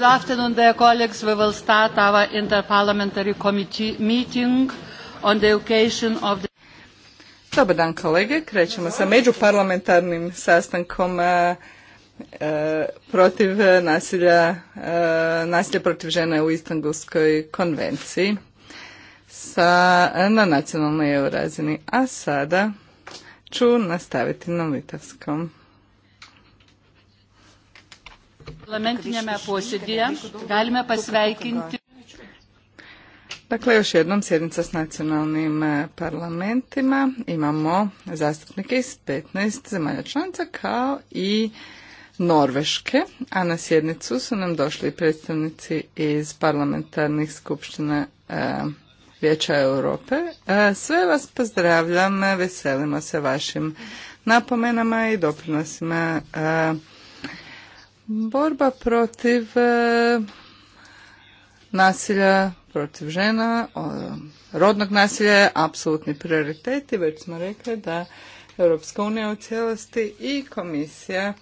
Good Dobar dan kolege, krećemo sa međuparlamentarnim sastankom eh, eh, protiv eh, nasilja, nasilja protiv žene u Istanbulskoj konvenciji sa, na nacionalnoj razini. A sada ću nastaviti na litavskom. parlamentinėme posėdyje galime pasveikinti. Dakle, još jednom sjednica s nacionalnim e, parlamentima. Imamo zastupnike iz 15 zemalja članica kao i Norveške, a na sjednicu su nam došli predstavnici iz parlamentarnih skupština e, Vijeća Europe. E, sve vas pozdravljam, e, veselimo se vašim napomenama i doprinosima e, Borba protiv e, nasilja protiv žena, rodnog nasilja je apsolutni prioritet i već smo rekli da Europska unija u cijelosti i komisija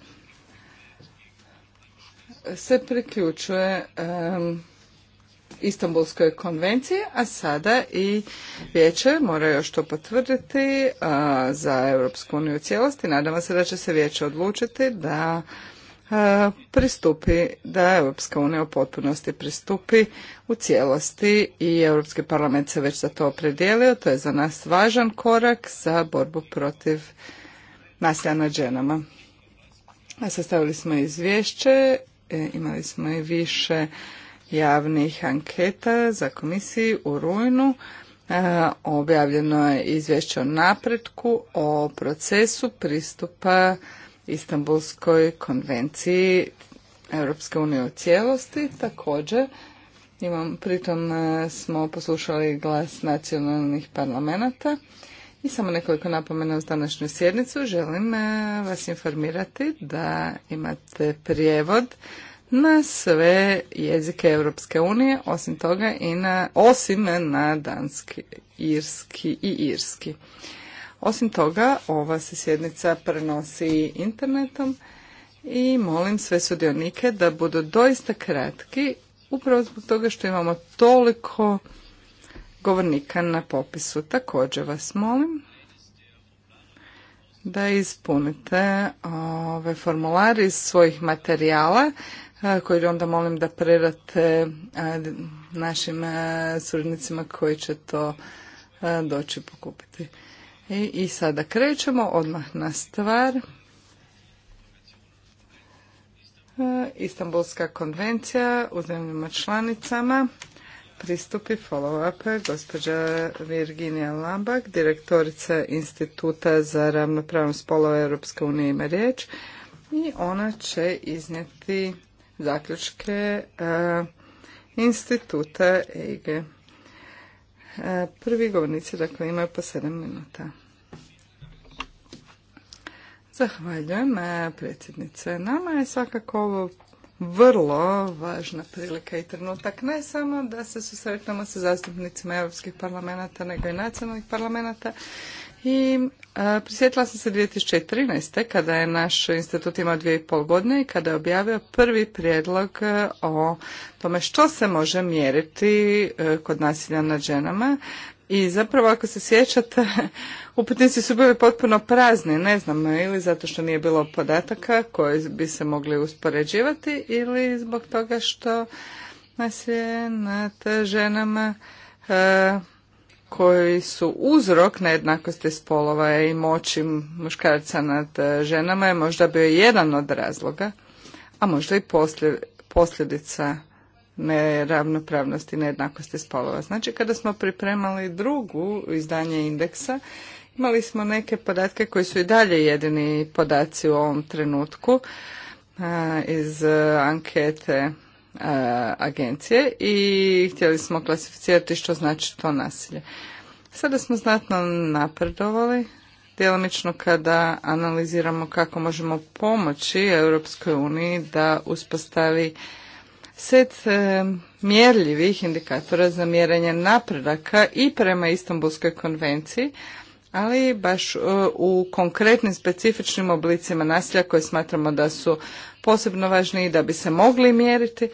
se priključuje Istambulskoj e, Istanbulskoj konvenciji, a sada i vijeće mora još to potvrditi e, za Europsku uniju u cijelosti. Nadamo se da će se vijeće odlučiti da E, pristupi, da Europska unija u potpunosti pristupi u cijelosti i Europski parlament se već za to opredijelio. To je za nas važan korak za borbu protiv nasilja nad ženama. Sastavili smo izvješće, e, imali smo i više javnih anketa za komisiji u rujnu. E, objavljeno je izvješće o napretku, o procesu pristupa Istanbulskoj konvenciji Europske unije u cijelosti. Također, imam, pritom e, smo poslušali glas nacionalnih parlamenta i samo nekoliko napomena uz današnju sjednicu. Želim e, vas informirati da imate prijevod na sve jezike Europske unije, osim toga i na, osim na danski, irski i irski. Osim toga, ova se sjednica prenosi internetom i molim sve sudionike da budu doista kratki, upravo zbog toga što imamo toliko govornika na popisu. Također vas molim da ispunite ove formulare iz svojih materijala koji onda molim da predate našim suradnicima koji će to doći pokupiti. E, I, sada krećemo odmah na stvar. E, Istanbulska konvencija u zemljama članicama pristupi follow-up gospođa Virginija Lambak, direktorica Instituta za ravnopravnost spolova Europske unije ima riječ i ona će iznijeti zaključke uh, instituta EIGE. Prvi govornici, dakle, imaju po 7 minuta. Zahvaljujem, e, predsjednice. Nama je svakako ovo vrlo važna prilika i trenutak. Ne samo da se susretnemo sa zastupnicima europskih parlamenta, nego i nacionalnih parlamenta. I Prisjetila sam se 2013. kada je naš institut imao dvije i pol godine i kada je objavio prvi prijedlog e, o tome što se može mjeriti e, kod nasilja nad ženama. I zapravo ako se sjećate, uputnici su bili potpuno prazni, ne znam, ili zato što nije bilo podataka koji bi se mogli uspoređivati ili zbog toga što nasilje nad ženama e, koji su uzrok nejednakosti spolova i moći muškarca nad e, ženama je možda bio jedan od razloga, a možda i posljedica neravnopravnosti nejednakosti spolova. Znači, kada smo pripremali drugu izdanje indeksa, imali smo neke podatke koji su i dalje jedini podaci u ovom trenutku iz e, ankete E, agencije i htjeli smo klasificirati što znači to nasilje. Sada smo znatno napredovali, djelomično kada analiziramo kako možemo pomoći Europskoj uniji da uspostavi set e, mjerljivih indikatora za mjerenje napredaka i prema Istanbulskoj konvenciji, ali baš e, u konkretnim specifičnim oblicima nasilja koje smatramo da su posebno važniji da bi se mogli mjeriti,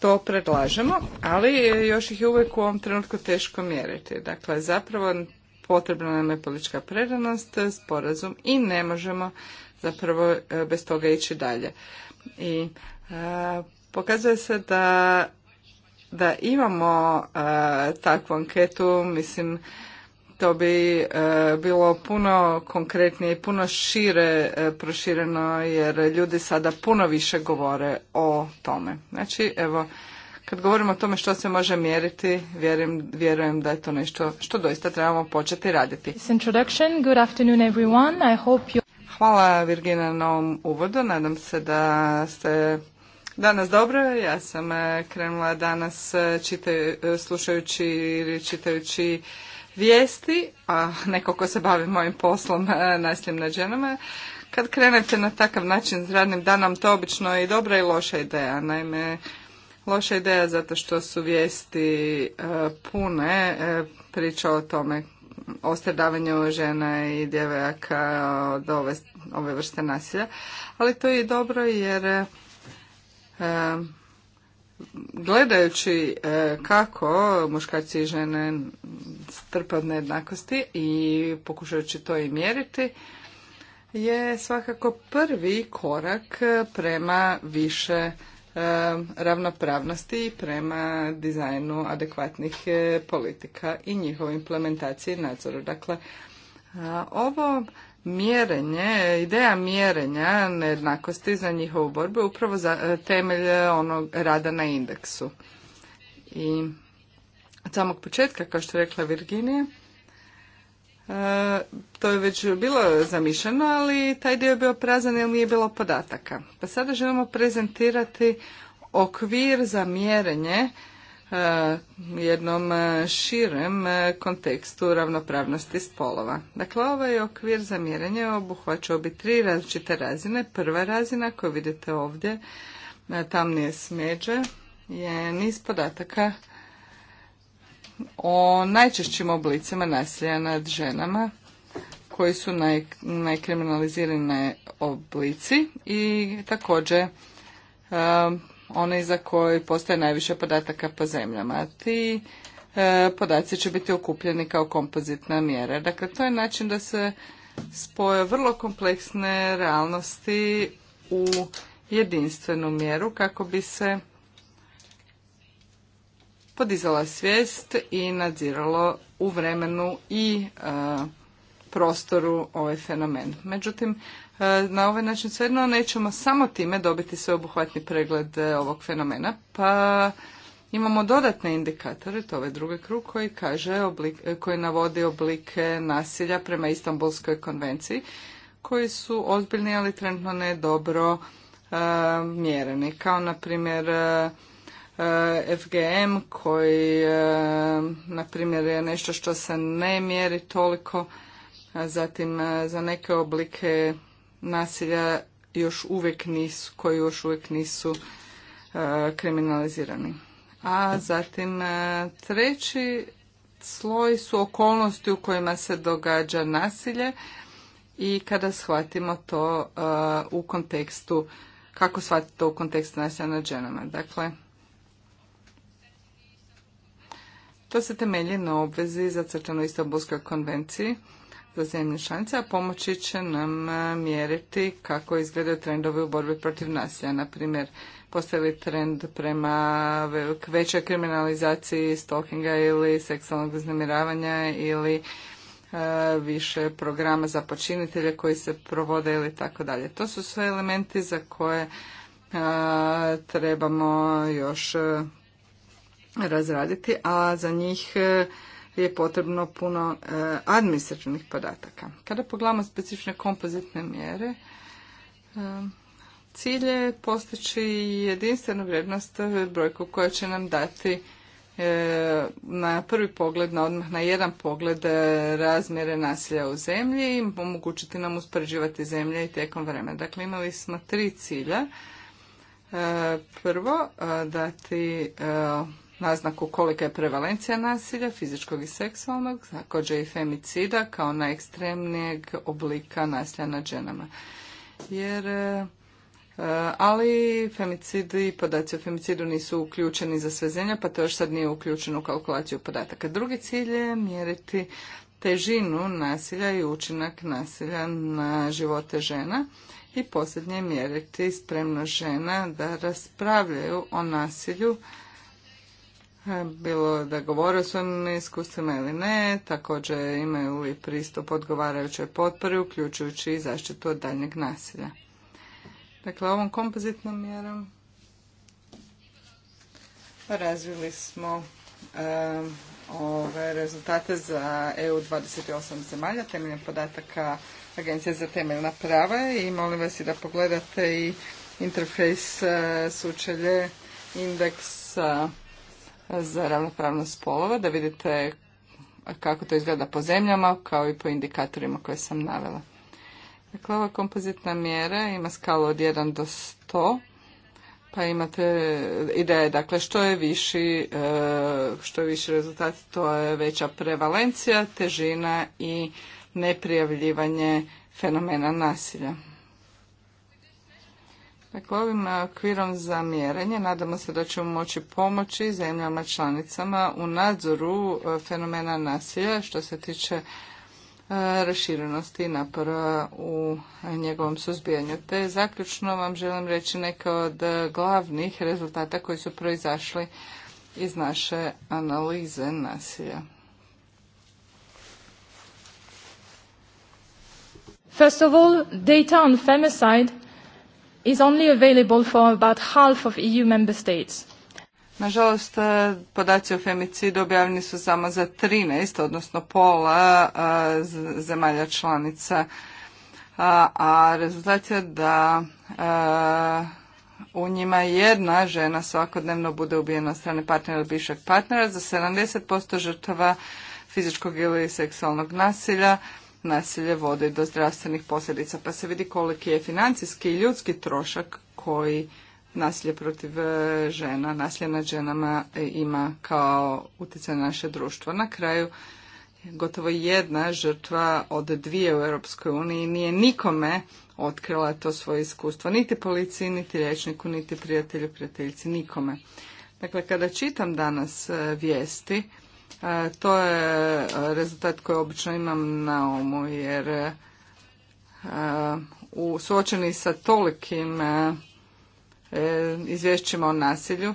to predlažemo, ali još ih je uvijek u ovom trenutku teško mjeriti. Dakle, zapravo potrebna nam je politička predanost, sporazum i ne možemo zapravo e, bez toga ići dalje. I e, pokazuje se da da imamo a, e, takvu anketu, mislim to bi e, bilo puno konkretnije i puno šire e, prošireno jer ljudi sada puno više govore o tome. Znači, evo, kad govorimo o tome što se može mjeriti, vjerujem, vjerujem da je to nešto što doista trebamo početi raditi. Hvala Virgina na ovom uvodu, nadam se da ste Danas dobro, ja sam e, krenula danas čitajući slušajući ili čitajući vijesti, a neko ko se bavi mojim poslom e, nasiljem nad ženama, kad krenete na takav način s radnim danom, to obično je i dobra i loša ideja. Naime, loša ideja zato što su vijesti e, pune e, priča o tome o stradavanju žena i djevojaka od ove, ove vrste nasilja, ali to je i dobro jer gledajući e, kako muškarci i žene strpe od nejednakosti i pokušajući to i mjeriti, je svakako prvi korak prema više e, ravnopravnosti i prema dizajnu adekvatnih e, politika i njihovoj implementaciji i nadzoru. Dakle, ovo mjerenje, ideja mjerenja nejednakosti za njihovu borbu je upravo za, e, temelj e, onog rada na indeksu. I od samog početka, kao što je rekla Virginija, e, to je već bilo zamišljeno, ali taj dio je bio prazan jer nije bilo podataka. Pa sada želimo prezentirati okvir za mjerenje E, jednom e, širem e, kontekstu ravnopravnosti spolova. Dakle, ovaj okvir za mjerenje obuhvaćao bi tri različite razine. Prva razina koju vidite ovdje, tamnije smeđe, je niz podataka o najčešćim oblicima nasilja nad ženama koji su najkriminalizirane oblici i također onaj za koji postoje najviše podataka po zemljama. Ti e, podaci će biti okupljeni kao kompozitna mjera. Dakle, to je način da se spoje vrlo kompleksne realnosti u jedinstvenu mjeru kako bi se podizala svijest i nadziralo u vremenu i e, prostoru ovaj fenomen. Međutim, E, na ovaj način svejedno nećemo samo time dobiti sveobuhvatni pregled e, ovog fenomena, pa imamo dodatne indikatore, to je ovaj drugi krug koji kaže, oblik, e, koji navodi oblike nasilja prema Istanbulskoj konvenciji, koji su ozbiljni, ali trenutno ne dobro mjereni. Kao, na primjer, FGM koji, na primjer, je nešto što se ne mjeri toliko, zatim za neke oblike nasilja još uvijek nisu, koji još uvijek nisu e, kriminalizirani. A zatim e, treći sloj su okolnosti u kojima se događa nasilje i kada shvatimo to e, u kontekstu, kako shvatiti to u kontekstu nasilja nad ženama. Dakle, to se temelji na obvezi crtanu Istanbulskoj konvenciji za zemlje članice, a pomoći će nam e, mjeriti kako izgledaju trendovi u borbi protiv nasilja. Na primjer, postoji trend prema većoj kriminalizaciji stalkinga ili seksualnog uznemiravanja ili e, više programa za počinitelje koji se provode ili tako dalje. To su sve elementi za koje e, trebamo još razraditi, a za njih je potrebno puno e, administrativnih podataka. Kada pogledamo specifične kompozitne mjere, e, cilj je postići jedinstvenu vrijednost brojku koja će nam dati e, na prvi pogled, na odmah na jedan pogled razmjere nasilja u zemlji i omogućiti nam uspoređivati zemlje i tijekom vremena. Dakle, imali smo tri cilja. Prvo, dati naznaku kolika je prevalencija nasilja, fizičkog i seksualnog, također i femicida kao najekstremnijeg oblika nasilja nad ženama. Jer e, ali femicidi i podaci o femicidu nisu uključeni za sve zemlje, pa to još sad nije uključeno u kalkulaciju podataka. Drugi cilj je mjeriti težinu nasilja i učinak nasilja na živote žena i posljednje mjeriti spremno žena da raspravljaju o nasilju bilo da govore o svojim iskustvima ili ne, također imaju li pristup odgovarajućoj potpori, uključujući i zaštitu od daljnjeg nasilja. Dakle, ovom kompozitnom mjerom razvili smo ove rezultate za EU 28 zemalja temeljem podataka Agencije za temeljna prava i molim vas i da pogledate i interfejs e, sučelje indeksa za ravnopravnost spolova, da vidite kako to izgleda po zemljama, kao i po indikatorima koje sam navela. Dakle, ova kompozitna mjera ima skalu od 1 do 100, pa imate ideje, dakle, što je viši, e, što je viši rezultat, to je veća prevalencija, težina i neprijavljivanje fenomena nasilja. Dakle, ovim e, okvirom za mjerenje nadamo se da ćemo moći pomoći zemljama članicama u nadzoru e, fenomena nasilja što se tiče e, raširenosti i napora u njegovom suzbijanju. Te zaključno vam želim reći neke od glavnih rezultata koji su proizašli iz naše analize nasilja. First of all, data on femicide is only available for about half of EU member states. Nažalost, e, podaci o femicidu objavljeni su samo za 13, odnosno pola e, zemalja članica, e, a, rezultat je da u njima jedna žena svakodnevno bude ubijena od strane partnera ili bivšeg partnera, za 70% žrtava fizičkog ili seksualnog nasilja, nasilje vodi do zdravstvenih posljedica. Pa se vidi koliki je financijski i ljudski trošak koji nasilje protiv e, žena, nasilje nad ženama e, ima kao utjecaj na naše društvo. Na kraju gotovo jedna žrtva od dvije u Europskoj uniji nije nikome otkrila to svoje iskustvo, niti policiji, niti liječniku, niti prijatelju, prijateljici, nikome. Dakle, kada čitam danas e, vijesti, E, to je e, rezultat koji obično imam na omu, jer e, u suočeni sa tolikim izvješćima o nasilju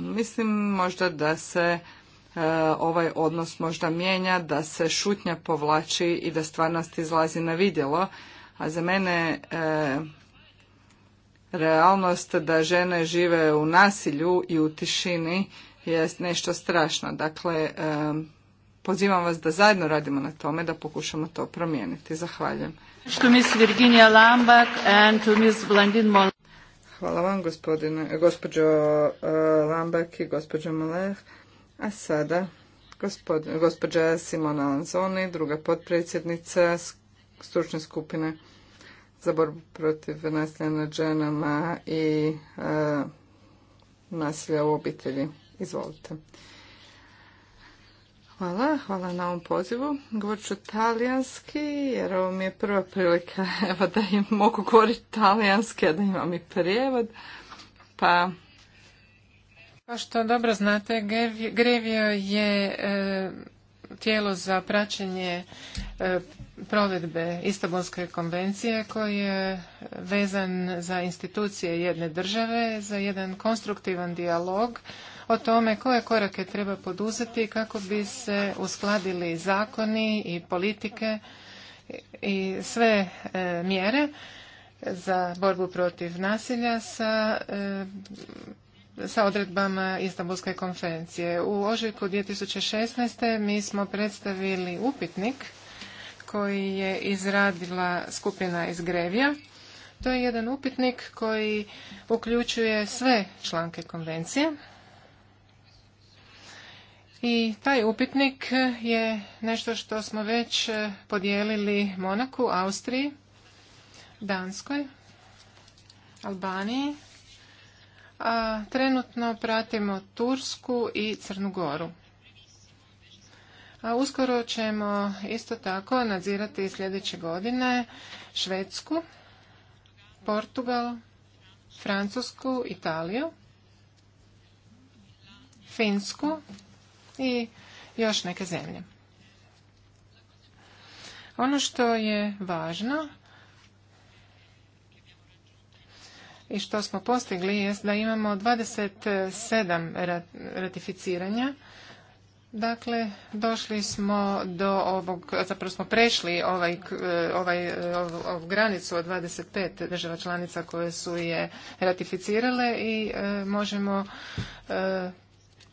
mislim možda da se ovaj odnos možda mijenja, da se šutnja povlači i da stvarnost izlazi na vidjelo. A za mene realnost da žene žive u nasilju i u tišini je nešto strašno. Dakle, pozivam vas da zajedno radimo na tome, da pokušamo to promijeniti. Zahvaljujem. Hvala vam, gospodine, gospođo eh, Lambak i gospođo malek A sada gospođa Simona Lanzoni, druga potpredsjednica stručne skupine za borbu protiv nasilja nad ženama i eh, nasilja u obitelji. Izvolite. Hvala, hvala na ovom pozivu. Govorit ću talijanski, jer ovo mi je prva prilika evo, da im mogu govoriti talijanski, a da imam i prijevod. Pa... Kao što dobro znate, Grevio je e, tijelo za praćenje e, provedbe Istanbulske konvencije koji je vezan za institucije jedne države, za jedan konstruktivan dijalog o tome koje korake treba poduzeti kako bi se uskladili zakoni i politike i sve e, mjere za borbu protiv nasilja sa e, sa odredbama Istanbulske konferencije. U ožujku 2016. mi smo predstavili upitnik koji je izradila skupina iz Grevija. To je jedan upitnik koji uključuje sve članke konvencije i taj upitnik je nešto što smo već e, podijelili Monaku, Austriji, Danskoj, Albaniji, a trenutno pratimo Tursku i Crnu Goru. A uskoro ćemo isto tako nadzirati sljedeće godine Švedsku, Portugal, Francusku, Italiju, Finsku, i još neke zemlje. Ono što je važno i što smo postigli je da imamo 27 ratificiranja. Dakle, došli smo do ovog, zapravo smo prešli ovaj, e, ovaj, e, ovu granicu od 25 država članica koje su je ratificirale i e, možemo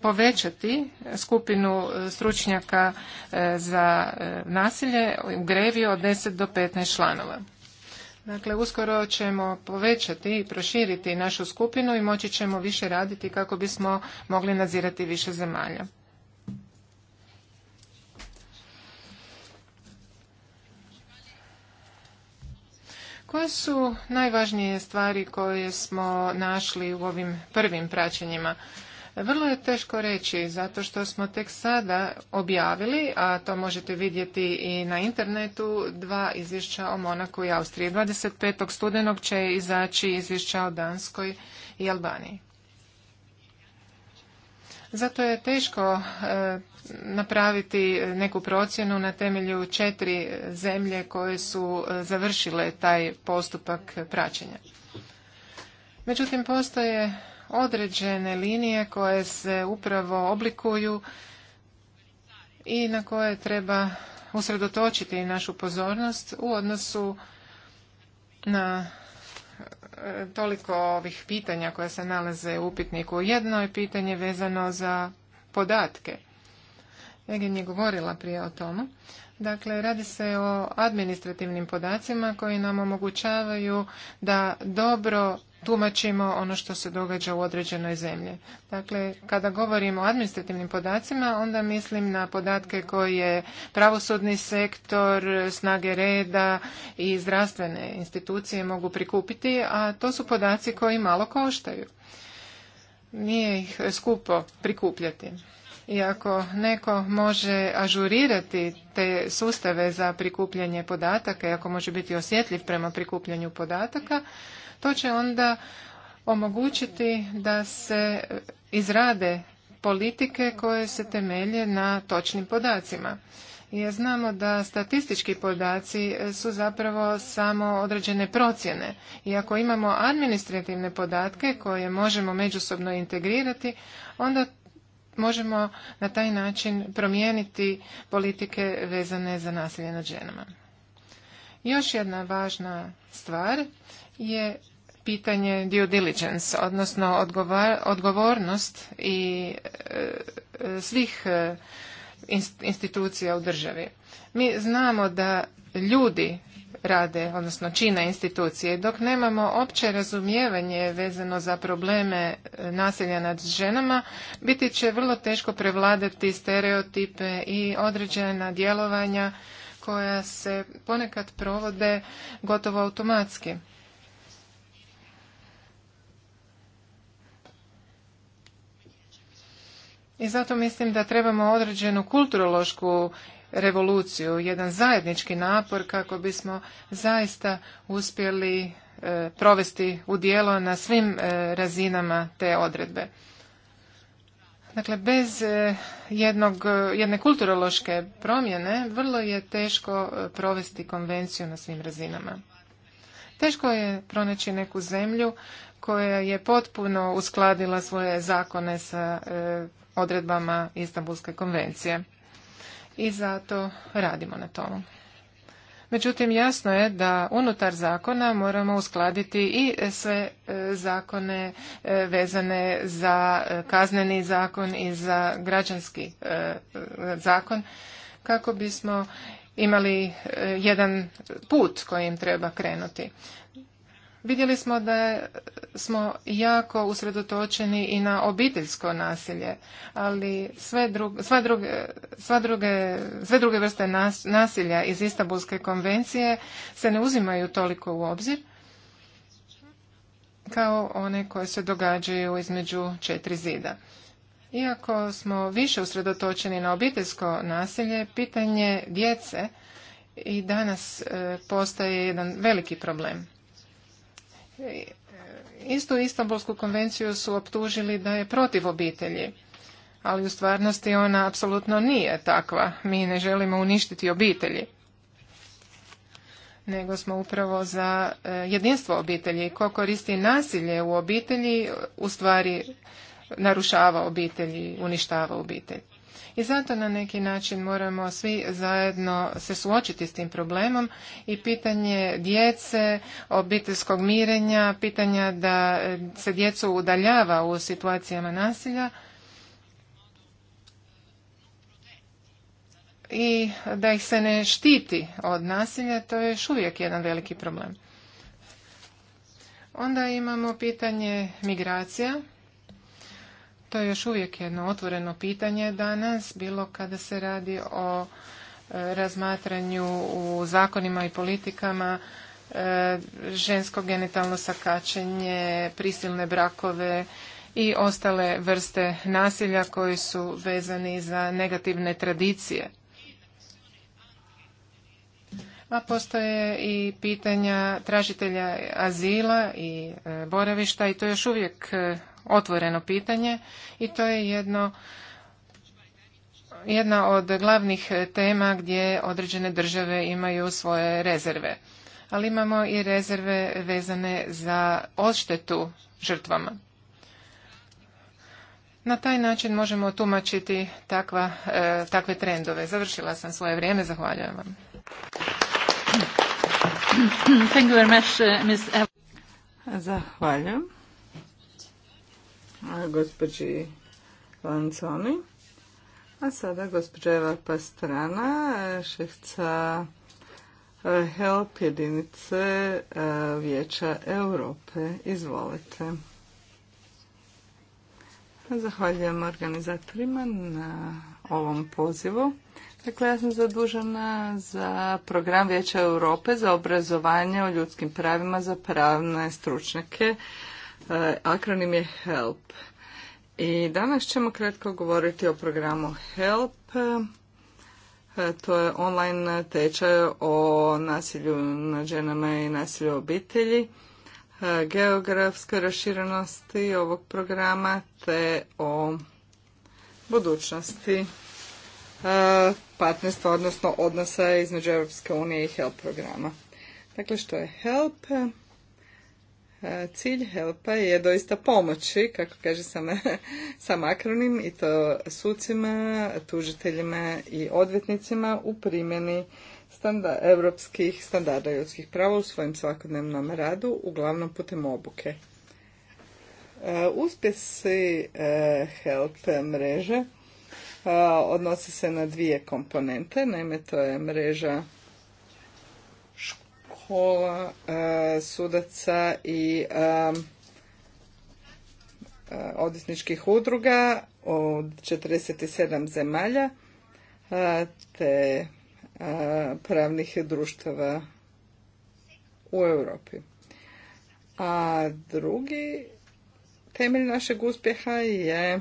povećati skupinu e, stručnjaka e, za e, nasilje u grevi od 10 do 15 članova. Dakle, uskoro ćemo povećati i proširiti našu skupinu i moći ćemo više raditi kako bismo mogli nadzirati više zemalja. Koje su najvažnije stvari koje smo našli u ovim prvim praćenjima? Vrlo je teško reći zato što smo tek sada objavili, a to možete vidjeti i na internetu, dva izvješća o Monaku i Austriji. 25. studenog će izaći izvješća o Danskoj i Albaniji. Zato je teško e, napraviti neku procjenu na temelju četiri zemlje koje su e, završile taj postupak praćenja. Međutim, postoje određene linije koje se upravo oblikuju i na koje treba usredotočiti našu pozornost u odnosu na e, toliko ovih pitanja koja se nalaze u upitniku. Jedno je pitanje vezano za podatke. Egen je govorila prije o tomu. Dakle, radi se o administrativnim podacima koji nam omogućavaju da dobro tumačimo ono što se događa u određenoj zemlji. Dakle, kada govorimo o administrativnim podacima, onda mislim na podatke koje pravosudni sektor, snage reda i zdravstvene institucije mogu prikupiti, a to su podaci koji malo koštaju. Nije ih skupo prikupljati. I ako neko može ažurirati te sustave za prikupljanje podataka i ako može biti osjetljiv prema prikupljanju podataka, to će onda omogućiti da se izrade politike koje se temelje na točnim podacima. Jer znamo da statistički podaci su zapravo samo određene procjene. I ako imamo administrativne podatke koje možemo međusobno integrirati, onda možemo na taj način promijeniti politike vezane za nasilje nad ženama. Još jedna važna stvar je pitanje due diligence, odnosno odgovornost i e, svih e, institucija u državi. Mi znamo da ljudi rade, odnosno čine institucije. Dok nemamo opće razumijevanje vezano za probleme e, nasilja nad ženama, biti će vrlo teško prevladati stereotipe i određena djelovanja koja se ponekad provode gotovo automatski. I zato mislim da trebamo određenu kulturološku revoluciju, jedan zajednički napor kako bismo zaista uspjeli e, provesti u dijelo na svim e, razinama te odredbe. Dakle, bez e, jednog, jedne kulturološke promjene vrlo je teško provesti konvenciju na svim razinama. Teško je pronaći neku zemlju koja je potpuno uskladila svoje zakone sa odredbama Istanbulske konvencije. I zato radimo na tomu. Međutim, jasno je da unutar zakona moramo uskladiti i sve e, zakone e, vezane za e, kazneni zakon i za građanski zakon kako bismo imali jedan put kojim treba krenuti. Vidjeli smo da smo jako usredotočeni i na obiteljsko nasilje, ali sve, druge, sva druge, sva druge, sve druge vrste nasilja iz Istanbulske konvencije se ne uzimaju toliko u obzir kao one koje se događaju između četiri zida. Iako smo više usredotočeni na obiteljsko nasilje, pitanje djece i danas e, postaje jedan veliki problem. E, istu Istanbulsku konvenciju su optužili da je protiv obitelji. Ali u stvarnosti ona apsolutno nije takva. Mi ne želimo uništiti obitelji. Nego smo upravo za e, jedinstvo obitelji. Ko koristi nasilje u obitelji, u stvari narušava obitelji, uništava obitelj. I zato na neki način moramo svi zajedno se suočiti s tim problemom i pitanje djece, obiteljskog mirenja, pitanja da e, se djecu udaljava u situacijama nasilja. i da ih se ne štiti od nasilja, to je još uvijek jedan veliki problem. Onda imamo pitanje migracija to je još uvijek jedno otvoreno pitanje danas, bilo kada se radi o e, razmatranju u zakonima i politikama e, žensko genitalno sakačenje, prisilne brakove i ostale vrste nasilja koji su vezani za negativne tradicije. A postoje i pitanja tražitelja azila i e, boravišta i to je još uvijek otvoreno pitanje i to je jedno jedna od glavnih tema gdje određene države imaju svoje rezerve. Ali imamo i rezerve vezane za odštetu žrtvama. Na taj način možemo tumačiti takva, e, takve trendove. Završila sam svoje vrijeme, zahvaljujem vam. Uh, zahvaljujem gospođi Lanconi. A sada gospođa Eva Pastrana, eh, šefca eh, HELP jedinice eh, Vijeća Europe. Izvolite. Zahvaljujem organizatorima na ovom pozivu. Dakle, ja sam zadužena za program Vijeća Europe za obrazovanje o ljudskim pravima za pravne stručnjake E, akronim je HELP. I danas ćemo kratko govoriti o programu HELP. E, to je online tečaj o nasilju nad ženama i nasilju obitelji, e, geografskoj raširenosti ovog programa te o budućnosti partnerstva, odnosno odnosa između Europske unije i HELP programa. Dakle, što je HELP? E, cilj HELPA je doista pomoći, kako kaže sam, sam akronim, i to sucima, tužiteljima i odvjetnicima u primjeni europskih standarda ljudskih prava u svojem svakodnevnom radu, uglavnom putem obuke. E, uspjesi e, HELP mreže odnose se na dvije komponente, naime to je mreža škola, e, sudaca i e, e, odvjetničkih udruga od 47 zemalja te pravnih društava u Europi. A drugi temelj našeg uspjeha je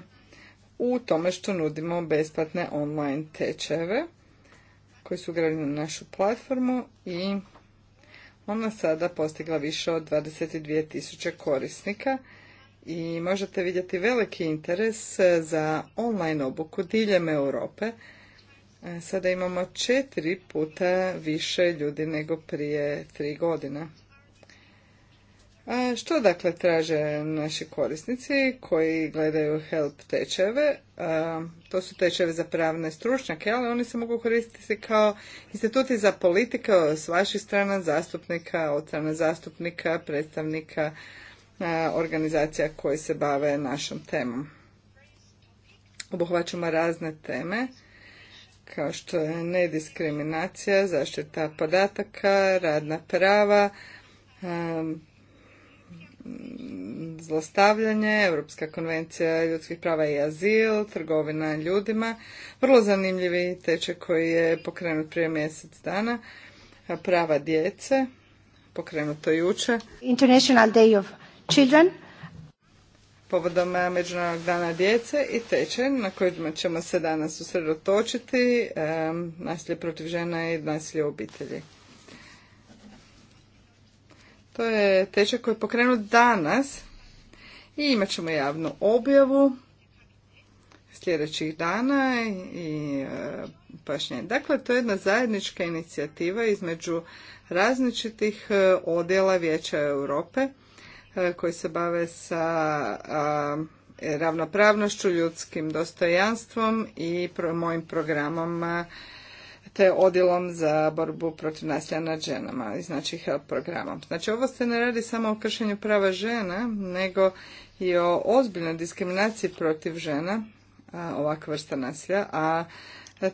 u tome što nudimo besplatne online tečajeve koji su ugrađeni na našu platformu i ona sada postigla više od 22.000 korisnika i možete vidjeti veliki interes e, za online obuku diljem Europe. E, sada imamo četiri puta više ljudi nego prije tri godina. Što dakle traže naši korisnici koji gledaju help tečeve? To su tečeve za pravne stručnjake, ali oni se mogu koristiti kao instituti za politike s vaših strana zastupnika, od strana zastupnika, predstavnika organizacija koje se bave našom temom. Obuhvaćamo razne teme kao što je nediskriminacija, zaštita podataka, radna prava, zlostavljanje, Europska konvencija ljudskih prava i azil, trgovina ljudima. Vrlo zanimljivi tečaj koji je pokrenut prije mjesec dana. Prava djece, pokrenuto juče. International Day of Children. Povodom Međunarodnog dana djece i tečaj na kojima ćemo se danas usredotočiti, nasilje protiv žena i nasilje u obitelji. To je tečaj koji je pokrenut danas i imat ćemo javnu objavu sljedećih dana i e, pašnje. Dakle, to je jedna zajednička inicijativa između različitih e, odjela Vijeća Europe e, koji se bave sa ravnopravnošću, ljudskim dostojanstvom i mojim programom te odjelom za borbu protiv nasilja nad ženama znači HELP programom. Znači ovo se ne radi samo o kršenju prava žena, nego i o ozbiljnoj diskriminaciji protiv žena, ovakva vrsta nasilja, a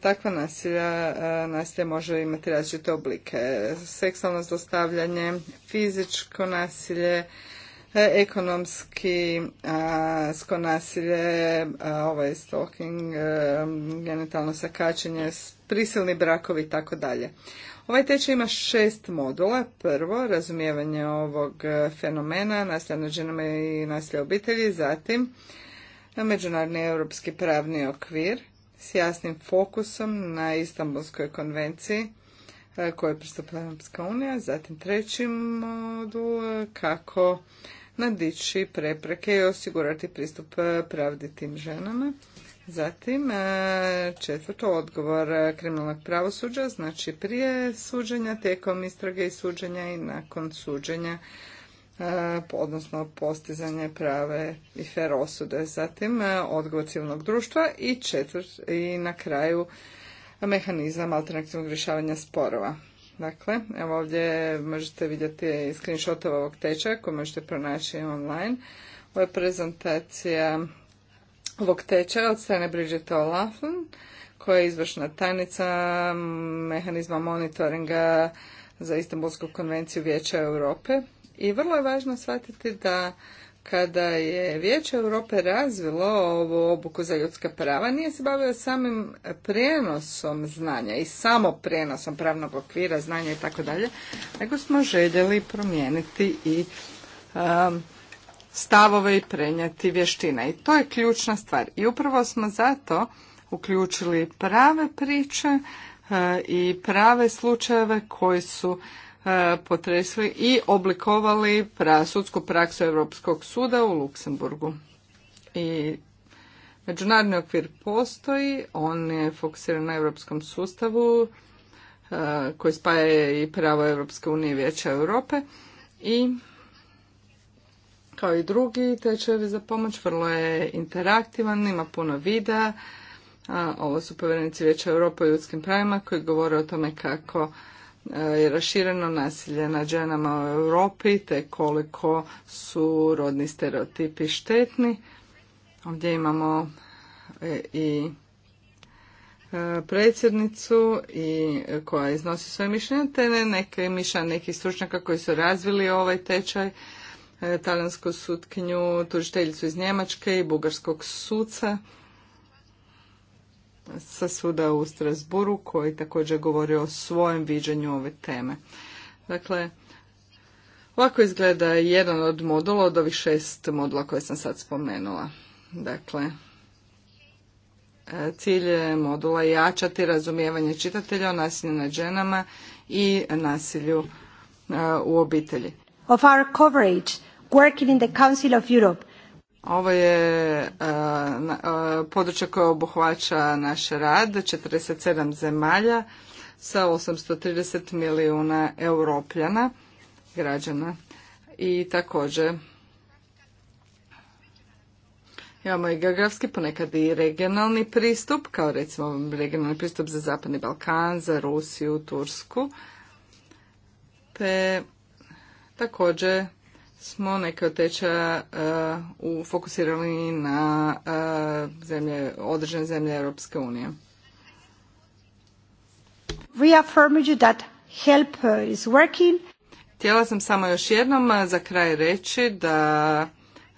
takva nasilja, nasilje može imati različite oblike. Seksualno zlostavljanje, fizičko nasilje, E, ekonomski sko nasilje, ovaj stalking, e, genitalno sakačenje, prisilni brakovi i tako dalje. Ovaj tečaj ima šest modula. Prvo, razumijevanje ovog e, fenomena, nasilja nad ženama i nasilja obitelji, zatim međunarodni europski pravni okvir s jasnim fokusom na Istanbulskoj konvenciji koja je pristupila Europska unija, zatim treći modul kako nadići prepreke i osigurati pristup e, pravdi tim ženama. Zatim, e, četvrto, odgovor e, kriminalnog pravosuđa, znači prije suđenja, tijekom istrage i suđenja i nakon suđenja, odnosno postizanje prave i fer osude. Zatim, odgovor civilnog društva i četvrt, i na kraju mehanizam alternativnog rješavanja sporova. Dakle, evo ovdje možete vidjeti screenshot ovog tečaja koji možete pronaći online. Ovo je prezentacija ovog tečaja od strane Bridget Olafon koja je izvršna tajnica mehanizma monitoringa za Istanbulsku konvenciju Vijeća Europe. I vrlo je važno shvatiti da kada je Vijeće Europe razvilo ovu obuku za ljudska prava, nije se bavio samim prenosom znanja i samo prenosom pravnog okvira, znanja i tako dalje, nego smo željeli promijeniti i um, stavove i prenijeti vještina. I to je ključna stvar. I upravo smo zato uključili prave priče uh, i prave slučajeve koji su E, potresli i oblikovali sudsku praksu Europskog suda u Luksemburgu. I međunarodni okvir postoji, on je fokusiran na europskom sustavu e, koji spaja i pravo Europske unije i Vijeća Europe i kao i drugi tečajevi za pomoć vrlo je interaktivan, ima puno videa. Ovo su povjerenici Vijeća Europe o ljudskim pravima koji govore o tome kako E, je rašireno nasilje nad ženama u Europi te koliko su rodni stereotipi štetni. Ovdje imamo e, i e, predsjednicu i koja iznosi svoje mišljenje, te neke mišljenja nekih stručnjaka koji su razvili ovaj tečaj, talijansku sutkinju, tužiteljicu iz Njemačke i bugarskog suca sa suda u Strasburu koji također govori o svojem viđenju ove teme. Dakle, ovako izgleda jedan od modula od ovih šest modula koje sam sad spomenula. Dakle, cilj je modula jačati razumijevanje čitatelja o nasilju nad ženama i nasilju u obitelji. Of our coverage, working in the Council of Europe, ovo je e, e, područje koje obuhvaća naš rad, 47 zemalja sa 830 milijuna europljana, građana. I također imamo i geografski, ponekad i regionalni pristup, kao recimo regionalni pristup za Zapadni Balkan, za Rusiju, Tursku, te također smo neke od tečaja eh, fokusirali na eh, zemlje, određene zemlje Europske unije. Eh, Htjela sam samo još jednom za kraj reći da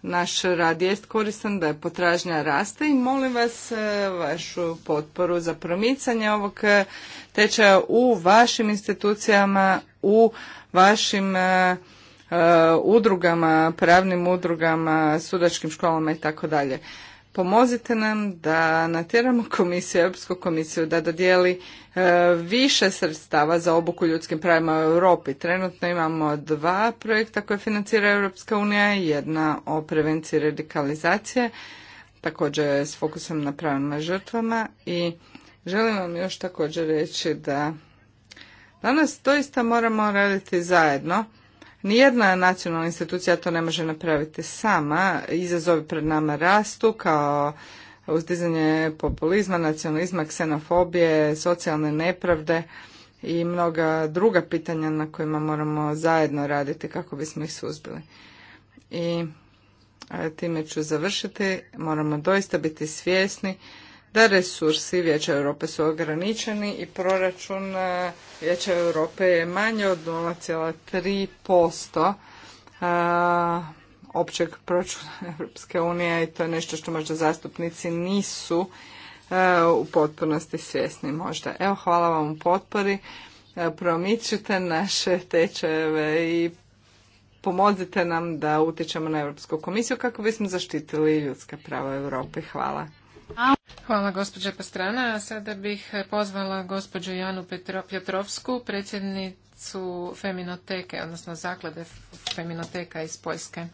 naš rad jest koristan, da je potražnja raste i molim vas vašu potporu za promicanje ovog tečaja u vašim institucijama, u vašim Uh, udrugama, pravnim udrugama, sudačkim školama i tako dalje. Pomozite nam da natjeramo komisiju, Europsku komisiju da dodijeli uh, više sredstava za obuku ljudskim pravima u Europi. Trenutno imamo dva projekta koje financira Europska unija, jedna o prevenciji radikalizacije, također s fokusom na pravima žrtvama i želim vam još također reći da danas doista moramo raditi zajedno Nijedna nacionalna institucija to ne može napraviti sama. Izazovi pred nama rastu kao uzdizanje populizma, nacionalizma, ksenofobije, socijalne nepravde i mnoga druga pitanja na kojima moramo zajedno raditi kako bismo ih suzbili. I e, time ću završiti. Moramo doista biti svjesni da resursi Vijeća Europe su ograničeni i proračun e, Vijeća Europe je manje od 0,3% e, općeg proračuna Europske unije i to je nešto što možda zastupnici nisu e, u potpunosti svjesni možda. Evo, hvala vam u potpori. Promičite naše tečajeve i pomozite nam da utječemo na Europsku komisiju kako bismo zaštitili ljudska prava europe Hvala. Hvala gospođa Pastrana. sada bih pozvala gospođu Janu Petrovsku predsjednicu Feminoteke, odnosno zaklade Feminoteka iz Poljske.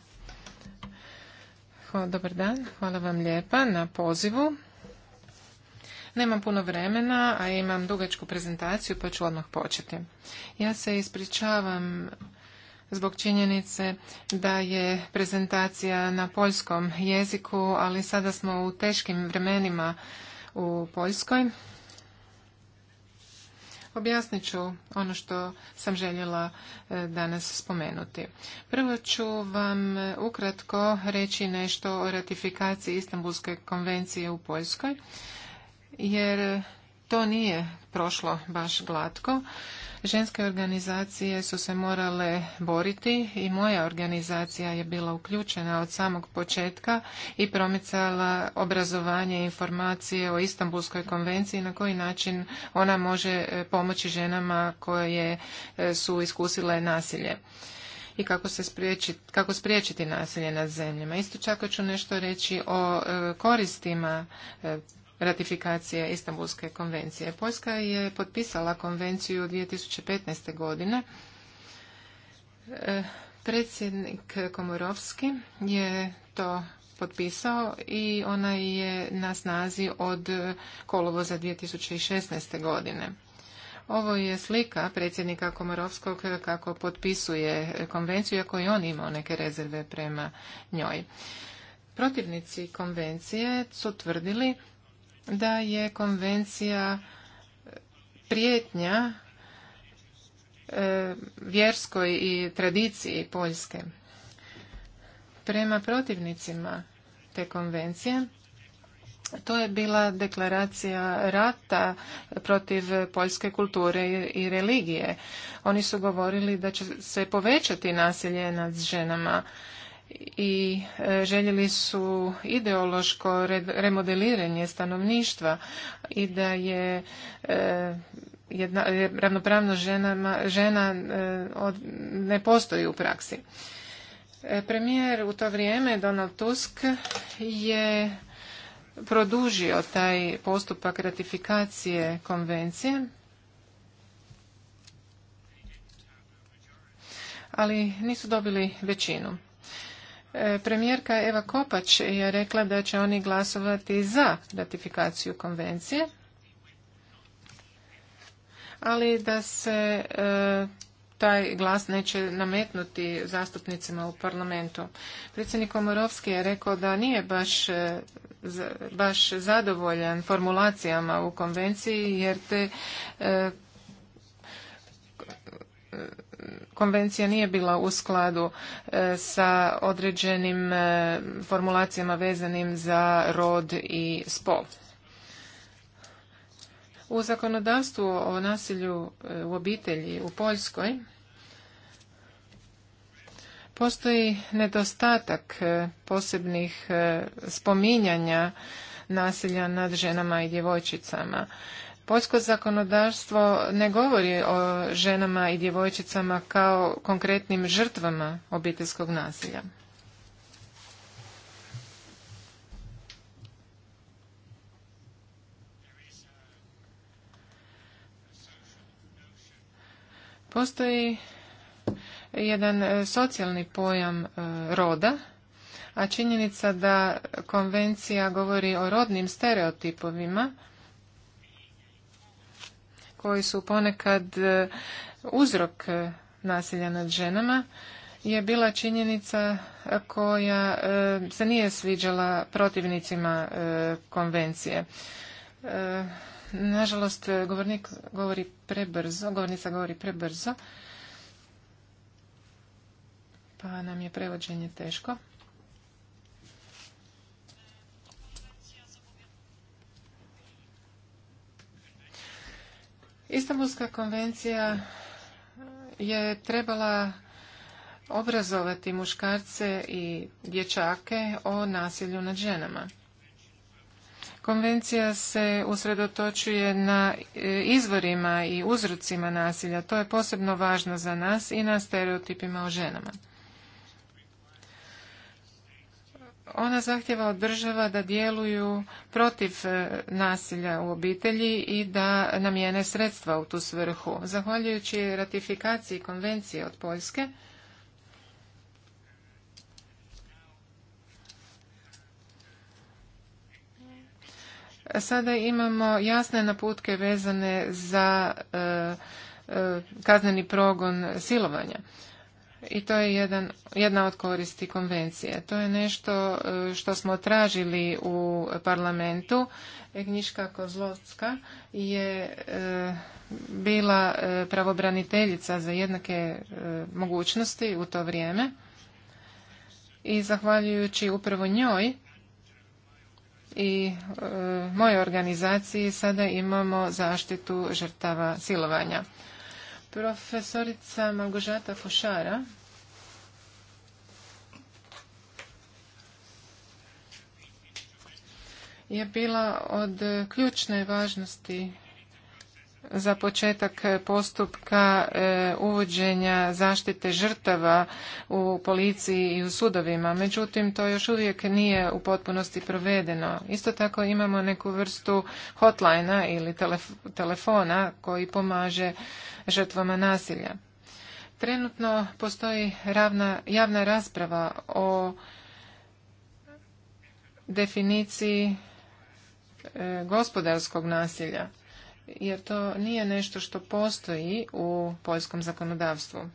dobar dan, hvala vam lijepa na pozivu. Nemam puno vremena, a imam dugačku prezentaciju pa ću odmah početi. Ja se ispričavam zbog činjenice da je prezentacija na poljskom jeziku, ali sada smo u teškim vremenima u Poljskoj. Objasnit ću ono što sam željela e, danas spomenuti. Prvo ću vam e, ukratko reći nešto o ratifikaciji Istanbulske konvencije u Poljskoj, jer to nije prošlo baš glatko. Ženske organizacije su se morale boriti i moja organizacija je bila uključena od samog početka i promicala obrazovanje informacije o Istanbulskoj konvenciji na koji način ona može e, pomoći ženama koje e, su iskusile nasilje i kako, se spriječiti, kako spriječiti nasilje nad zemljama. Isto čak ću nešto reći o e, koristima ratifikacije Istanbulske konvencije. Poljska je potpisala konvenciju 2015. godine. Eh, predsjednik Komorovski je to potpisao i ona je na snazi od kolovoza 2016. godine. Ovo je slika predsjednika Komorovskog kako potpisuje konvenciju, iako i on imao neke rezerve prema njoj. Protivnici konvencije su tvrdili da je konvencija e, prijetnja e, vjerskoj i tradiciji Poljske. Prema protivnicima te konvencije, to je bila deklaracija rata protiv poljske kulture i religije. Oni su govorili da će se povećati nasilje nad ženama i e, željeli su ideološko remodeliranje stanovništva i da je e, jedna, e, ravnopravnost žena ne postoji u praksi. Premijer u to vrijeme, Donald Tusk, je produžio taj postupak ratifikacije konvencije, ali nisu dobili većinu. E, premijerka Eva Kopač je rekla da će oni glasovati za ratifikaciju konvencije, ali da se e, taj glas neće nametnuti zastupnicima u parlamentu. Predsjednik Komorovski je rekao da nije baš, e, baš zadovoljan formulacijama u konvenciji jer te konvencija nije bila u skladu e, sa određenim e, formulacijama vezanim za rod i spol. U zakonodavstvu o nasilju e, u obitelji u Poljskoj postoji nedostatak posebnih spominjanja nasilja nad ženama i djevojčicama Poljsko zakonodavstvo ne govori o ženama i djevojčicama kao konkretnim žrtvama obiteljskog nasilja. Postoji jedan e, socijalni pojam e, roda, a činjenica da konvencija govori o rodnim stereotipovima koji su ponekad e, uzrok e, nasilja nad ženama je bila činjenica koja e, se nije sviđala protivnicima konvencije. Nažalost, govornik govori prebrzo, govornica govori prebrzo, pa nam je prevođenje teško. Istanbulska konvencija je trebala obrazovati muškarce i dječake o nasilju nad ženama. Konvencija se usredotočuje na e, izvorima i uzrocima nasilja. To je posebno važno za nas i na stereotipima o ženama. ona zahtjeva od država da djeluju protiv e, nasilja u obitelji i da namijene sredstva u tu svrhu. Zahvaljujući ratifikaciji konvencije od Poljske, Sada imamo jasne naputke vezane za e, e, kazneni progon silovanja i to je jedan, jedna od koristi konvencije. To je nešto e, što smo tražili u parlamentu. E, Knjiška Kozlovska je e, bila pravobraniteljica za jednake mogućnosti u to vrijeme i zahvaljujući upravo njoj i e, mojoj organizaciji sada imamo zaštitu žrtava silovanja. Profesorica Malgožata Fošara je bila od ključne važnosti za početak postupka e, uvođenja zaštite žrtava u policiji i u sudovima. Međutim, to još uvijek nije u potpunosti provedeno. Isto tako imamo neku vrstu hotlajna ili telefona koji pomaže žrtvama nasilja. Trenutno postoji ravna, javna rasprava o definiciji e, gospodarskog nasilja jer to nije nešto što postoji u poljskom zakonodavstvu.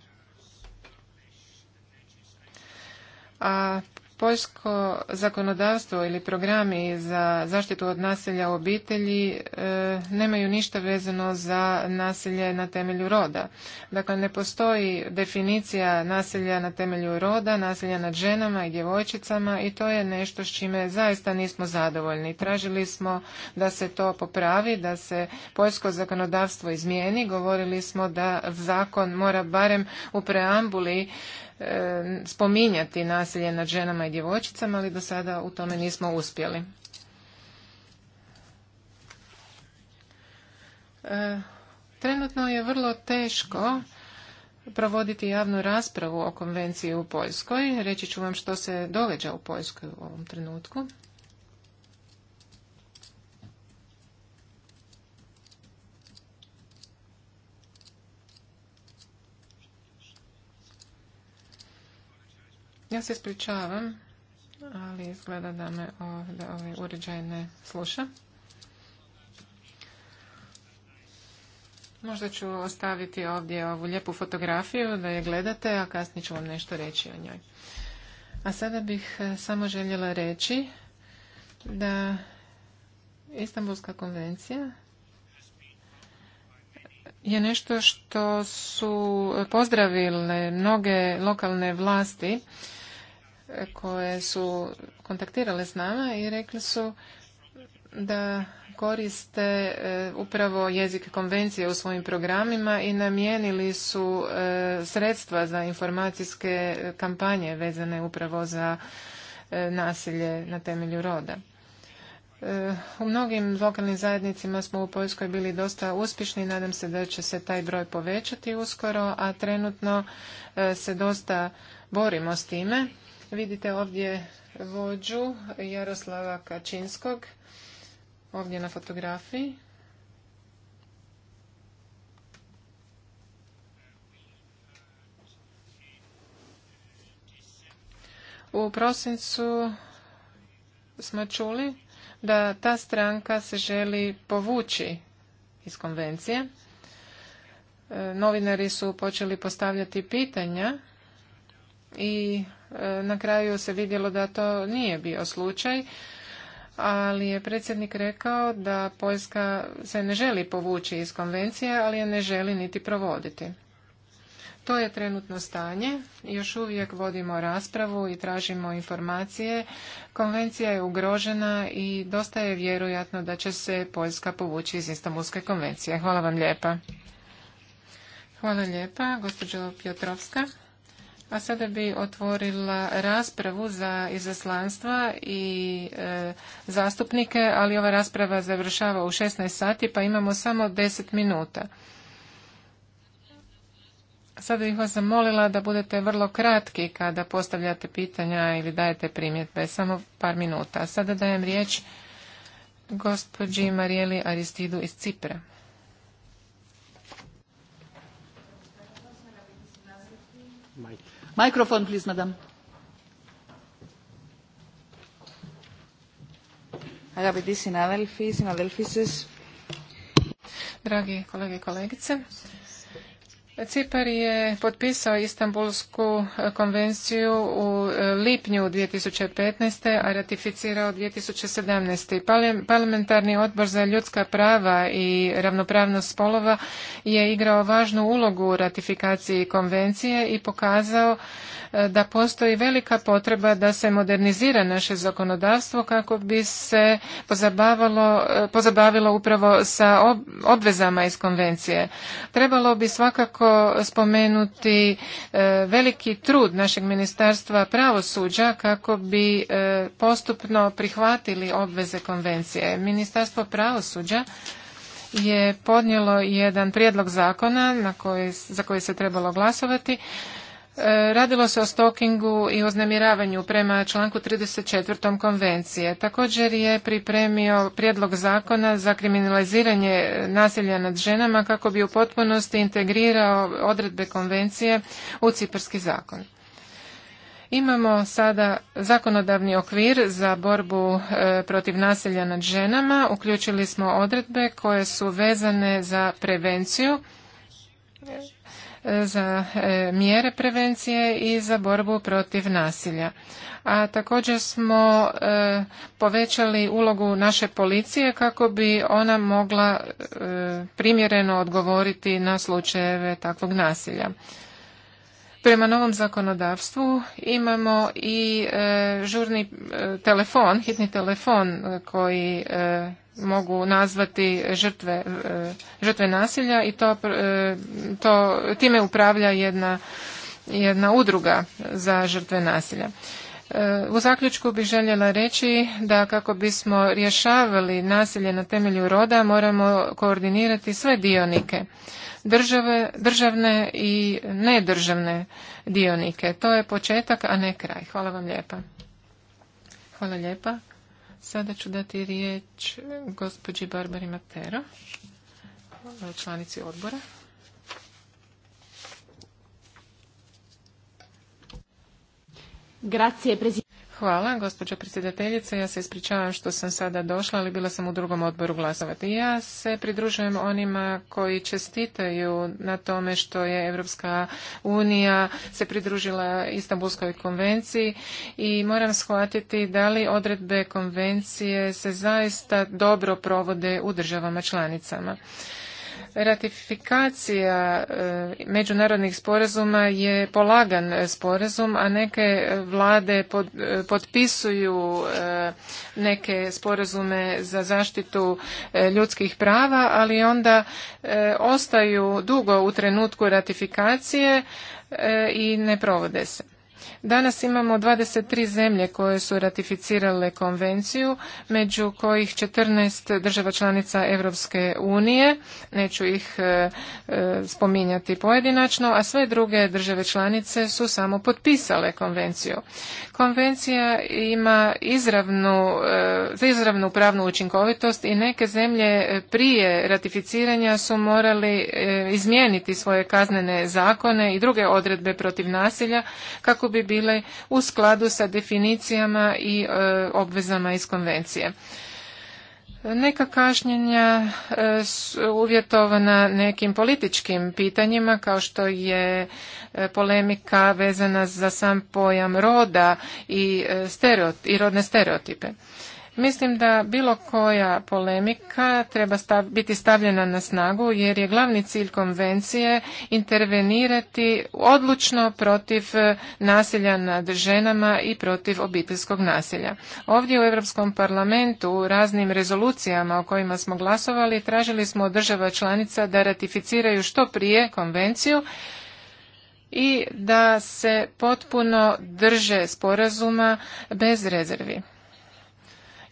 A Poljsko zakonodavstvo ili programi za zaštitu od nasilja u obitelji e, nemaju ništa vezano za nasilje na temelju roda. Dakle, ne postoji definicija nasilja na temelju roda, nasilja nad ženama i djevojčicama i to je nešto s čime zaista nismo zadovoljni. Tražili smo da se to popravi, da se poljsko zakonodavstvo izmijeni. Govorili smo da zakon mora barem u preambuli spominjati nasilje nad ženama i djevojčicama, ali do sada u tome nismo uspjeli. E, trenutno je vrlo teško provoditi javnu raspravu o konvenciji u Poljskoj. Reći ću vam što se događa u Poljskoj u ovom trenutku. Ja se ispričavam, ali izgleda da me ovdje ovaj uređaj ne sluša. Možda ću ostaviti ovdje ovu lijepu fotografiju da je gledate, a kasnije ću vam nešto reći o njoj. A sada bih e, samo željela reći da Istanbulska konvencija je nešto što su pozdravile mnoge lokalne vlasti e, koje su kontaktirale s nama i rekli su da koriste e, upravo jezik konvencije u svojim programima i namijenili su e, sredstva za informacijske kampanje vezane upravo za nasilje na temelju roda. U mnogim lokalnim zajednicima smo u Poljskoj bili dosta uspješni i nadam se da će se taj broj povećati uskoro, a trenutno e, se dosta borimo s time. Vidite ovdje vođu Jaroslava Kačinskog, ovdje na fotografiji. U prosincu smo čuli da ta stranka se želi povući iz konvencije. E, novinari su počeli postavljati pitanja i e, na kraju se vidjelo da to nije bio slučaj, ali je predsjednik rekao da Poljska se ne želi povući iz konvencije, ali je ne želi niti provoditi. To je trenutno stanje. Još uvijek vodimo raspravu i tražimo informacije. Konvencija je ugrožena i dosta je vjerojatno da će se Poljska povući iz Istanbulske konvencije. Hvala vam lijepa. Hvala lijepa, gospođo Pjotrovska. A sada bi otvorila raspravu za izaslanstva i e, zastupnike, ali ova rasprava završava u 16 sati, pa imamo samo 10 minuta. Sada bih vas zamolila da budete vrlo kratki kada postavljate pitanja ili dajete primjetbe, samo par minuta. Sada dajem riječ gospođi Marijeli Aristidu iz Cipra. Mikrofon, please, madam. Dragi kolege i kolegice, Cipar je potpisao Istanbulsku eh, konvenciju u eh, lipnju 2015. a ratificirao 2017. Parlamentarni odbor za ljudska prava i ravnopravnost spolova je igrao važnu ulogu u ratifikaciji konvencije i pokazao eh, da postoji velika potreba da se modernizira naše zakonodavstvo kako bi se pozabavilo upravo sa obvezama iz konvencije. Trebalo bi svakako spomenuti e, veliki trud našeg ministarstva pravosuđa kako bi e, postupno prihvatili obveze konvencije. Ministarstvo pravosuđa je podnijelo jedan prijedlog zakona na koje, za koji se trebalo glasovati E, radilo se o stokingu i uznemiravanju prema članku 34. konvencije. Također je pripremio prijedlog zakona za kriminaliziranje nasilja nad ženama kako bi u potpunosti integrirao odredbe konvencije u ciprski zakon. Imamo sada zakonodavni okvir za borbu e, protiv nasilja nad ženama. Uključili smo odredbe koje su vezane za prevenciju za e, mjere prevencije i za borbu protiv nasilja. A također smo e, povećali ulogu naše policije kako bi ona mogla e, primjereno odgovoriti na slučajeve takvog nasilja prema novom zakonodavstvu imamo i e, žurni e, telefon, hitni telefon e, koji mogu nazvati žrtve, žrtve nasilja i to, to time upravlja jedna, jedna udruga za žrtve nasilja. U zaključku bih željela reći da kako bismo rješavali nasilje na temelju roda moramo koordinirati sve dionike države, državne i nedržavne dionike. To je početak, a ne kraj. Hvala vam lijepa. Hvala lijepa. Sada ću dati riječ gospođi Barbari Matero, članici odbora. Grazie, Hvala, gospođo predsjedateljice. Ja se ispričavam što sam sada došla, ali bila sam u drugom odboru glasovati. Ja se pridružujem onima koji čestitaju na tome što je Europska unija se pridružila Istanbulskoj konvenciji i moram shvatiti da li odredbe konvencije se zaista dobro provode u državama članicama. Ratifikacija e, međunarodnih sporazuma je polagan sporazum, a neke vlade e, potpisuju e, neke sporazume za zaštitu ljudskih prava, ali onda ostaju dugo u trenutku ratifikacije i ne provode se. Danas imamo 23 zemlje koje su ratificirale konvenciju, među kojih 14 država članica Europske unije, neću ih e, e, spominjati pojedinačno, a sve druge države članice su samo potpisale konvenciju. Konvencija ima izravnu, e, izravnu pravnu učinkovitost i neke zemlje prije ratificiranja su morali izmijeniti svoje kaznene zakone i druge odredbe protiv nasilja kako bi bile u skladu sa definicijama i e, obvezama iz konvencije. Neka kašnjenja e, su uvjetovana nekim političkim pitanjima kao što je e, polemika vezana za sam pojam roda i, i rodne stereotipe. Mislim da bilo koja polemika treba biti stavljena na snagu jer je glavni cilj konvencije intervenirati odlučno protiv e, nasilja nad ženama i protiv obiteljskog nasilja. Ovdje u Europskom parlamentu u raznim rezolucijama o kojima smo glasovali tražili smo od država članica da ratificiraju što prije konvenciju i da se potpuno drže sporazuma bez rezervi.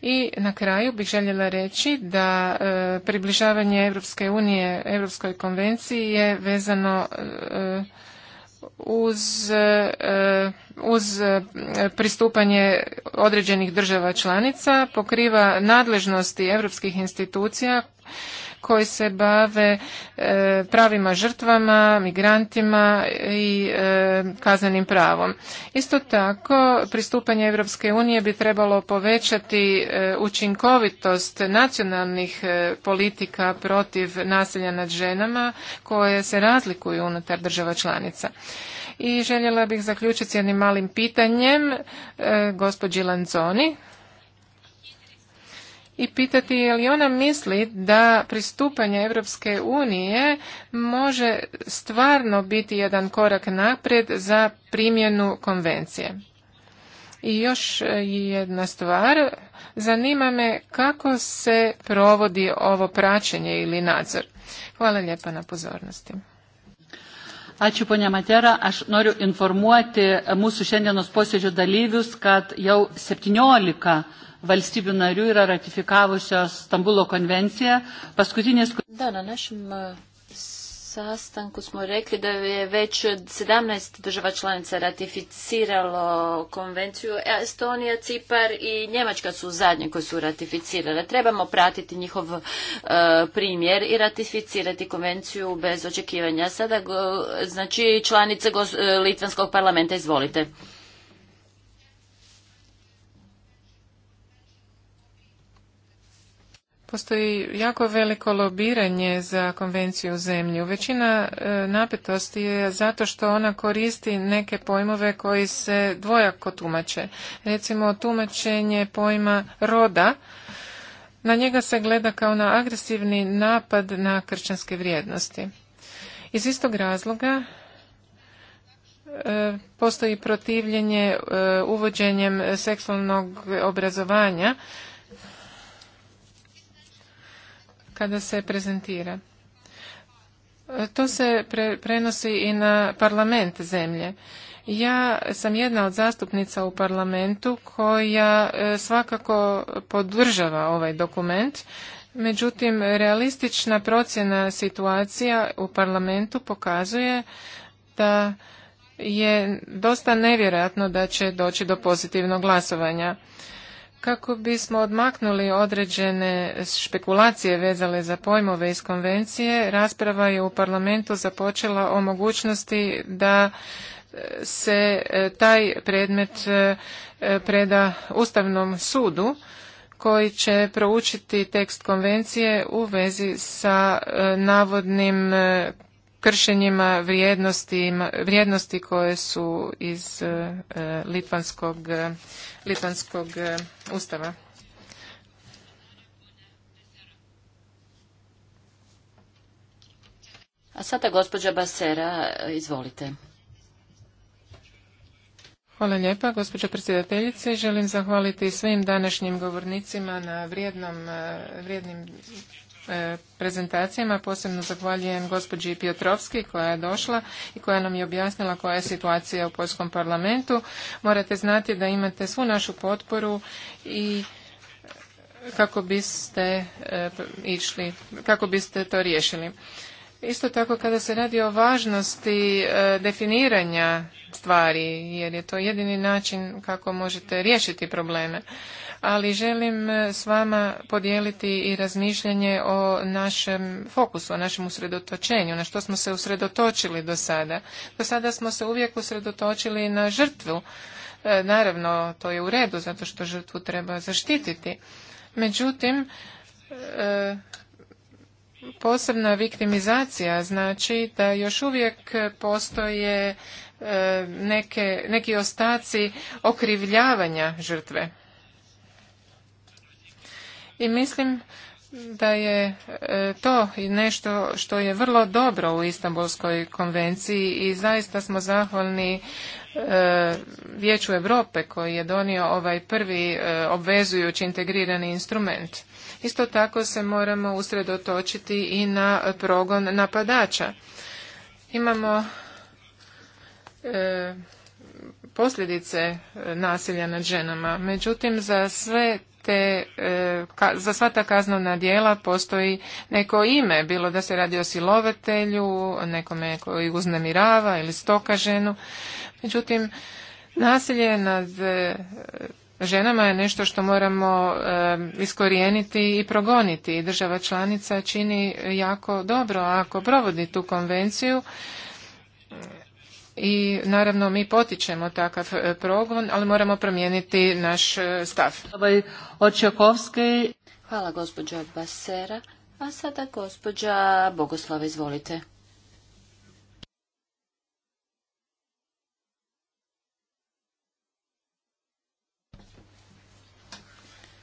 I na kraju bih željela reći da e, približavanje Europske unije Europskoj konvenciji je vezano e, uz, e, uz pristupanje određenih država članica pokriva nadležnosti europskih institucija koji se bave e, pravima žrtvama, migrantima i e, kaznenim pravom. Isto tako, pristupanje Europske unije bi trebalo povećati e, učinkovitost nacionalnih politika protiv nasilja nad ženama koje se razlikuju unutar država članica. I željela bih zaključiti s jednim malim pitanjem gospođi Lanzoni i pitati je li ona misli da pristupanje Europske unije može stvarno biti jedan korak naprijed za primjenu konvencije. I još jedna stvar, zanima me kako se provodi ovo praćenje ili nadzor. Hvala lijepa na pozornosti. Ačiū ponia Matera, aš noriu informuoti mūsų šiandienos posėdžio dalyvius, kad jau 17 valstybių narių yra ratifikavusios Stambulo konvenciją. Paskutinės... Da, na našem e, sastanku smo rekli da je već 17 država članica ratificiralo konvenciju. E, Estonija, Cipar i Njemačka su zadnje koje su ratificirale. Trebamo pratiti njihov e, primjer i ratificirati konvenciju bez očekivanja. Sada, znači, članice Litvanskog parlamenta, izvolite. Postoji jako veliko lobiranje za konvenciju u zemlju. Većina e, napetosti je zato što ona koristi neke pojmove koji se dvojako tumače. Recimo tumačenje pojma roda, na njega se gleda kao na agresivni napad na kršćanske vrijednosti. Iz istog razloga e, postoji protivljenje e, uvođenjem seksualnog obrazovanja kada se prezentira. E, to se prenosi i na parlament zemlje. Ja sam jedna od zastupnica u parlamentu koja e, svakako podržava ovaj dokument. Međutim, realistična procjena situacija u parlamentu pokazuje da je dosta nevjerojatno da će doći do pozitivnog glasovanja kako bismo odmaknuli određene špekulacije vezale za pojmove iz konvencije, rasprava je u parlamentu započela o mogućnosti da e, se e, taj predmet e, preda Ustavnom sudu koji će proučiti tekst konvencije u vezi sa navodnim kršenjima vrijednosti, vrijednosti koje su iz e, litvanskog, e, litvanskog e, ustava. A sada gospođa Basera, izvolite. Hvala lijepa, gospođa predsjedateljice. Želim zahvaliti svim današnjim govornicima na vrijednom, vrijednim E, prezentacijama. Posebno zahvaljujem gospođi Piotrovski koja je došla i koja nam je objasnila koja je situacija u Poljskom parlamentu. Morate znati da imate svu našu potporu i kako biste e, išli, kako biste to riješili. Isto tako kada se radi o važnosti e, definiranja stvari, jer je to jedini način kako možete riješiti probleme ali želim e, s vama podijeliti i razmišljanje o našem fokusu, o našem usredotočenju, na što smo se usredotočili do sada. Do sada smo se uvijek usredotočili na žrtvu. E, naravno, to je u redu, zato što žrtvu treba zaštititi. Međutim, e, posebna viktimizacija znači da još uvijek postoje neke, neki ostaci okrivljavanja žrtve i mislim da je e, to nešto što je vrlo dobro u Istanbulskoj konvenciji i zaista smo zahvalni e, Vijeću Europe koji je donio ovaj prvi e, obvezujući integrirani instrument. Isto tako se moramo usredotočiti i na progon napadača. Imamo posljedice nasilja nad ženama. Međutim, za sve te, e, za sva ta kaznena djela postoji neko ime, bilo da se radi o silovatelju, nekome koji uznemirava ili stoka ženu. Međutim, nasilje nad e, ženama je nešto što moramo e, iskorijeniti i progoniti. Država članica čini jako dobro ako provodi tu konvenciju i naravno mi potičemo takav e, progon, ali moramo promijeniti naš e, stav. Ovaj, Hvala gospođo Basera. A sada gospođa Bogoslava, izvolite.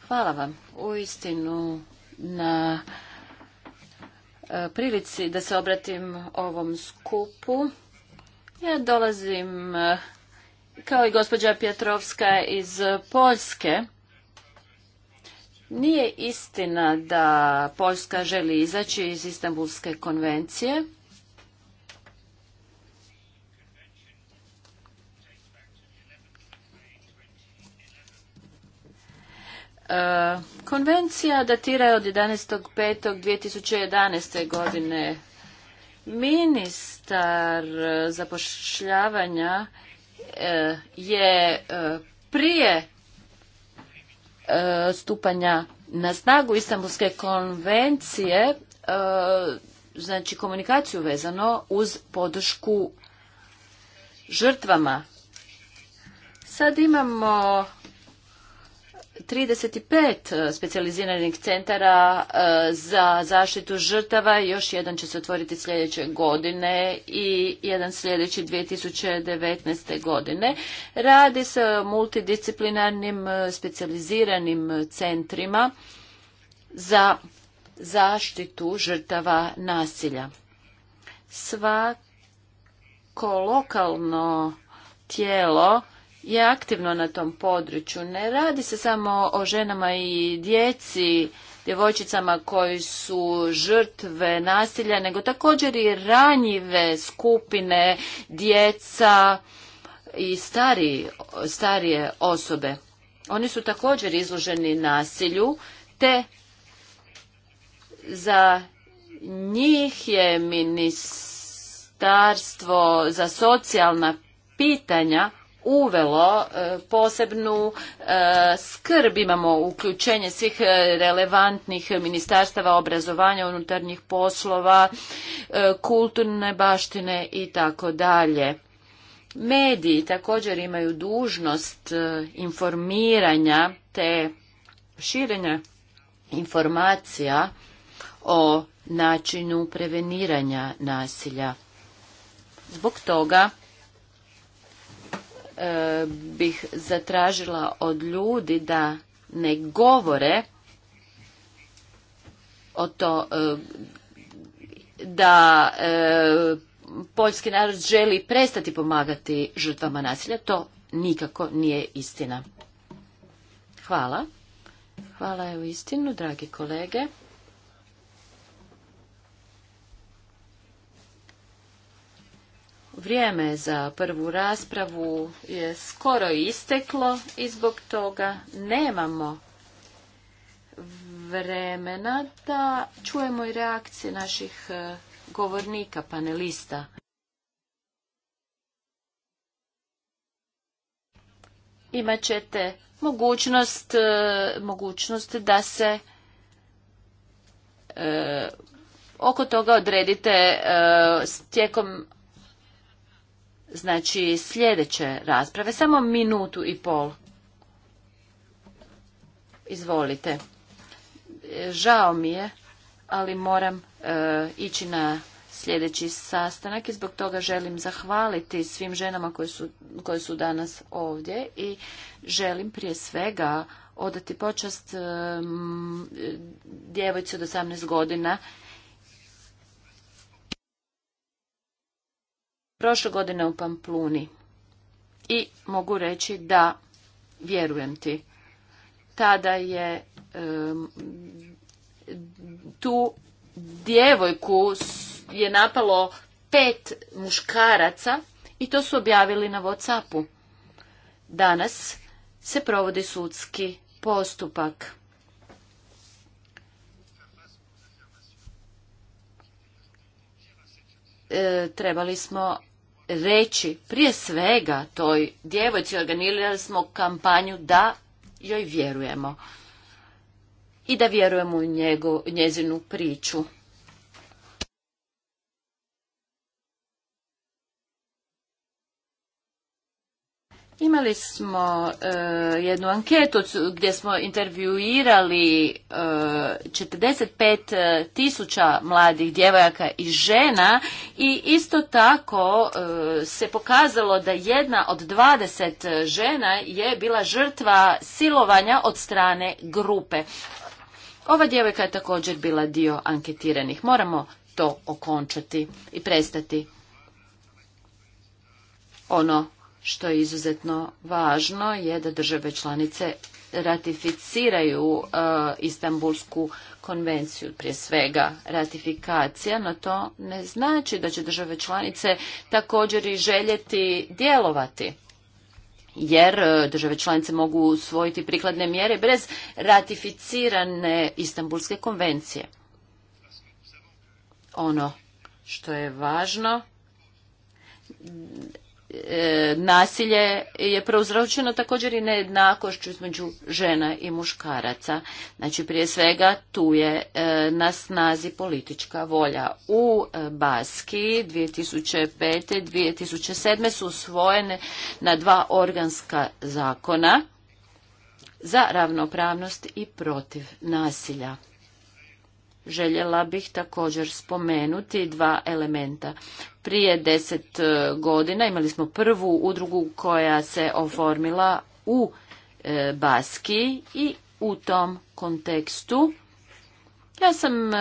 Hvala vam u istinu na e, prilici da se obratim ovom skupu. Ja dolazim, eh, kao i gospođa Pjetrovska iz Poljske. Nije istina da Poljska želi izaći iz Istanbulske konvencije. Eh, konvencija datira od 11.5.2011. godine Ministar e, zapošljavanja e, je e, prije stupanja na snagu Istanbulske konvencije znači komunikaciju vezano uz podršku žrtvama. Sad imamo 35 e, specijaliziranih centara e, za zaštitu žrtava, još jedan će se otvoriti sljedeće godine i jedan sljedeći 2019. godine. Radi se o multidisciplinarnim e, specijaliziranim centrima za zaštitu žrtava nasilja. Svako lokalno tijelo je aktivno na tom području. Ne radi se samo o ženama i djeci, djevojčicama koji su žrtve nasilja, nego također i ranjive skupine djeca i stari, starije osobe. Oni su također izloženi nasilju, te za njih je ministarstvo za socijalna pitanja uvelo e, posebnu e, skrb. Imamo uključenje svih e, relevantnih ministarstava obrazovanja, unutarnjih poslova, kulturne baštine i tako dalje. Mediji također imaju dužnost informiranja te širenja informacija o načinu preveniranja nasilja. Zbog toga E, bih zatražila od ljudi da ne govore o to e, da e, poljski narod želi prestati pomagati žrtvama nasilja. To nikako nije istina. Hvala. Hvala je u istinu, dragi kolege. Vrijeme za prvu raspravu je skoro isteklo i zbog toga nemamo vremena da čujemo i reakcije naših e, govornika, panelista. Imaćete mogućnost, e, mogućnost da se e, oko toga odredite tijekom znači sljedeće rasprave. Samo minutu i pol. Izvolite. E, žao mi je, ali moram e, ići na sljedeći sastanak i zbog toga želim zahvaliti svim ženama koje su, koje su danas ovdje i želim prije svega odati počast e, djevojci od 18 godina prošle godine u Pampluni i mogu reći da vjerujem ti. Tada je tu djevojku je napalo pet muškaraca i to su objavili na Whatsappu. Danas se provodi sudski postupak. E, trebali smo reći prije svega toj djevojci organizirali smo kampanju da joj vjerujemo i da vjerujemo u njezinu priču Imali smo e, jednu anketu gdje smo intervjuirali e, četrdeset 45 e, tisuća mladih djevojaka i žena i isto tako se pokazalo da jedna od 20 žena je bila žrtva silovanja od strane grupe. Ova djevojka je također bila dio anketiranih. Moramo to okončati i prestati ono što je izuzetno važno je da države članice ratificiraju uh, Istanbulsku konvenciju, prije svega ratifikacija, no to ne znači da će države članice također i željeti djelovati. Jer uh, države članice mogu usvojiti prikladne mjere bez ratificirane Istanbulske konvencije. Ono što je važno E, nasilje je prouzročeno također i nejednakošću između žena i muškaraca. Znači prije svega tu je e, na snazi politička volja. U e, Baski 2005. 2007. su usvojene na dva organska zakona za ravnopravnost i protiv nasilja. Željela bih također spomenuti dva elementa. Prije deset e, godina imali smo prvu udrugu koja se oformila u e, Baski i u tom kontekstu ja sam e,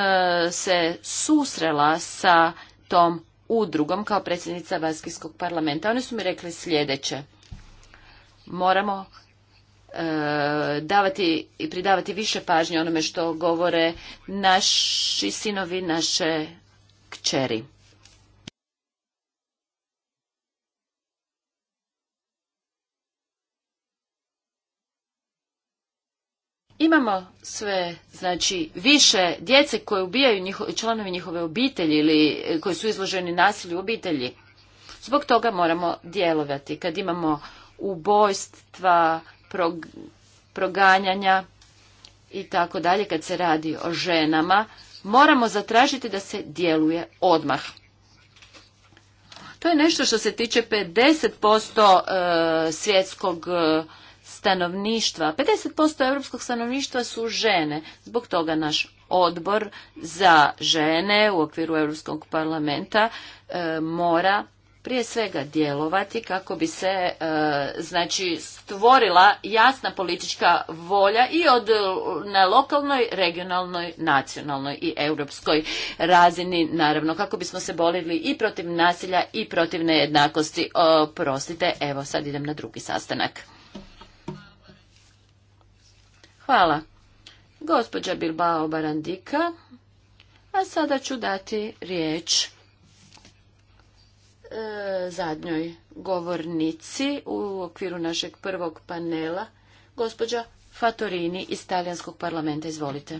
se susrela sa tom udrugom kao predsjednica Baskijskog parlamenta. Oni su mi rekli sljedeće. Moramo davati i pridavati više pažnje onome što govore naši sinovi, naše kćeri. Imamo sve, znači, više djece koje ubijaju njiho, članovi njihove obitelji ili eh, koji su izloženi nasilju u obitelji. Zbog toga moramo djelovati. Kad imamo ubojstva, proganjanja i tako dalje kad se radi o ženama, moramo zatražiti da se djeluje odmah. To je nešto što se tiče 50% e, svjetskog e, stanovništva. 50% europskog stanovništva su žene. Zbog toga naš odbor za žene u okviru Europskog parlamenta e, mora prije svega djelovati kako bi se e, znači stvorila jasna politička volja i od na lokalnoj, regionalnoj, nacionalnoj i europskoj razini naravno kako bismo se borili i protiv nasilja i protiv nejednakosti. Oprostite, evo sad idem na drugi sastanak. Hvala. Gospođa Bilbao Barandika. A sada ću dati riječ zadnjoj govornici u okviru našeg prvog panela, gospođa Fatorini iz Talijanskog parlamenta. Izvolite.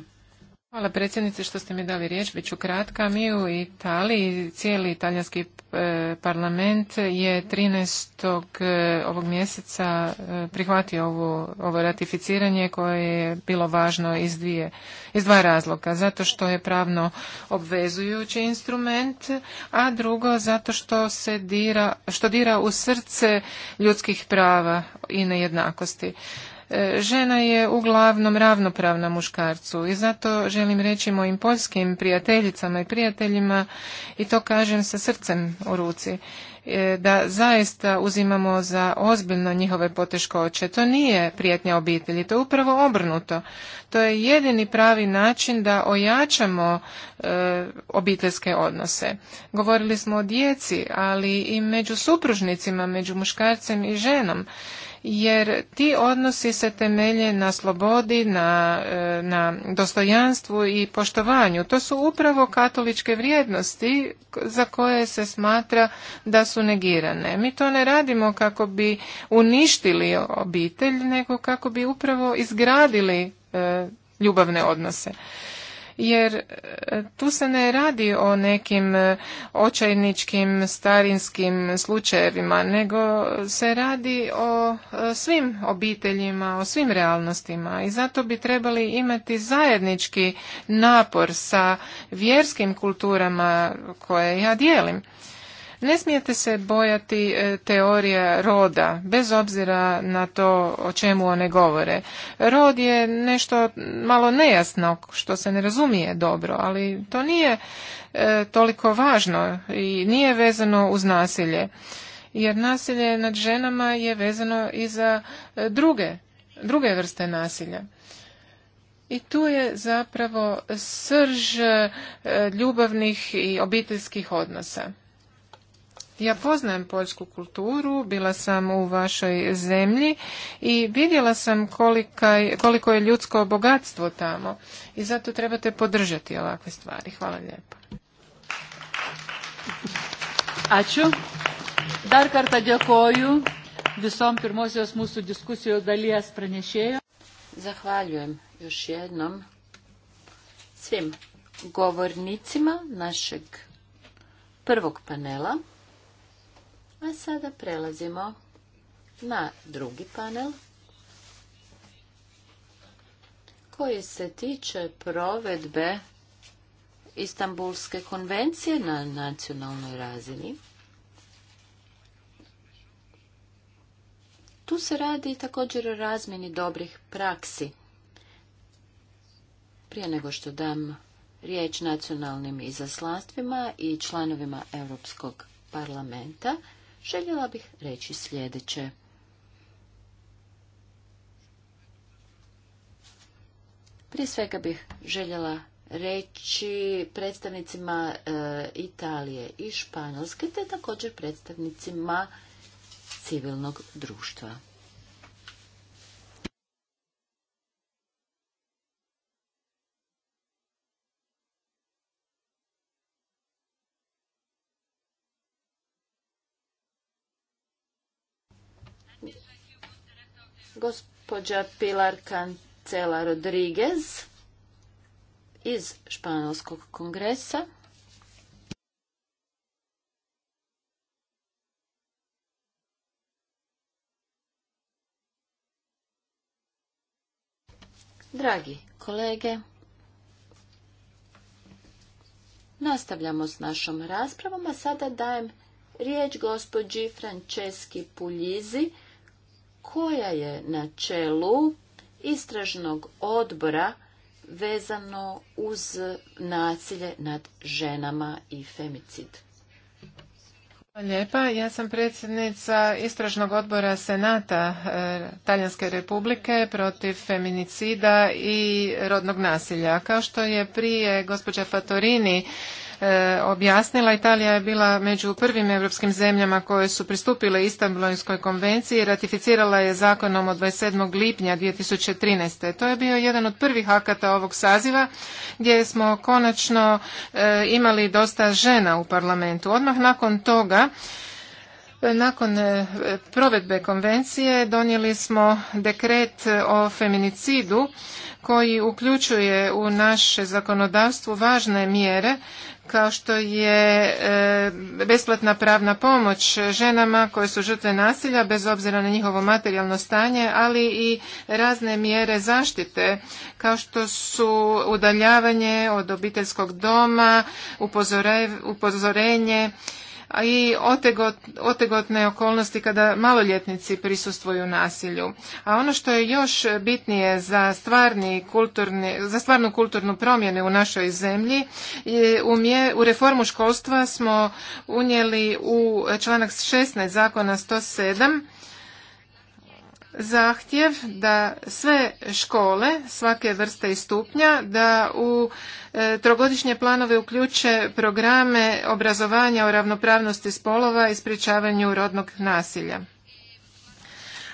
Hvala predsjednice što ste mi dali riječ, bit ću kratka. Mi u Italiji, cijeli italijanski e, parlament je 13. E, ovog mjeseca e, prihvatio ovo, ovo ratificiranje koje je bilo važno iz, dvije, iz dva razloga. Zato što je pravno obvezujući instrument, a drugo zato što se dira, što dira u srce ljudskih prava i nejednakosti žena je uglavnom ravnopravna muškarcu i zato želim reći mojim poljskim prijateljicama i prijateljima i to kažem sa srcem u ruci e, da zaista uzimamo za ozbiljno njihove poteškoće. To nije prijetnja obitelji, to je upravo obrnuto. To je jedini pravi način da ojačamo e, obiteljske odnose. Govorili smo o djeci, ali i među supružnicima, među muškarcem i ženom jer ti odnosi se temelje na slobodi, na, e, na dostojanstvu i poštovanju. To su upravo katoličke vrijednosti za koje se smatra da su negirane. Mi to ne radimo kako bi uništili obitelj, nego kako bi upravo izgradili e, ljubavne odnose jer e, tu se ne radi o nekim e, očajničkim starinskim slučajevima, nego se radi o e, svim obiteljima, o svim realnostima i zato bi trebali imati zajednički napor sa vjerskim kulturama koje ja dijelim. Ne smijete se bojati e, teorija roda, bez obzira na to o čemu one govore. Rod je nešto malo nejasno, što se ne razumije dobro, ali to nije e, toliko važno i nije vezano uz nasilje. Jer nasilje nad ženama je vezano i za e, druge, druge vrste nasilja. I tu je zapravo srž ljubavnih i obiteljskih odnosa. Ja poznajem poljsku kulturu, bila sam u vašoj zemlji i vidjela sam koliko je ljudsko bogatstvo tamo i zato trebate podržati ovakve stvari. Hvala lijepo. Ačiū. Dar kartą dėkoju visom pirmosios mūsų diskusijos dalies pranešėjo. Zahvaljujem još jednom svim govornicima našeg prvog panela. A sada prelazimo na drugi panel koji se tiče provedbe Istanbulske konvencije na nacionalnoj razini. Tu se radi također o razmjeni dobrih praksi. Prije nego što dam riječ nacionalnim izaslanstvima i članovima Europskog parlamenta, željela bih reći sljedeće. Prije svega bih željela reći predstavnicima e, Italije i Španjolske, te također predstavnicima civilnog društva. Gospođa Pilar Cancela Rodriguez iz Španjolskog kongresa. Dragi kolege, nastavljamo s našom raspravom, a sada dajem riječ gospođi Franceski Puljizi, koja je na čelu istražnog odbora vezano uz nasilje nad ženama i femicid. Hvala lijepa. Ja sam predsjednica Istražnog odbora Senata e, Talijanske republike protiv feminicida i rodnog nasilja. Kao što je prije gospođa Fatorini E, objasnila, Italija je bila među prvim europskim zemljama koje su pristupile Istanbulskoj konvenciji i ratificirala je zakonom od 27. lipnja 2013. To je bio jedan od prvih akata ovog saziva gdje smo konačno e, imali dosta žena u parlamentu. Odmah nakon toga e, nakon provedbe konvencije donijeli smo dekret o feminicidu koji uključuje u naše zakonodavstvo važne mjere kao što je e, besplatna pravna pomoć ženama koje su žrtve nasilja bez obzira na njihovo materijalno stanje, ali i razne mjere zaštite kao što su udaljavanje od obiteljskog doma, upozorenje, a i otegotne okolnosti kada maloljetnici prisustvuju nasilju. A ono što je još bitnije za, stvarni kulturni, za stvarnu kulturnu promjenu u našoj zemlji, u, mje, u reformu školstva smo unijeli u članak 16 zakona 107 zahtjev da sve škole svake vrste i stupnja da u e, trogodišnje planove uključe programe obrazovanja o ravnopravnosti spolova i sprječavanju rodnog nasilja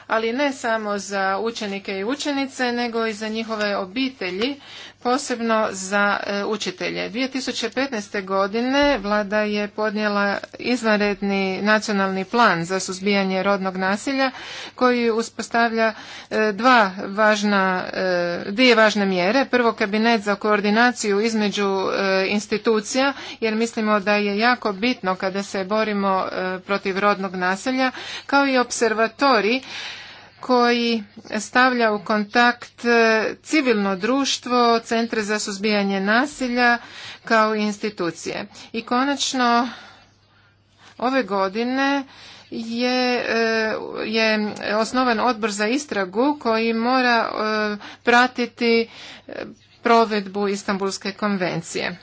ali ne samo za učenike i učenice nego i za njihove obitelji posebno za e, učitelje. 2015. godine vlada je podnijela izvanredni nacionalni plan za suzbijanje rodnog nasilja koji uspostavlja e, dva važna, e, dvije važne mjere. Prvo kabinet za koordinaciju između institucija jer mislimo da je jako bitno kada se borimo protiv rodnog nasilja kao i observatori koji stavlja u kontakt e, civilno društvo, centre za suzbijanje nasilja kao institucije. I konačno ove godine je, e, je osnovan odbor za istragu koji mora e, pratiti provedbu Istanbulske konvencije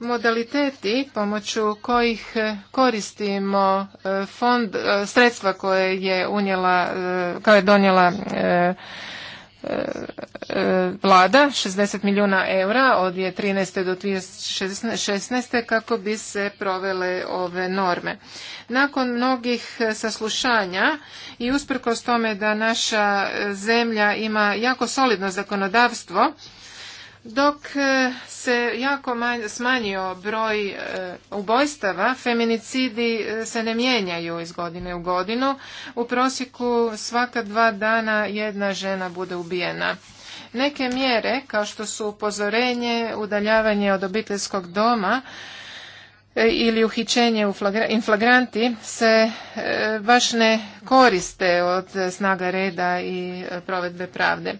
modaliteti pomoću kojih koristimo e, fond, e, sredstva koje je unijela, e, koje je donijela vlada 60 milijuna eura od 2013. do 2016. kako bi se provele ove norme. Nakon mnogih saslušanja i usprkos tome da naša zemlja ima jako solidno zakonodavstvo, dok e, se jako smanjio broj e, ubojstava, feminicidi e, se ne mijenjaju iz godine u godinu. U prosjeku svaka dva dana jedna žena bude ubijena. Neke mjere, kao što su upozorenje, udaljavanje od obiteljskog doma, ili uhićenje u inflagranti se baš ne koriste od snaga reda i provedbe pravde.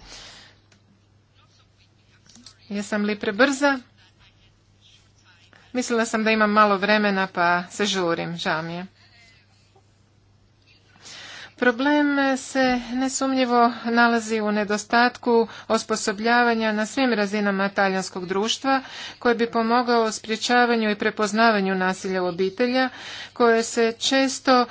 Jesam li prebrza? Mislila sam da imam malo vremena pa se žurim, žao mi je. Problem se nesumnjivo nalazi u nedostatku osposobljavanja na svim razinama talijanskog društva koje bi pomogao sprječavanju i prepoznavanju nasilja u obitelja koje se često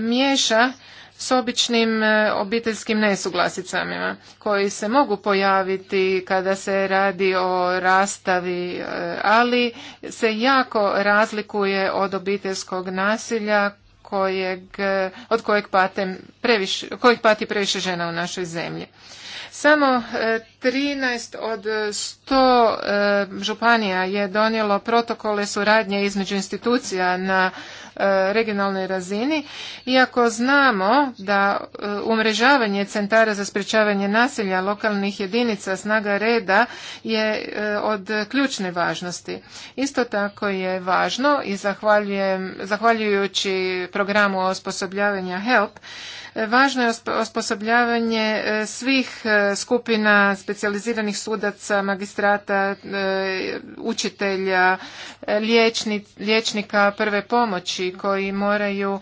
miješa s običnim e, obiteljskim nesuglasicama koji se mogu pojaviti kada se radi o rastavi, e, ali se jako razlikuje od obiteljskog nasilja kojeg, e, od kojeg, pate kojeg pati previše žena u našoj zemlji. Samo 13 e, od 100 e, županija je donijelo protokole suradnje između institucija na e, regionalnoj razini, iako znamo da umrežavanje centara za sprječavanje nasilja lokalnih jedinica snaga reda je od ključne važnosti. Isto tako je važno i zahvaljujući programu osposobljavanja HELP Važno je osposobljavanje e, svih e, skupina specijaliziranih sudaca, magistrata, e, učitelja, liječnika prve pomoći koji moraju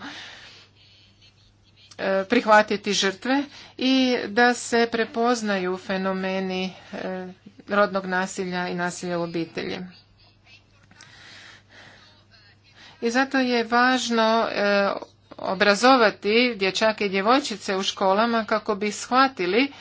prihvatiti žrtve i da se prepoznaju fenomeni rodnog nasilja i nasilja u obitelji. I zato je važno obrazovati dječake i djevojčice u školama kako bi shvatili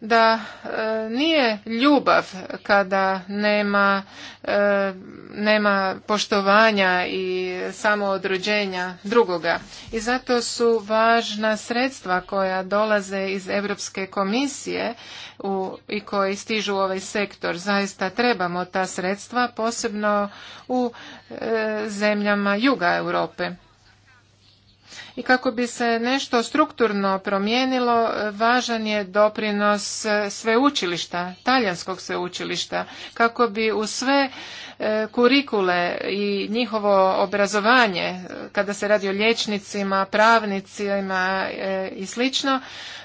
da e, nije ljubav kada nema, e, nema poštovanja i samoodruđenja drugoga i zato su važna sredstva koja dolaze iz europske komisije u, i koji stižu u ovaj sektor zaista trebamo ta sredstva posebno u e, zemljama juga europe i kako bi se nešto strukturno promijenilo, važan je doprinos sveučilišta, talijanskog sveučilišta, kako bi u sve E, kurikule i njihovo obrazovanje e, kada se radi o liječnicima, pravnicima e, i slično,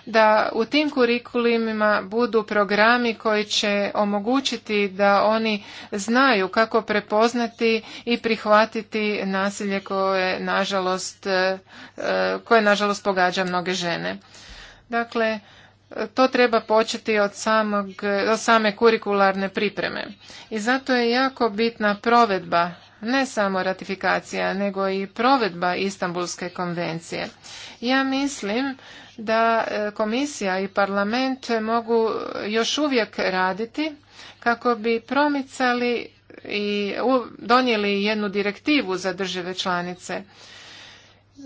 da u tim kurikulima budu programi koji će omogućiti da oni znaju kako prepoznati i prihvatiti nasilje koje nažalost koje nažalost pogađa mnoge žene. Dakle, to treba početi od, samog, od same kurikularne pripreme. I zato je jako bitna provedba, ne samo ratifikacija, nego i provedba Istanbulske konvencije. Ja mislim da e, komisija i parlament mogu još uvijek raditi kako bi promicali i donijeli jednu direktivu za države članice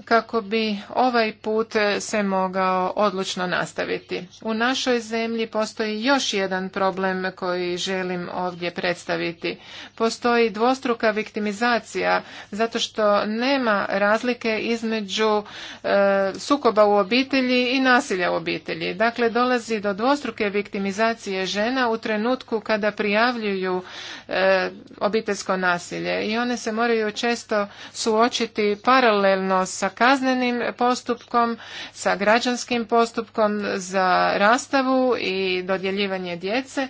kako bi ovaj put se mogao odlučno nastaviti. U našoj zemlji postoji još jedan problem koji želim ovdje predstaviti. Postoji dvostruka viktimizacija zato što nema razlike između e, sukoba u obitelji i nasilja u obitelji. Dakle dolazi do dvostruke viktimizacije žena u trenutku kada prijavljuju e, obiteljsko nasilje i one se moraju često suočiti paralelno s sa kaznenim postupkom, sa građanskim postupkom za rastavu i dodjeljivanje djece.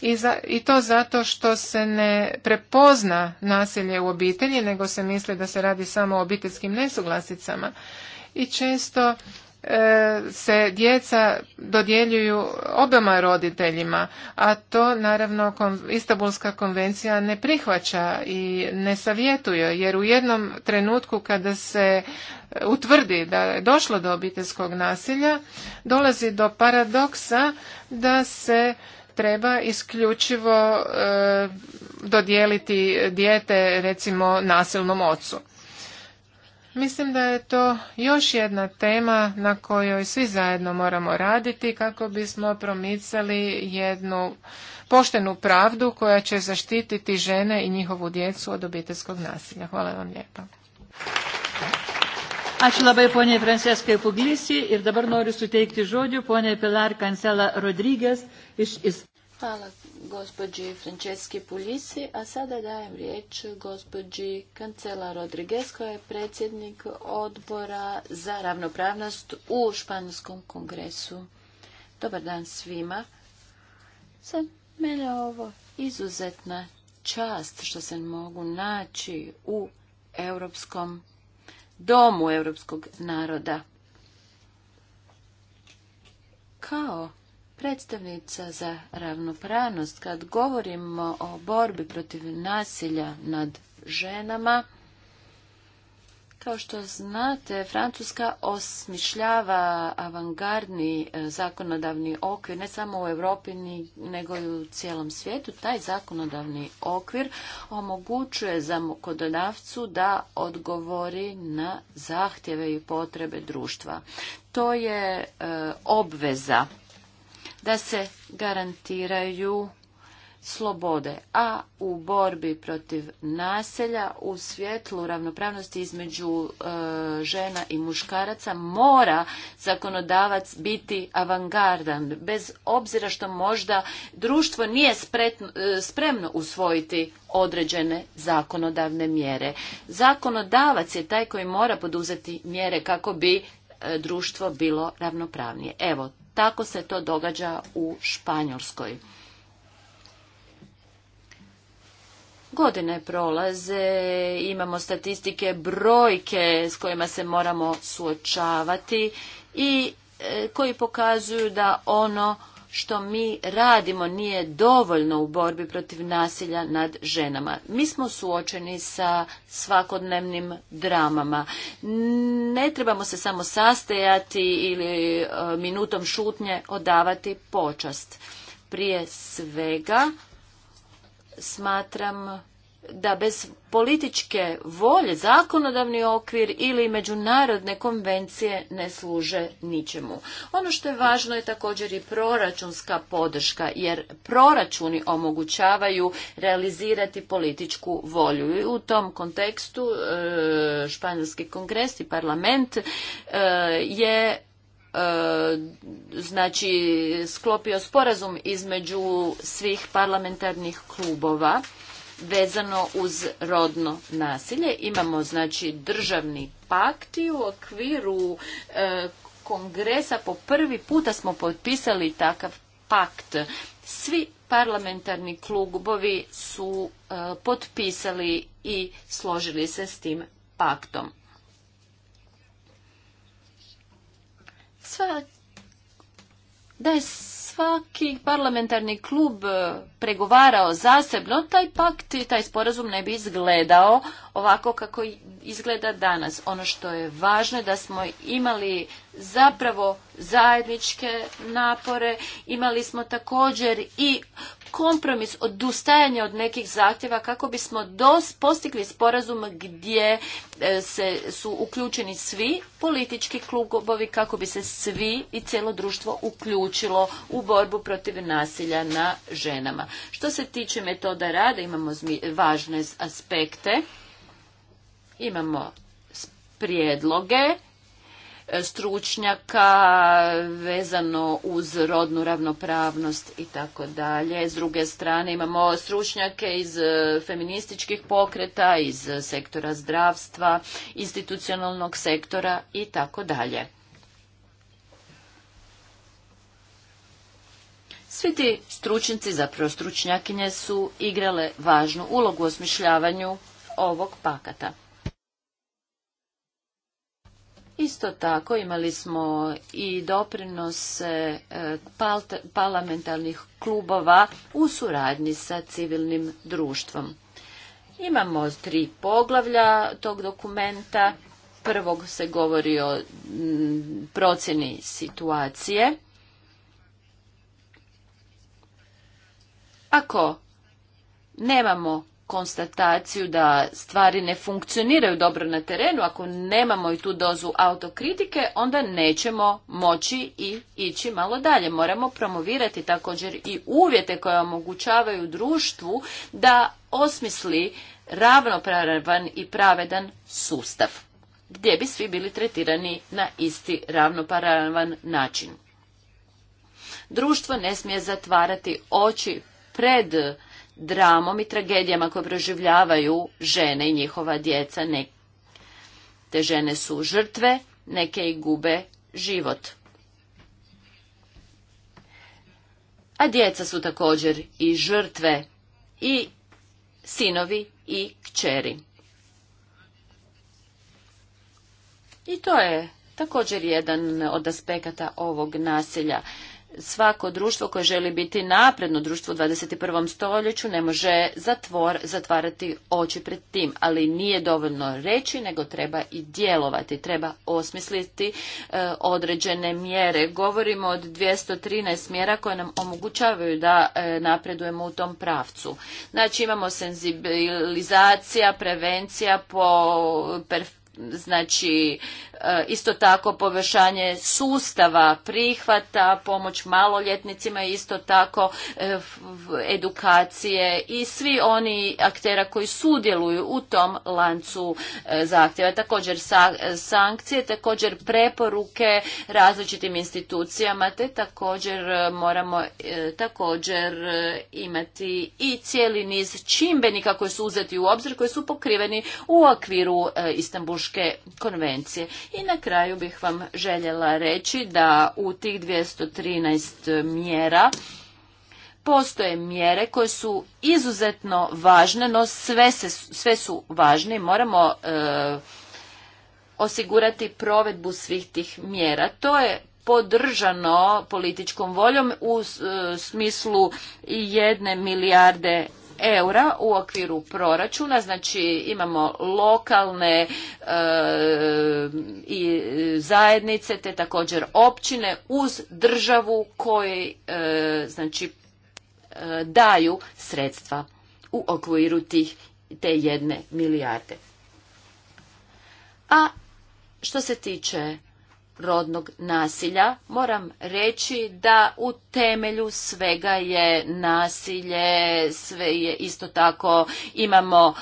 I, i to zato što se ne prepozna nasilje u obitelji, nego se misli da se radi samo o obiteljskim nesuglasicama. I često E, se djeca dodjeljuju obama roditeljima, a to naravno Istanbulska konvencija ne prihvaća i ne savjetuje, jer u jednom trenutku kada se e, utvrdi da je došlo do obiteljskog nasilja, dolazi do paradoksa da se treba isključivo e, dodijeliti dijete recimo nasilnom ocu. Mislim da je to još jedna tema na kojoj svi zajedno moramo raditi kako bismo promicali jednu poštenu pravdu koja će zaštititi žene i njihovu djecu od obiteljskog nasilja. Hvala vam lijepa. Ačiū labai poniai Franceskai Puglisi ir dabar noriu suteikti poniai Pilar Kancela Rodrygės iš Hvala gospođi Franceski Pulisi, a sada dajem riječ gospođi Kancela Rodriguez, koja je predsjednik odbora za ravnopravnost u Španskom kongresu. Dobar dan svima. Za mene ovo izuzetna čast što se mogu naći u Europskom domu Europskog naroda. Kao predstavnica za ravnopravnost, kad govorimo o borbi protiv nasilja nad ženama, kao što znate, Francuska osmišljava avangardni e, zakonodavni okvir, ne samo u Europi, nego i u cijelom svijetu. Taj zakonodavni okvir omogućuje zakonodavcu da odgovori na zahtjeve i potrebe društva. To je e, obveza da se garantiraju slobode, a u borbi protiv naselja u svjetlu ravnopravnosti između e, žena i muškaraca mora zakonodavac biti avangardan, bez obzira što možda društvo nije e, spremno usvojiti određene zakonodavne mjere. Zakonodavac je taj koji mora poduzeti mjere kako bi e, društvo bilo ravnopravnije. Evo, tako se to događa u Španjolskoj. Godine prolaze, imamo statistike, brojke s kojima se moramo suočavati i e, koji pokazuju da ono što mi radimo nije dovoljno u borbi protiv nasilja nad ženama. Mi smo suočeni sa svakodnevnim dramama. Ne trebamo se samo sastajati ili e, minutom šutnje odavati počast. Prije svega smatram da bez političke volje zakonodavni okvir ili međunarodne konvencije ne služe ničemu. Ono što je važno je također i proračunska podrška jer proračuni omogućavaju realizirati političku volju. I u tom kontekstu e, španjolski kongres i parlament e, je e, znači sklopio sporazum između svih parlamentarnih klubova vezano uz rodno nasilje. Imamo znači državni pakt i u okviru e, kongresa po prvi puta smo potpisali takav pakt. Svi parlamentarni klubovi su e, potpisali i složili se s tim paktom. Sva da svaki parlamentarni klub e, pregovarao zasebno, taj pakt i taj sporazum ne bi izgledao ovako kako izgleda danas. Ono što je važno je da smo imali zapravo zajedničke napore, imali smo također i kompromis odustajanja od nekih zahtjeva kako bismo postigli sporazum gdje e, se su uključeni svi politički klubovi kako bi se svi i cijelo društvo uključilo u borbu protiv nasilja na ženama. Što se tiče metoda rada imamo važne aspekte. Imamo prijedloge E, stručnjaka vezano uz rodnu ravnopravnost i tako dalje. S druge strane imamo stručnjake iz e, feminističkih pokreta, iz e, sektora zdravstva, institucionalnog sektora i tako dalje. Svi ti stručnjaci, zapravo stručnjakinje, su igrale važnu ulogu u osmišljavanju ovog pakata. Isto tako imali smo i doprinos e, parlamentarnih klubova u suradnji sa civilnim društvom. Imamo tri poglavlja tog dokumenta. Prvog se govori o procjeni situacije. Ako nemamo konstataciju da stvari ne funkcioniraju dobro na terenu, ako nemamo i tu dozu autokritike, onda nećemo moći i ići malo dalje. Moramo promovirati također i uvjete koje omogućavaju društvu da osmisli ravnopravan i pravedan sustav, gdje bi svi bili tretirani na isti ravnopravan način. Društvo ne smije zatvarati oči pred dramom i tragedijama koje proživljavaju žene i njihova djeca. te žene su žrtve, neke i gube život. A djeca su također i žrtve i sinovi i kćeri. I to je također jedan od aspekata ovog nasilja svako društvo koje želi biti napredno društvo u 21. stoljeću ne može zatvor, zatvarati oči pred tim, ali nije dovoljno reći, nego treba i djelovati, treba osmisliti e, određene mjere. Govorimo od 213 mjera koje nam omogućavaju da e, napredujemo u tom pravcu. Znači imamo senzibilizacija, prevencija, po, znači e, isto tako poboljšanje sustava prihvata, pomoć maloljetnicima, isto tako e, edukacije i svi oni aktera koji sudjeluju u tom lancu e, zahtjeva. Također sankcije, također preporuke različitim institucijama, te također moramo također imati i cijeli niz čimbenika koji su uzeti u obzir, koji su pokriveni u okviru Istanbul konvencije. I na kraju bih vam željela reći da u tih 213 mjera postoje mjere koje su izuzetno važne, no sve, se, sve su važne i moramo e, osigurati provedbu svih tih mjera. To je podržano političkom voljom u e, smislu jedne milijarde eura u okviru proračuna, znači imamo lokalne e, i zajednice te također općine uz državu koji e, znači e, daju sredstva u okviru tih te jedne milijarde. A što se tiče rodnog nasilja. Moram reći da u temelju svega je nasilje, sve je isto tako imamo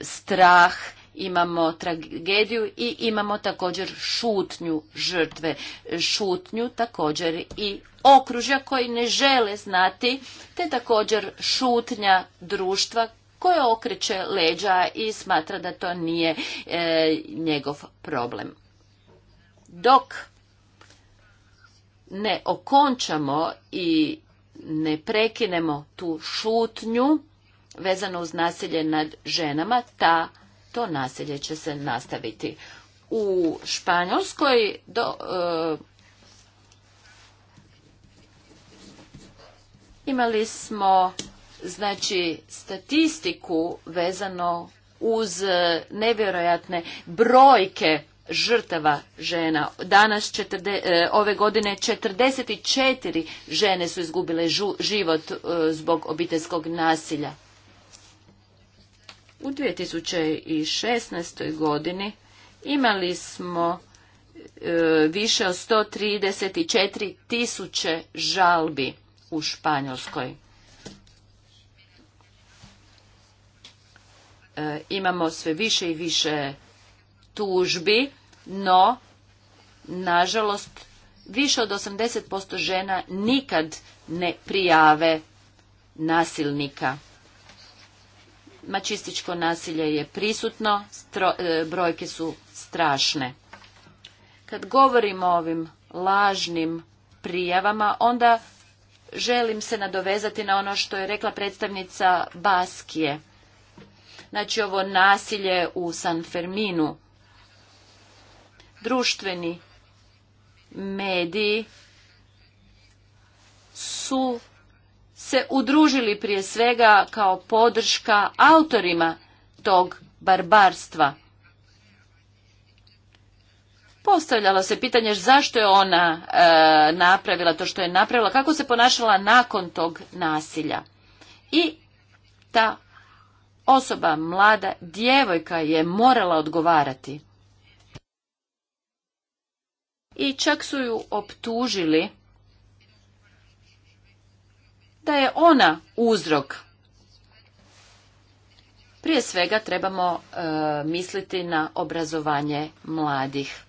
strah, imamo tragediju i imamo također šutnju žrtve, šutnju također i okružja koji ne žele znati, te također šutnja društva koje okreće leđa i smatra da to nije e, njegov problem. Dok ne okončamo i ne prekinemo tu šutnju vezano uz nasilje nad ženama, ta, to nasilje će se nastaviti. U Španjolskoj do, e, imali smo znači statistiku vezano uz nevjerojatne brojke žrtava žena. Danas, e, ove godine, 44 žene su izgubile život e, zbog obiteljskog nasilja. U 2016. godini imali smo e, više od 134 tisuće žalbi u Španjolskoj. imamo sve više i više tužbi, no, nažalost, više od 80% žena nikad ne prijave nasilnika. Mačističko nasilje je prisutno, e, brojke su strašne. Kad govorimo o ovim lažnim prijavama, onda želim se nadovezati na ono što je rekla predstavnica Baskije. Znači ovo nasilje u San Ferminu društveni mediji su se udružili prije svega kao podrška autorima tog barbarstva. Postavljalo se pitanje zašto je ona e, napravila to što je napravila, kako se ponašala nakon tog nasilja. I ta osoba, mlada djevojka je morala odgovarati i čak su ju optužili da je ona uzrok. Prije svega trebamo e, misliti na obrazovanje mladih.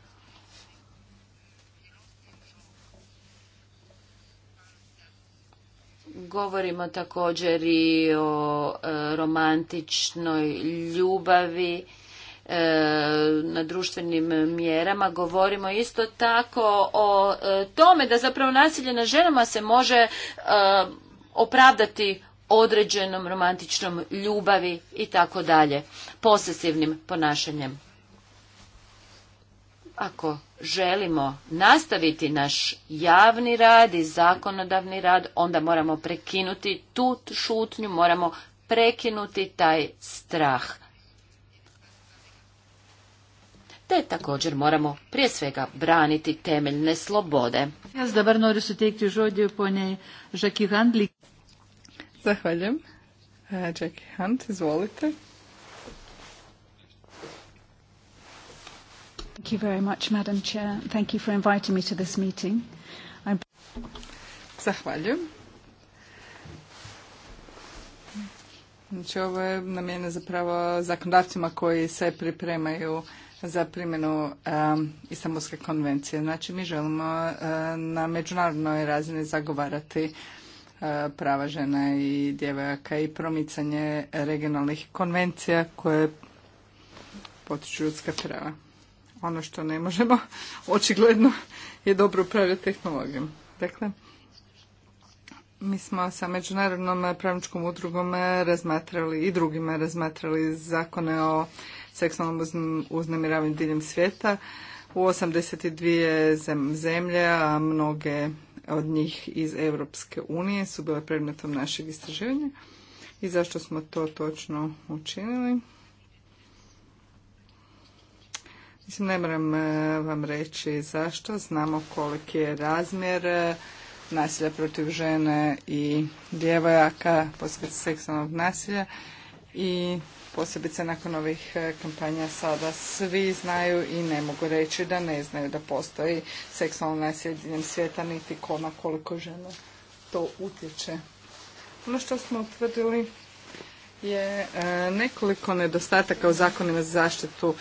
Govorimo također i o e, romantičnoj ljubavi E, na društvenim mjerama govorimo isto tako o e, tome da zapravo nasilje na ženama se može e, opravdati određenom romantičnom ljubavi i tako dalje posesivnim ponašanjem ako želimo nastaviti naš javni rad i zakonodavni rad onda moramo prekinuti tu šutnju moramo prekinuti taj strah te također moramo prije svega braniti temeljne slobode. Zahvaljujem. E, Jackie Hunt, izvolite. Thank you very much, Madam Chair. Thank you for inviting me to this meeting. I'm... Zahvaljujem. Znači, ovo je namjene zapravo zakonodavcima koji se pripremaju za primjenu um, Istanbulske konvencije. Znači mi želimo uh, na međunarodnoj razini zagovarati uh, prava žena i djevojaka i promicanje regionalnih konvencija koje potiču ljudska prava. Ono što ne možemo, očigledno, je dobro upravljati tehnologijom. Dakle, mi smo sa Međunarodnom pravničkom udrugom razmatrali i drugima razmatrali zakone o seksualnom uznemiravanju diljem svijeta u 82 zemlje, a mnoge od njih iz Europske unije su bile predmetom našeg istraživanja. I zašto smo to točno učinili? Mislim, ne moram e, vam reći zašto. Znamo koliki je razmjer e, nasilja protiv žene i djevojaka, poslije seksualnog nasilja. I posebice nakon ovih e, kampanja sada svi znaju i ne mogu reći da ne znaju da postoji seksualno nasilje svijeta niti koma koliko žena to utječe. Ono što smo utvrdili je e, nekoliko nedostataka u zakonima za zaštitu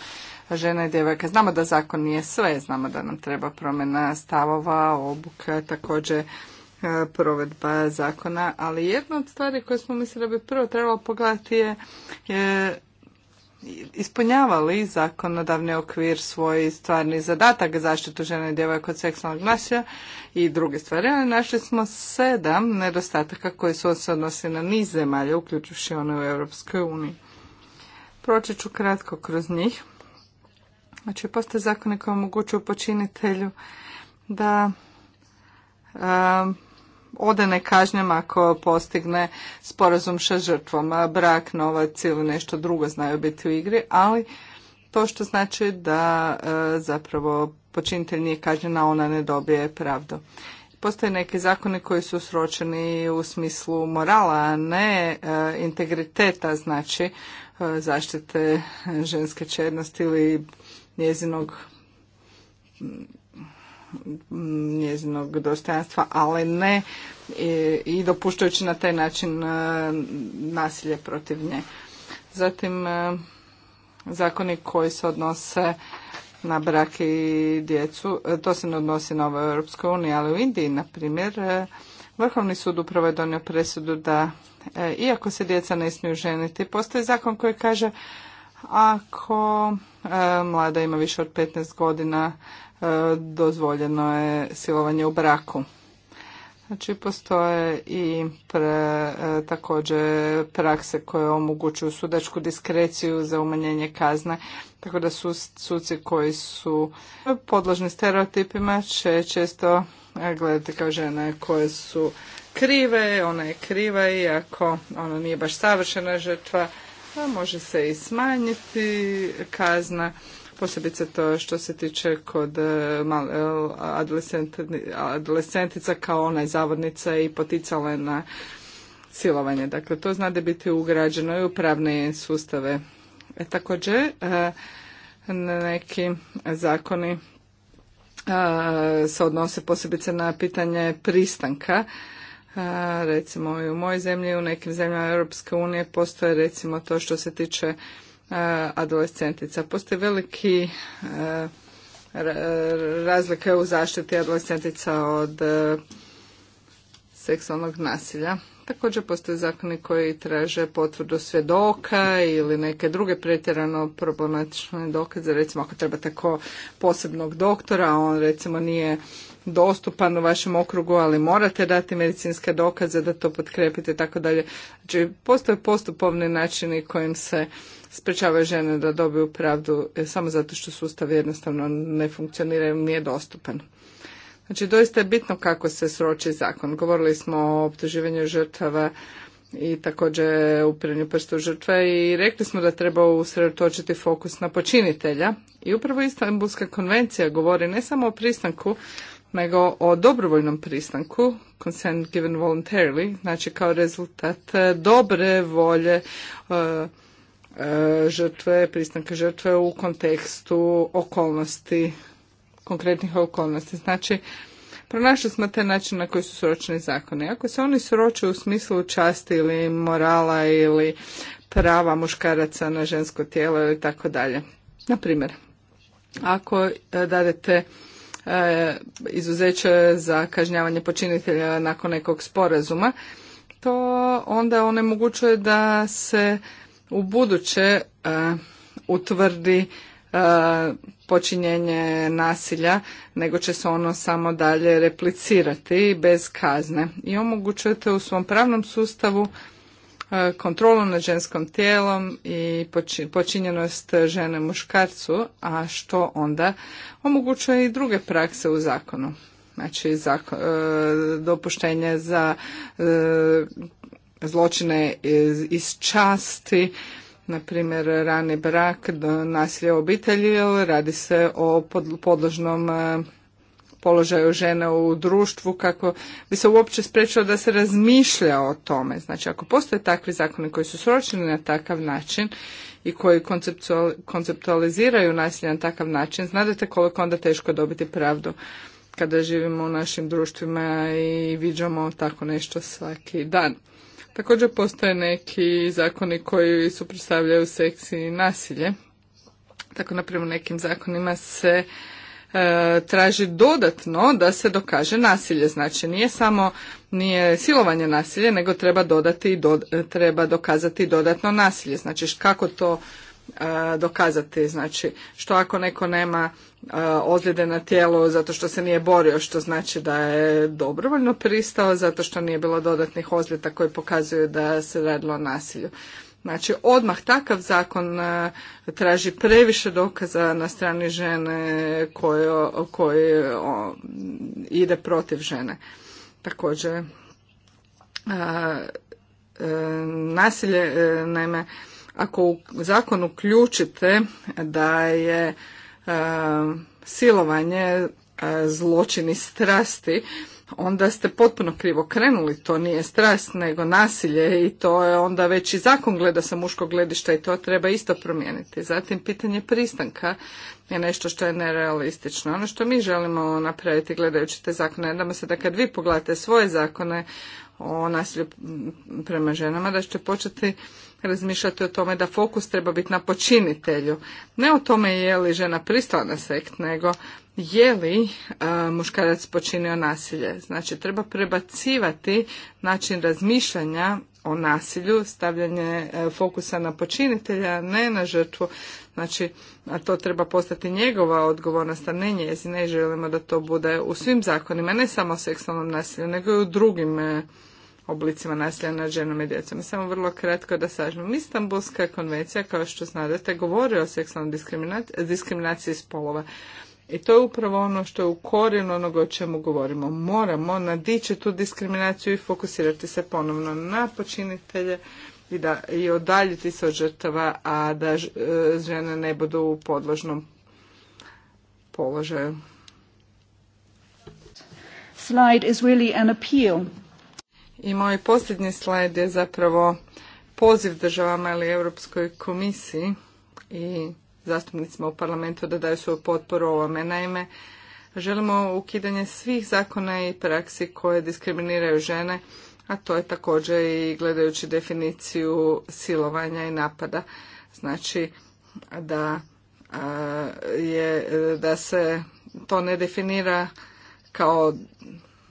žena i djevojka. Znamo da zakon nije sve, znamo da nam treba promjena stavova, obuka, također E, provedba zakona, ali jedna od stvari koje smo mislili da bi prvo trebalo pogledati je, je ispunjavali zakonodavni okvir svoj stvarni zadatak zaštitu žene i djevojaka od seksualnog nasilja i druge stvari. našli smo sedam nedostataka koji su se odnosi na niz zemalja, uključujući one u Europskoj uniji. Proći ću kratko kroz njih. Znači, postoje zakone koji omogućuju počinitelju da ode kažnjama ako postigne sporazum sa žrtvom. Brak, novac ili nešto drugo znaju biti u igri, ali to što znači da e, zapravo počinitelj nije kažnjena, ona ne dobije pravdu. Postoje neki zakoni koji su sročeni u smislu morala, a ne e, integriteta, znači e, zaštite ženske černosti ili njezinog njezinog dostojanstva, ali ne i, i dopuštajući na taj način e, nasilje protiv nje. Zatim e, zakoni koji se odnose na brak i djecu, e, to se ne odnosi na ovoj Europskoj uniji, ali u Indiji, na primjer, Vrhovni sud upravo je donio presudu da, iako se djeca ne smiju ženiti, postoji zakon koji kaže ako mlada ima više od 15 godina, dozvoljeno je silovanje u braku. Znači postoje i pre, e, također prakse koje omogućuju sudačku diskreciju za umanjenje kazne, tako da su suci koji su podložni stereotipima će često e, gledati kao žene koje su krive, ona je kriva i ako ona nije baš savršena žrtva, može se i smanjiti kazna posebice to što se tiče kod e, e, adolescentica kao ona zavodnica i poticala na silovanje. Dakle, to zna znade biti ugrađeno i u pravne sustave. E, također, e, neki zakoni se odnose posebice na pitanje pristanka. Recimo i u mojoj zemlji i u nekim zemljama Europske unije postoje recimo to što se tiče Eh, adolescentica. Postoji veliki eh, razlike u zaštiti adolescentica od eh, seksualnog nasilja. Također postoje zakoni koji traže potvrdu svjedoka ili neke druge pretjerano problematične dokaze. Recimo ako treba tako posebnog doktora, on recimo nije dostupan u vašem okrugu, ali morate dati medicinske dokaze da to potkrepite i tako dalje. Znači, postoje postupovni načini kojim se sprečavaju žene da dobiju pravdu e, samo zato što sustav jednostavno ne funkcionira i nije dostupan. Znači, doista je bitno kako se sroči zakon. Govorili smo o optuživanju žrtava i također upiranju prstu žrtve i rekli smo da treba usredotočiti fokus na počinitelja. I upravo Istanbulska konvencija govori ne samo o pristanku nego o dobrovoljnom pristanku, consent given voluntarily, znači kao rezultat e, dobre volje e, e, žrtve, pristanka žrtve u kontekstu okolnosti, konkretnih okolnosti. Znači, pronašli smo te načine na koji su sročeni zakoni. Ako se oni sroče u smislu časti ili morala ili prava muškaraca na žensko tijelo ili tako dalje. Naprimjer, ako dadete E, izuzeće za kažnjavanje počinitelja nakon nekog sporazuma, to onda onemogućuje da se u buduće e, utvrdi e, počinjenje nasilja, nego će se ono samo dalje replicirati bez kazne. I omogućujete u svom pravnom sustavu E, kontrolu nad ženskom tijelom i počinjenost žene muškarcu, a što onda omogućuje i druge prakse u zakonu. Znači, e, dopuštenje za e, zločine iz časti, na primjer rani brak, nasilje u obitelji, radi se o podložnom položaju žene u društvu kako bi se uopće spriječilo da se razmišlja o tome. Znači ako postoje takvi zakoni koji su sročeni na takav način i koji konceptualiziraju nasilje na takav način, znate koliko onda teško dobiti pravdu kada živimo u našim društvima i viđamo tako nešto svaki dan. Također postoje neki zakoni koji suprotstavljaju seksi i nasilje. Tako, na u nekim zakonima se E, traži dodatno da se dokaže nasilje. Znači nije samo nije silovanje nasilje, nego treba dodati i treba dokazati dodatno nasilje. Znači kako to e, dokazati. Znači, što ako neko nema e, ozljede na tijelu zato što se nije borio, što znači da je dobrovoljno pristao zato što nije bilo dodatnih ozljeda koji pokazuju da se radilo o nasilju. Znači, odmah takav zakon e, traži previše dokaza na strani žene koje, koje ide protiv žene. Također, a, e, e, nasilje, naime, ako u zakon uključite da je silovanje a, zločini strasti, onda ste potpuno krivo krenuli. To nije stres, nego nasilje i to je onda već i zakon gleda sa muškog gledišta i to treba isto promijeniti. Zatim pitanje pristanka je nešto što je nerealistično. Ono što mi želimo napraviti gledajući te zakone, nadamo se da kad vi pogledate svoje zakone o nasilju prema ženama, da ćete početi razmišljati o tome da fokus treba biti na počinitelju. Ne o tome je li žena pristala na sekt, nego je li a, muškarac počinio nasilje. Znači, treba prebacivati način razmišljanja o nasilju, stavljanje e, fokusa na počinitelja, ne na žrtvu. Znači, a to treba postati njegova odgovornost, a ne njezina. Ne želimo da to bude u svim zakonima, ne samo o seksualnom nasilju, nego i u drugim e, oblicima nasilja nad ženama i djecom. Samo vrlo kratko da sažmem. Istanbulska konvencija, kao što znate, govori o seksualnoj diskriminaciji spolova. I to je upravo ono što je u korijenu onoga o čemu govorimo. Moramo nadići tu diskriminaciju i fokusirati se ponovno na počinitelje i, da, i odaljiti se od žrtava, a da e, žene ne budu u podložnom položaju. Slide is really an appeal. I moj posljednji slajd je zapravo poziv državama ili Europskoj komisiji i zastupnicima u parlamentu da daju svoju potporu ovome. Naime, želimo ukidanje svih zakona i praksi koje diskriminiraju žene, a to je također i gledajući definiciju silovanja i napada. Znači da, je, da se to ne definira kao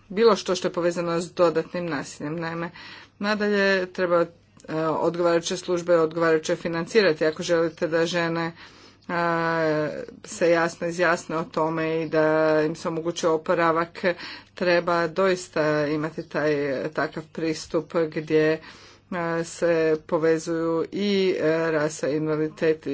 bilo što što je povezano s dodatnim nasiljem. Naime, nadalje treba odgovarajuće službe odgovarajuće financirati ako želite da žene se jasno izjasne o tome i da im se omogući oporavak, treba doista imati taj takav pristup gdje se povezuju i e, rasa, invaliditet i,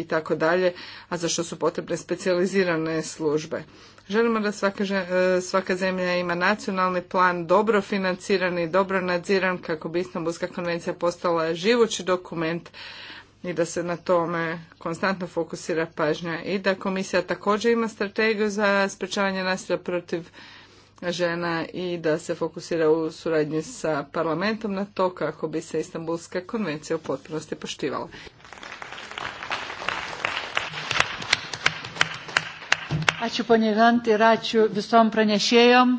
i tako dalje, a za što su potrebne specijalizirane službe. Želimo da svaka, e, svaka zemlja ima nacionalni plan, dobro financiran i dobro nadziran kako bi Istanbulska konvencija postala živući dokument i da se na tome konstantno fokusira pažnja i da komisija također ima strategiju za sprečavanje nasilja protiv žena i da se fokusira u suradnji sa parlamentom na to kako bi se Istanbulska konvencija u potpunosti poštivala. Ačiū ponė Vant ir visom pranešėjom.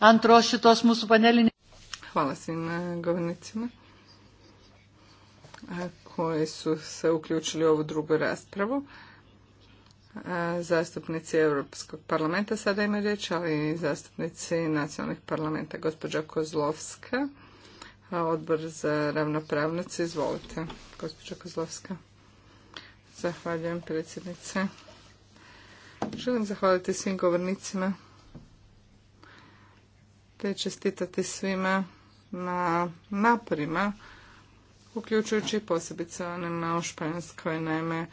Antros šitos mūsų panelinės. Hvala svim e, govornicima koji su se uključili u ovu drugu raspravu. Zastupnici Europskog parlamenta sada imaju riječ, ali i zastupnici nacionalnih parlamenta. Gospođa Kozlovska, odbor za ravnopravnost, izvolite. Gospođa Kozlovska. Zahvaljujem predsjednice. Želim zahvaliti svim govornicima te čestitati svima na naporima uključujući posebice onima u Španjolskoj, naime, e,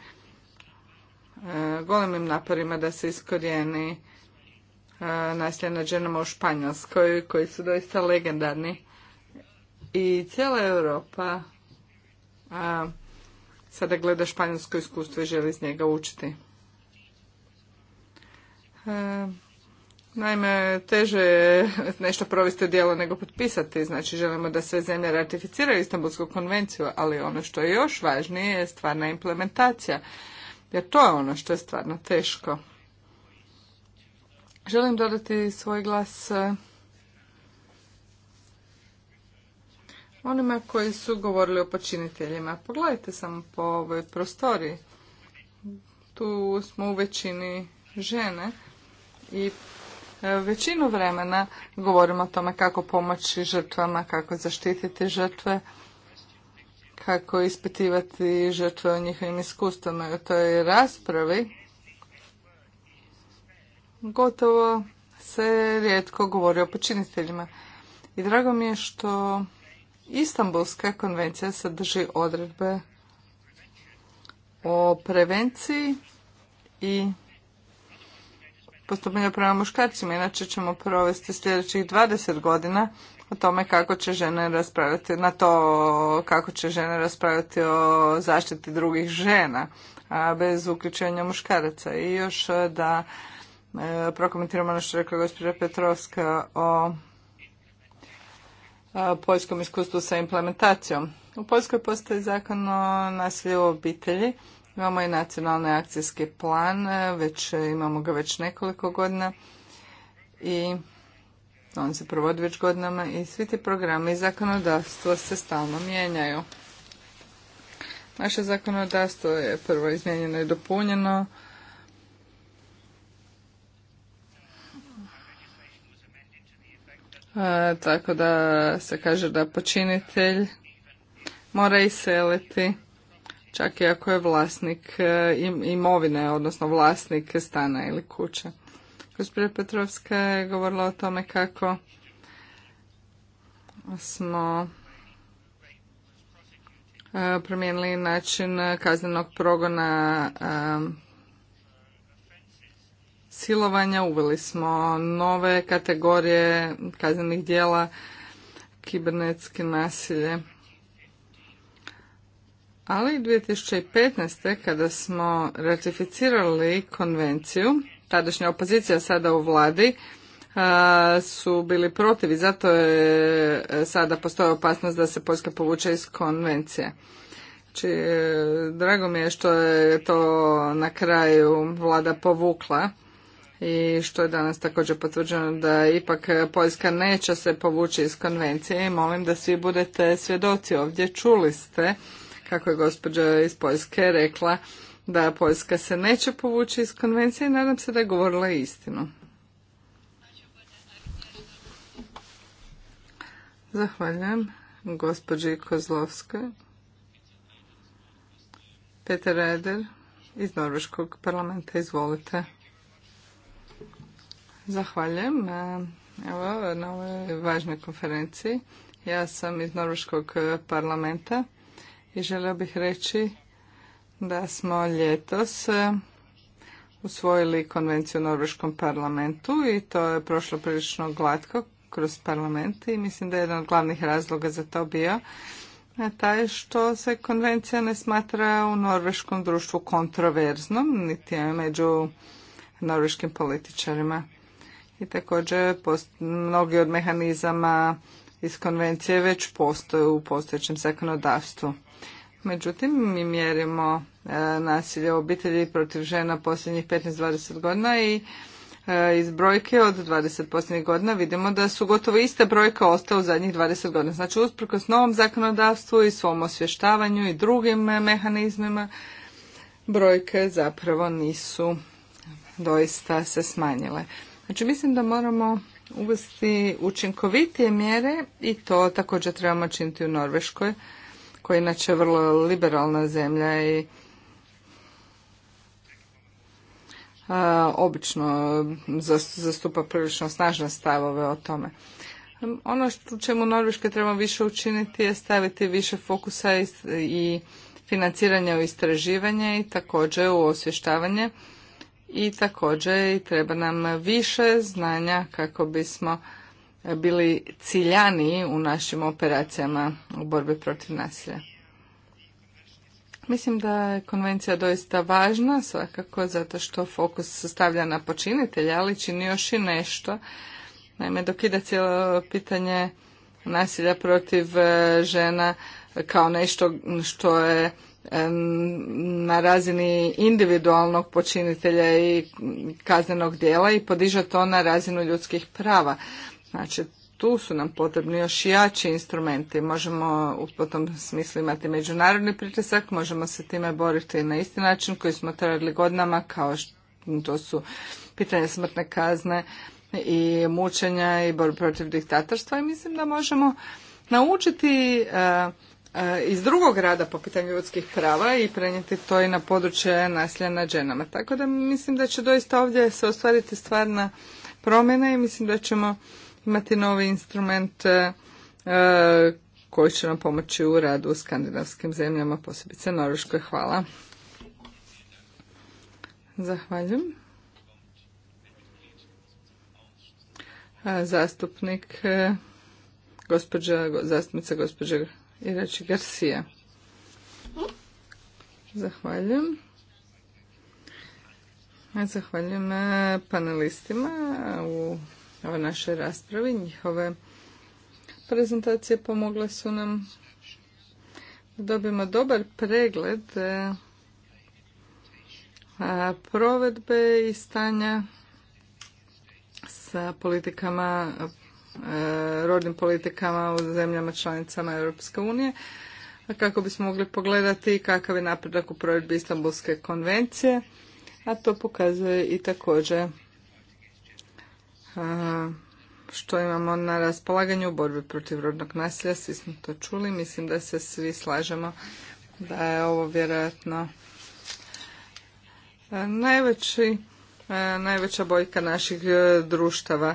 golemim naporima da se iskorijeni e, nasilje nad ženama u Španjolskoj, koji su doista legendarni. I cijela Europa e, sada gleda španjolsko iskustvo i želi iz njega učiti. Naime, teže je nešto provesti djelo nego potpisati. Znači, želimo da sve zemlje ratificiraju Istanbulsku konvenciju, ali ono što je još važnije je stvarna implementacija. Jer to je ono što je stvarno teško. Želim dodati svoj glas eh, onima koji su govorili o počiniteljima. Pogledajte samo po ovoj prostoriji. Tu smo u većini žene i većinu vremena govorimo o tome kako pomoći žrtvama, kako zaštititi žrtve, kako ispitivati žrtve o njihovim iskustvama. I u toj raspravi gotovo se rijetko govori o počiniteljima. I drago mi je što Istanbulska konvencija sadrži odredbe o prevenciji i postupanja prema muškarcima, inače ćemo provesti sljedećih 20 godina o tome kako će žene raspravljati, na to kako će žene raspravljati o zaštiti drugih žena, a bez uključenja muškaraca. I još e, da e, prokomentiramo ono što rekla gospođa Petrovska o polskom e, poljskom iskustvu sa implementacijom. U Poljskoj postoji zakon o nasilju u obitelji Imamo i nacionalni akcijski plan, već e, imamo ga već nekoliko godina i on se provodi već godinama i svi ti programi i zakonodavstvo se stalno mijenjaju. Naše zakonodavstvo je prvo izmijenjeno i dopunjeno. E, tako da se kaže da počinitelj mora iseliti čak i ako je vlasnik e, imovine, odnosno vlasnik stana ili kuće. Gospodina Petrovska je govorila o tome kako smo e, promijenili način kaznenog progona e, silovanja, uveli smo nove kategorije kaznenih dijela, kibernetske nasilje ali 2015. kada smo ratificirali konvenciju, tadašnja opozicija sada u vladi, su bili protiv i zato je e, sada postoje opasnost da se Poljska povuče iz konvencije. Znači, e, drago mi je što je to na kraju vlada povukla i što je danas također potvrđeno da ipak Poljska neće se povući iz konvencije i molim da svi budete svjedoci ovdje. Čuli ste kako je gospođa iz Poljske rekla da Poljska se neće povući iz konvencije i nadam se da je govorila istinu. Zahvaljujem gospođi Kozlovskoj. Peter Reder iz Norveškog parlamenta, izvolite. Zahvaljujem. Eh, evo, na ovoj važnoj konferenciji. Ja sam iz Norveškog parlamenta i želio bih reći da smo ljetos e, usvojili konvenciju u Norveškom parlamentu i to je prošlo prilično glatko kroz parlament i mislim da je jedan od glavnih razloga za to bio e, taj što se konvencija ne smatra u norveškom društvu kontroverznom, niti je među norveškim političarima. I također mnogi od mehanizama iz konvencije već postoje u postojećem zakonodavstvu. Međutim, mi mjerimo e, nasilje u obitelji protiv žena posljednjih 15-20 godina i e, iz brojke od 20 posljednjih godina vidimo da su gotovo iste brojke ostao u zadnjih 20 godina. Znači, usprkos novom zakonodavstvu i svom osvještavanju i drugim e, mehanizmima, brojke zapravo nisu doista se smanjile. Znači, mislim da moramo uvesti učinkovitije mjere i to također trebamo činiti u Norveškoj koja je inače vrlo liberalna zemlja i obično zastupa prilično snažne stavove o tome. Ono što čemu Norveška treba više učiniti je staviti više fokusa i financiranja u istraživanje i također u osvještavanje i također treba nam više znanja kako bismo bili ciljaniji u našim operacijama u borbi protiv nasilja. Mislim da je konvencija doista važna, svakako zato što fokus se stavlja na počinitelja, ali čini još i nešto. Naime, dokida cijelo pitanje nasilja protiv e, žena kao nešto što je e, na razini individualnog počinitelja i kaznenog dijela i podiže to na razinu ljudskih prava. Znači, tu su nam potrebni još jači instrumenti. Možemo u tom smislu imati međunarodni pritisak, možemo se time boriti na isti način koji smo trebali godinama, kao što to su pitanje smrtne kazne i mučenja i bor protiv diktatorstva i mislim da možemo naučiti e, e, iz drugog rada po pitanju ljudskih prava i prenijeti to i na područje nasilja nad ženama. Tako da mislim da će doista ovdje se ostvariti stvarna promjena i mislim da ćemo imati novi instrument e, e, koji će nam pomoći u radu u skandinavskim zemljama, posebice Norveškoj. Hvala. Zahvaljujem. E, zastupnik, gospođa, zastupnica gospođa Irači Garcia. Zahvaljujem. Zahvaljujem panelistima u ove naše rasprave, njihove prezentacije pomogle su nam da dobijemo dobar pregled e, provedbe i stanja sa politikama, e, rodnim politikama u zemljama članicama Europske unije, kako bismo mogli pogledati kakav je napredak u provedbi Istanbulske konvencije, a to pokazuje i također što imamo na raspolaganju u borbi protiv rodnog nasilja, svi smo to čuli, mislim da se svi slažemo da je ovo vjerojatno najveći najveća bojka naših e, društava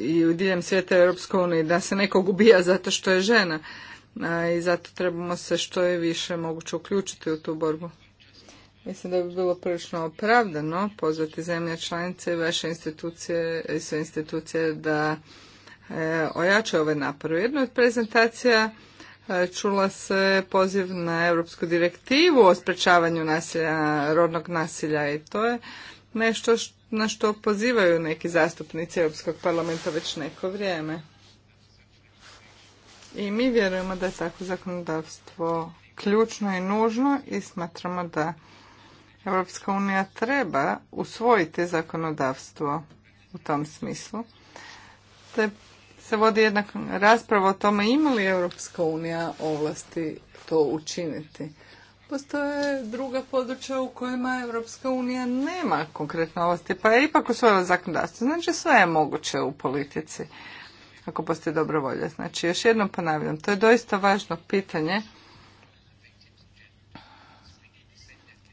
i u diljem svijeta Europske unije da se nekog ubija zato što je žena i zato trebamo se što je više moguće uključiti u tu borbu. Mislim da bi bilo prilično opravdano pozvati zemlje članice i vaše institucije i sve institucije da e, ojače ove napore. U od prezentacija e, čula se poziv na Europsku direktivu o sprečavanju nasilja, rodnog nasilja i to je nešto na što pozivaju neki zastupnici Europskog parlamenta već neko vrijeme. I mi vjerujemo da je takvo zakonodavstvo ključno i nužno i smatramo da Europska unija treba usvojiti zakonodavstvo u tom smislu. Te se vodi jedna rasprava o tome ima li Europska unija ovlasti to učiniti. Postoje druga područja u kojima Europska unija nema konkretne ovlasti, pa je ipak usvojila zakonodavstvo. Znači sve je moguće u politici, ako postoji dobra volja. Znači još jednom ponavljam, to je doista važno pitanje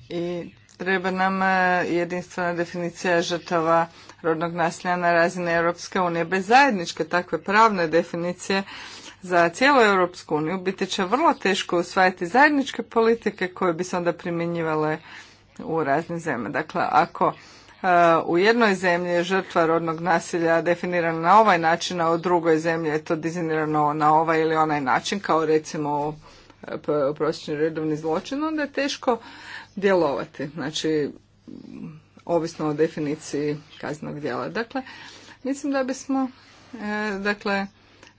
i Treba nam e, jedinstvena definicija žrtava rodnog nasilja na razini Europske unije. Bez zajedničke takve pravne definicije za cijelu Europsku uniju biti će vrlo teško usvajati zajedničke politike koje bi se onda primjenjivale u raznim zemljama. Dakle, ako e, u jednoj zemlji je žrtva rodnog nasilja definirana na ovaj način, a u drugoj zemlji je to dizinirano na ovaj ili onaj način, kao recimo e, prosječni redovni zločin, onda je teško djelovati, znači ovisno o definiciji kaznog djela. Dakle, mislim da bismo e, dakle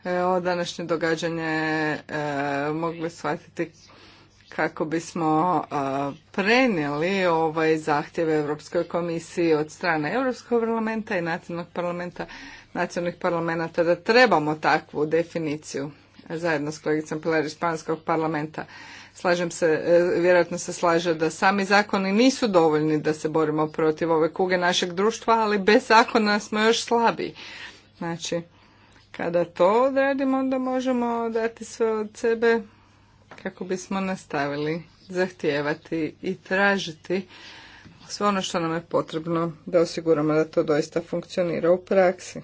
e, ovo današnje događanje e, mogli shvatiti kako bismo e, prenijeli ovaj zahtjev Europskoj komisiji od strane Europskog parlamenta i nacionalnog parlamenta, nacionalnih parlamenta da trebamo takvu definiciju zajedno s kolegicom Pilar iz Španskog parlamenta slažem se, e, vjerojatno se slaže da sami zakoni nisu dovoljni da se borimo protiv ove kuge našeg društva, ali bez zakona smo još slabiji. Znači, kada to odradimo, onda možemo dati sve od sebe kako bismo nastavili zahtijevati i tražiti sve ono što nam je potrebno da osiguramo da to doista funkcionira u praksi.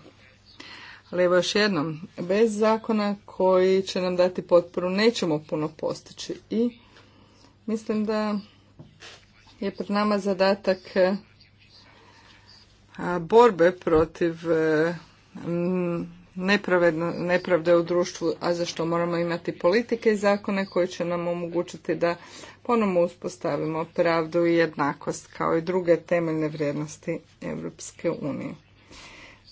Ali evo još jednom, bez zakona koji će nam dati potporu nećemo puno postići i mislim da je pred nama zadatak e, borbe protiv e, nepravde u društvu, a za što moramo imati politike i zakone koji će nam omogućiti da ponovno uspostavimo pravdu i jednakost kao i druge temeljne vrijednosti Europske unije.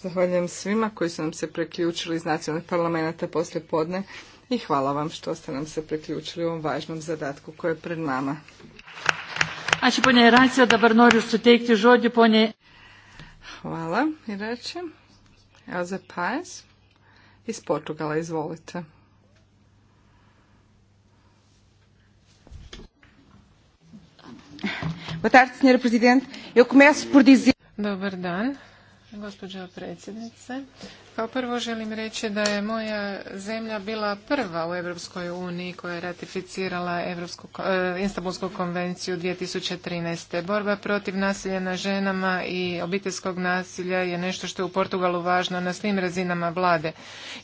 Zahvaljujem svima koji su nam se preključili iz nacionalnih parlamenta poslije podne i hvala vam što ste nam se preključili u ovom važnom zadatku koji je pred nama. Ačiū, ponė Iracija, dabar noriu suteikti žodį, ponje. Hvala, Iracija. Elze iz Portugala, izvolite. Boa tarde, senhora Presidente. Eu começo por dizer... Dobar dan, Gospođo predsjednice, kao prvo želim reći da je moja zemlja bila prva u Europskoj uniji koja je ratificirala Evropsku, e, Istanbulsku konvenciju 2013. Borba protiv nasilja na ženama i obiteljskog nasilja je nešto što je u Portugalu važno na svim razinama vlade.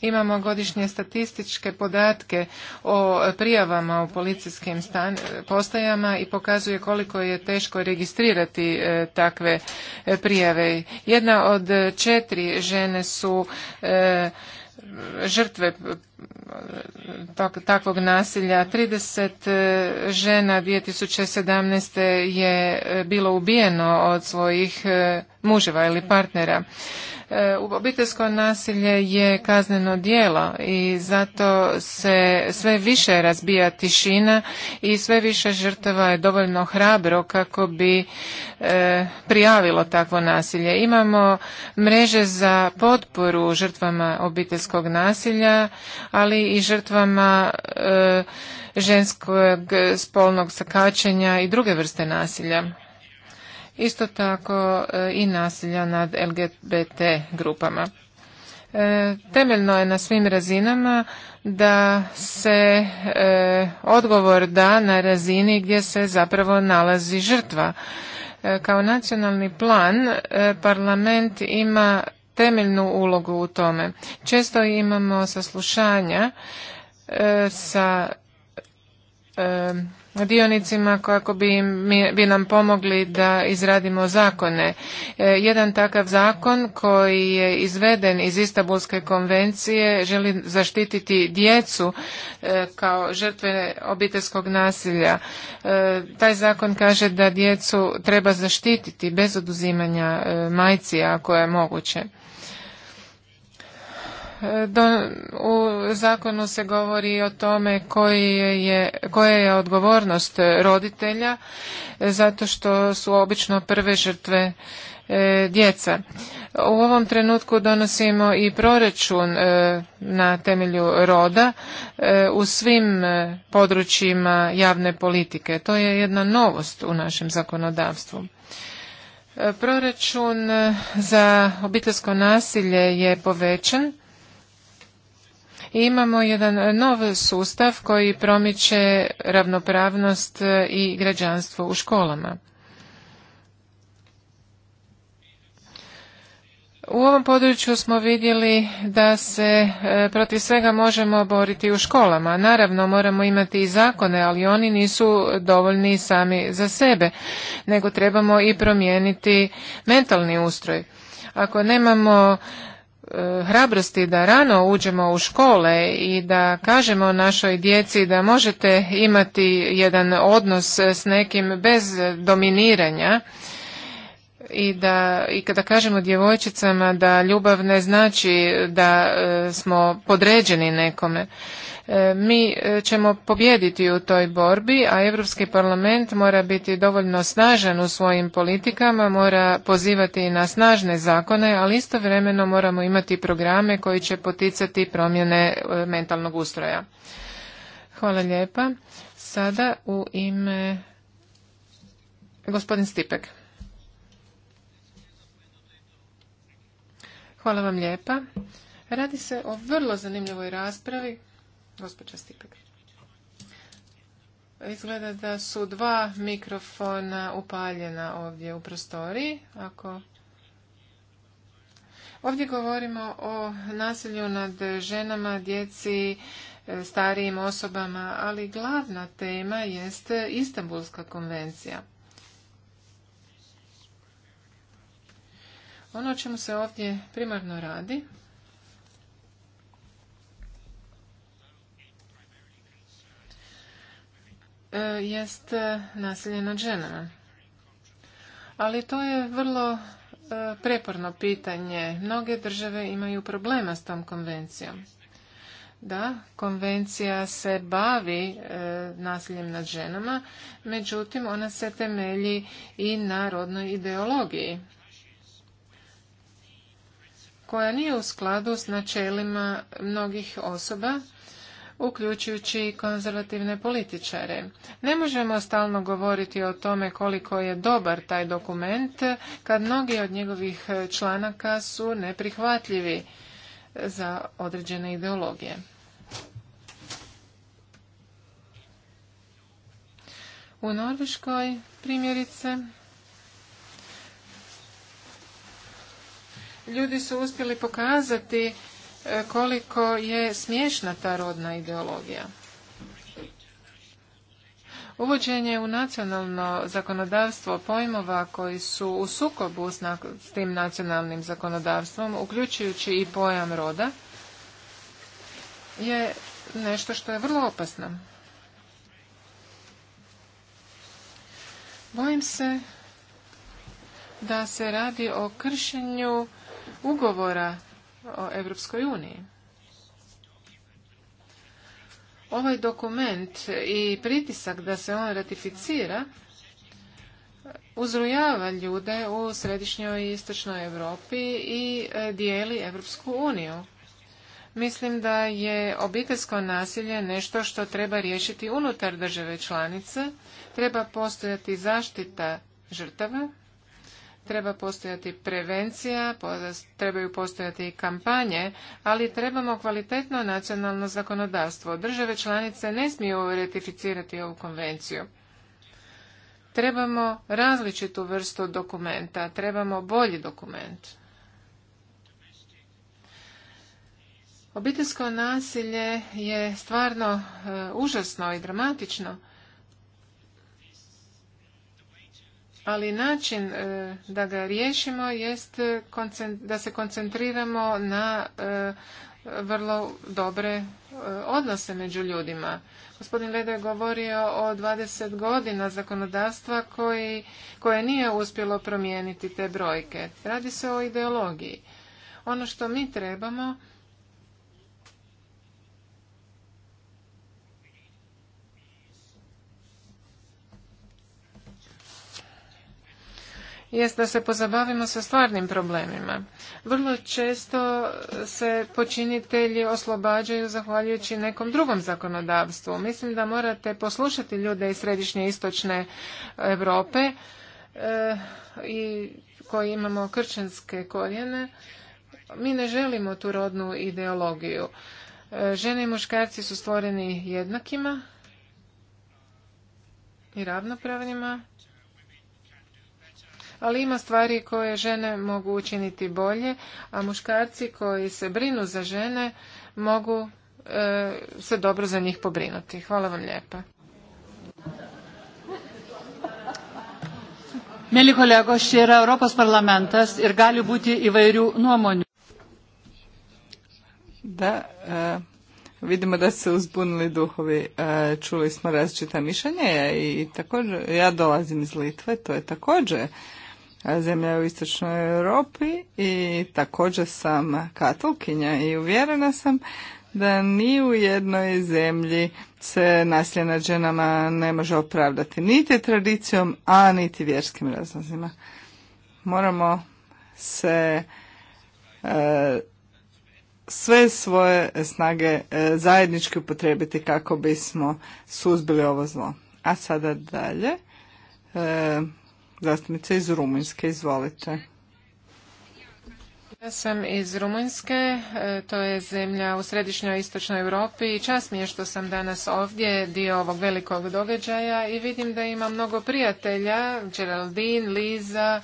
Imamo godišnje statističke podatke o prijavama u policijskim postajama i pokazuje koliko je teško registrirati e, takve e, prijave. Jedna od e, četiri žene su E, žrtve e, takvog nasilja. 30 e, žena 2017. je bilo ubijeno od svojih muževa ili partnera. E, obiteljsko nasilje je kazneno djelo i zato se sve više razbija tišina i sve više žrtava je dovoljno hrabro kako bi e, prijavilo takvo nasilje. Imamo mreže za potporu žrtvama obiteljskog nasilja, ali i žrtvama e, ženskog spolnog sakačenja i druge vrste nasilja isto tako e, i nasilja nad LGBT grupama. E, temeljno je na svim razinama da se e, odgovor da na razini gdje se zapravo nalazi žrtva. Kao nacionalni plan parlament ima temeljnu ulogu u tome. Često imamo saslušanja sa dionicima kako bi, bi nam pomogli da izradimo zakone. E, jedan takav zakon koji je izveden iz Istanbulske konvencije želi zaštititi djecu e, kao žrtve obiteljskog nasilja. E, taj zakon kaže da djecu treba zaštititi bez oduzimanja majci ako je moguće do, u zakonu se govori o tome koji je, koja je odgovornost roditelja zato što su obično prve žrtve e, djeca. U ovom trenutku donosimo i proračun e, na temelju roda e, u svim područjima javne politike. To je jedna novost u našem zakonodavstvu. Proračun za obiteljsko nasilje je povećan imamo jedan nov sustav koji promiče ravnopravnost e, i građanstvo u školama. U ovom području smo vidjeli da se e, protiv svega možemo boriti u školama. Naravno, moramo imati i zakone, ali oni nisu dovoljni sami za sebe, nego trebamo i promijeniti mentalni ustroj. Ako nemamo hrabrosti da rano uđemo u škole i da kažemo našoj djeci da možete imati jedan odnos s nekim bez dominiranja i da i kada kažemo djevojčicama da ljubav ne znači da e, smo podređeni nekome E, mi e, ćemo pobijediti u toj borbi, a Europski parlament mora biti dovoljno snažan u svojim politikama, mora pozivati na snažne zakone, ali istovremeno moramo imati programe koji će poticati promjene e, mentalnog ustroja. Hvala lijepa. Sada u ime gospodin Stipek. Hvala vam lijepa. Radi se o vrlo zanimljivoj raspravi Gospođa Stipek. Izgleda da su dva mikrofona upaljena ovdje u prostoriji. Ako... Ovdje govorimo o nasilju nad ženama, djeci, starijim osobama, ali glavna tema jest Istanbulska konvencija. Ono o čemu se ovdje primarno radi E, jest e, nasilje nad ženama. Ali to je vrlo e, preporno pitanje. Mnoge države imaju problema s tom konvencijom. Da, konvencija se bavi nasiljem nad ženama, međutim ona se temelji i na rodnoj ideologiji koja nije u skladu s načelima mnogih osoba uključujući i konzervativne političare. Ne možemo stalno govoriti o tome koliko je dobar taj dokument kad mnogi od njegovih članaka su neprihvatljivi za određene ideologije. U Norveškoj primjerice ljudi su uspjeli pokazati koliko je smiješna ta rodna ideologija. Uvođenje u nacionalno zakonodavstvo pojmova koji su u sukobu s, tim nacionalnim zakonodavstvom, uključujući i pojam roda, je nešto što je vrlo opasno. Bojim se da se radi o kršenju ugovora o Europskoj uniji. Ovaj dokument i pritisak da se on ratificira uzrujava ljude u središnjoj i istočnoj Europi i e, dijeli Europsku uniju. Mislim da je obiteljsko nasilje nešto što treba riješiti unutar države članice, treba postojati zaštita žrtava treba postojati prevencija, trebaju postojati i kampanje, ali trebamo kvalitetno nacionalno zakonodavstvo. Države članice ne smiju ratificirati ovu konvenciju. Trebamo različitu vrstu dokumenta, trebamo bolji dokument. Obiteljsko nasilje je stvarno e, užasno i dramatično ali način e, da ga riješimo jest e, da se koncentriramo na e, vrlo dobre odnose među ljudima. Gospodin leda je govorio o 20 godina zakonodavstva koji, koje nije uspjelo promijeniti te brojke. Radi se o ideologiji. Ono što mi trebamo jest da se pozabavimo sa stvarnim problemima. Vrlo često se počinitelji oslobađaju zahvaljujući nekom drugom zakonodavstvu. Mislim da morate poslušati ljude iz središnje istočne Europe e, i koji imamo kršćanske korijene. Mi ne želimo tu rodnu ideologiju. E, žene i muškarci su stvoreni jednakima i ravnopravnima ali ima stvari koje žene mogu učiniti bolje, a muškarci koji se brinu za žene mogu e, se dobro za njih pobrinuti. Hvala vam lijepa. Mėly kolegos, čia yra Europos parlamentas i gali i įvairių nuomonių. Da, e, vidimo da se uzbunili duhovi. E, čuli smo različita mišljenja i također, ja dolazim iz Litve, to je također zemlja u istočnoj Europi i također sam katolkinja i uvjerena sam da ni u jednoj zemlji se nasilje nad ženama ne može opravdati niti tradicijom, a niti vjerskim razlozima. Moramo se e, sve svoje snage e, zajednički upotrebiti kako bismo suzbili ovo zlo. A sada dalje. E, zastupnice iz Rumunjske. Izvolite. Ja sam iz Rumunjske, e, to je zemlja u središnjoj istočnoj Europi i čast mi je što sam danas ovdje dio ovog velikog događaja i vidim da ima mnogo prijatelja, Geraldine, Liza,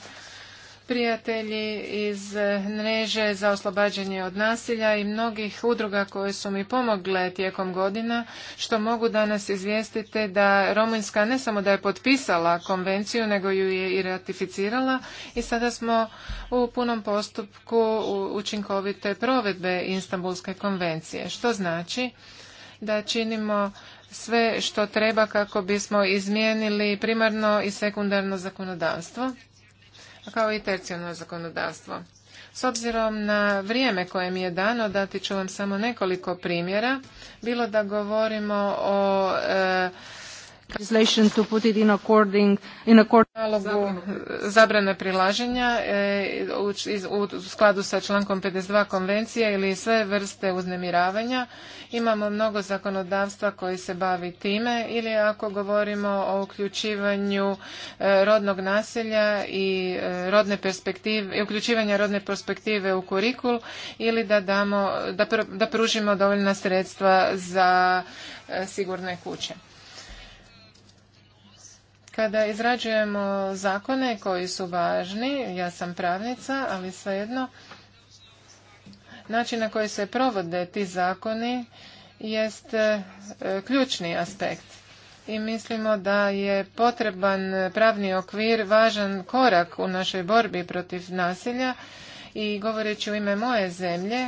prijatelji iz mreže za oslobađanje od nasilja i mnogih udruga koje su mi pomogle tijekom godina, što mogu danas izvijestiti da Romunjska ne samo da je potpisala konvenciju, nego ju je i ratificirala i sada smo u punom postupku učinkovite provedbe Istanbulske konvencije, što znači da činimo sve što treba kako bismo izmijenili primarno i sekundarno zakonodavstvo kao i tercijalno zakonodavstvo. S obzirom na vrijeme koje mi je dano, dati ću vam samo nekoliko primjera, bilo da govorimo o e, zabrane prilaženja e, u, skladu sa člankom 52 konvencije ili sve vrste uznemiravanja imamo mnogo zakonodavstva koji se bavi time ili ako govorimo o uključivanju e, rodnog naselja i e, rodne perspektive uključivanja rodne perspektive u kurikul ili da damo da, da pružimo dovoljna sredstva za sigurne kuće kada izrađujemo zakone koji su važni, ja sam pravnica, ali svejedno, način na koji se provode ti zakoni jest e, ključni aspekt. I mislimo da je potreban pravni okvir važan korak u našoj borbi protiv nasilja i govoreći u ime moje zemlje,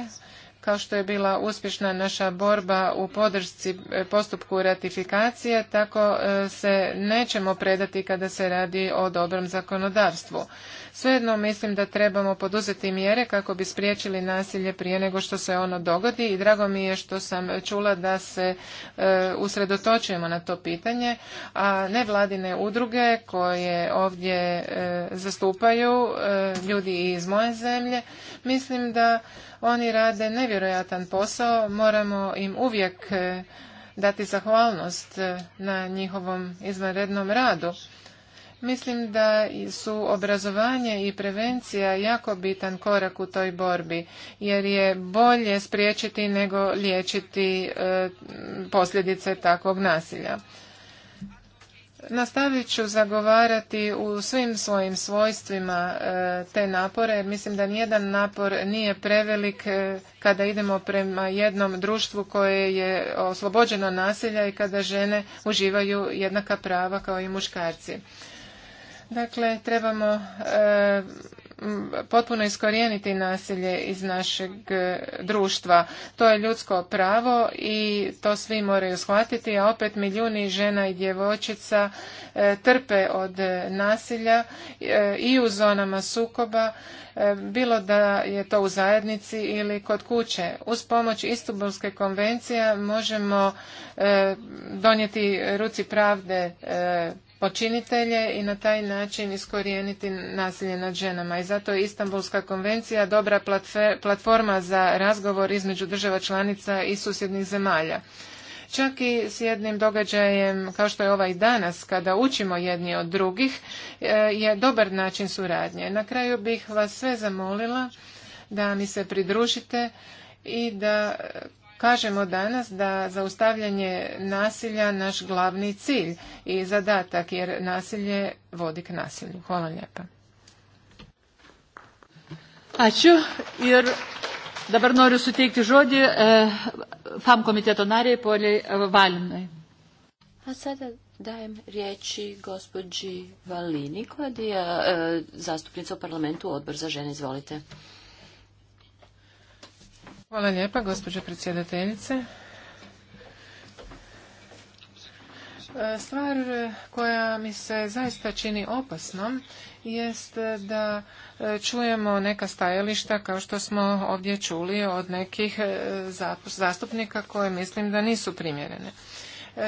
kao što je bila uspješna naša borba u podršci e, postupku ratifikacije, tako e, se nećemo predati kada se radi o dobrom zakonodavstvu. Svejedno mislim da trebamo poduzeti mjere kako bi spriječili nasilje prije nego što se ono dogodi i drago mi je što sam čula da se e, usredotočujemo na to pitanje, a nevladine udruge koje ovdje e, zastupaju e, ljudi iz moje zemlje, mislim da oni rade nevjerojatan posao, moramo im uvijek dati zahvalnost na njihovom izvanrednom radu Mislim da su obrazovanje i prevencija jako bitan korak u toj borbi, jer je bolje spriječiti nego liječiti e, posljedice takvog nasilja. Nastavit ću zagovarati u svim svojim svojstvima e, te napore, jer mislim da nijedan napor nije prevelik e, kada idemo prema jednom društvu koje je oslobođeno nasilja i kada žene uživaju jednaka prava kao i muškarci. Dakle, trebamo e, potpuno iskorijeniti nasilje iz našeg e, društva. To je ljudsko pravo i to svi moraju shvatiti, a opet milijuni žena i djevojčica e, trpe od nasilja i u zonama sukoba, bilo da je to u zajednici ili kod kuće. Uz pomoć Istubulske konvencije možemo donijeti ruci pravde počinitelje i na taj način iskorijeniti nasilje nad ženama. I zato je Istanbulska konvencija dobra platforma za razgovor između država članica i susjednih zemalja. Čak i s jednim događajem kao što je ovaj danas, kada učimo jedni od drugih, e, je dobar način suradnje. Na kraju bih vas sve zamolila da mi se pridružite i da Kažemo danas da zaustavljanje nasilja naš glavni cilj i zadatak jer nasilje vodi k nasilju. Hvala lijepa. Ačiū ir dabar noriu suteikti žodį e, FAM komiteto nariai polje Valinai. A sada dajem riječi gospođi Valini koja je e, zastupnica u parlamentu odbor za žene. Izvolite. Hvala lijepa, gospođo predsjedateljice. E, stvar e, koja mi se zaista čini opasnom jest da e, čujemo neka stajališta kao što smo ovdje čuli od nekih zastupnika koje mislim da nisu primjerene.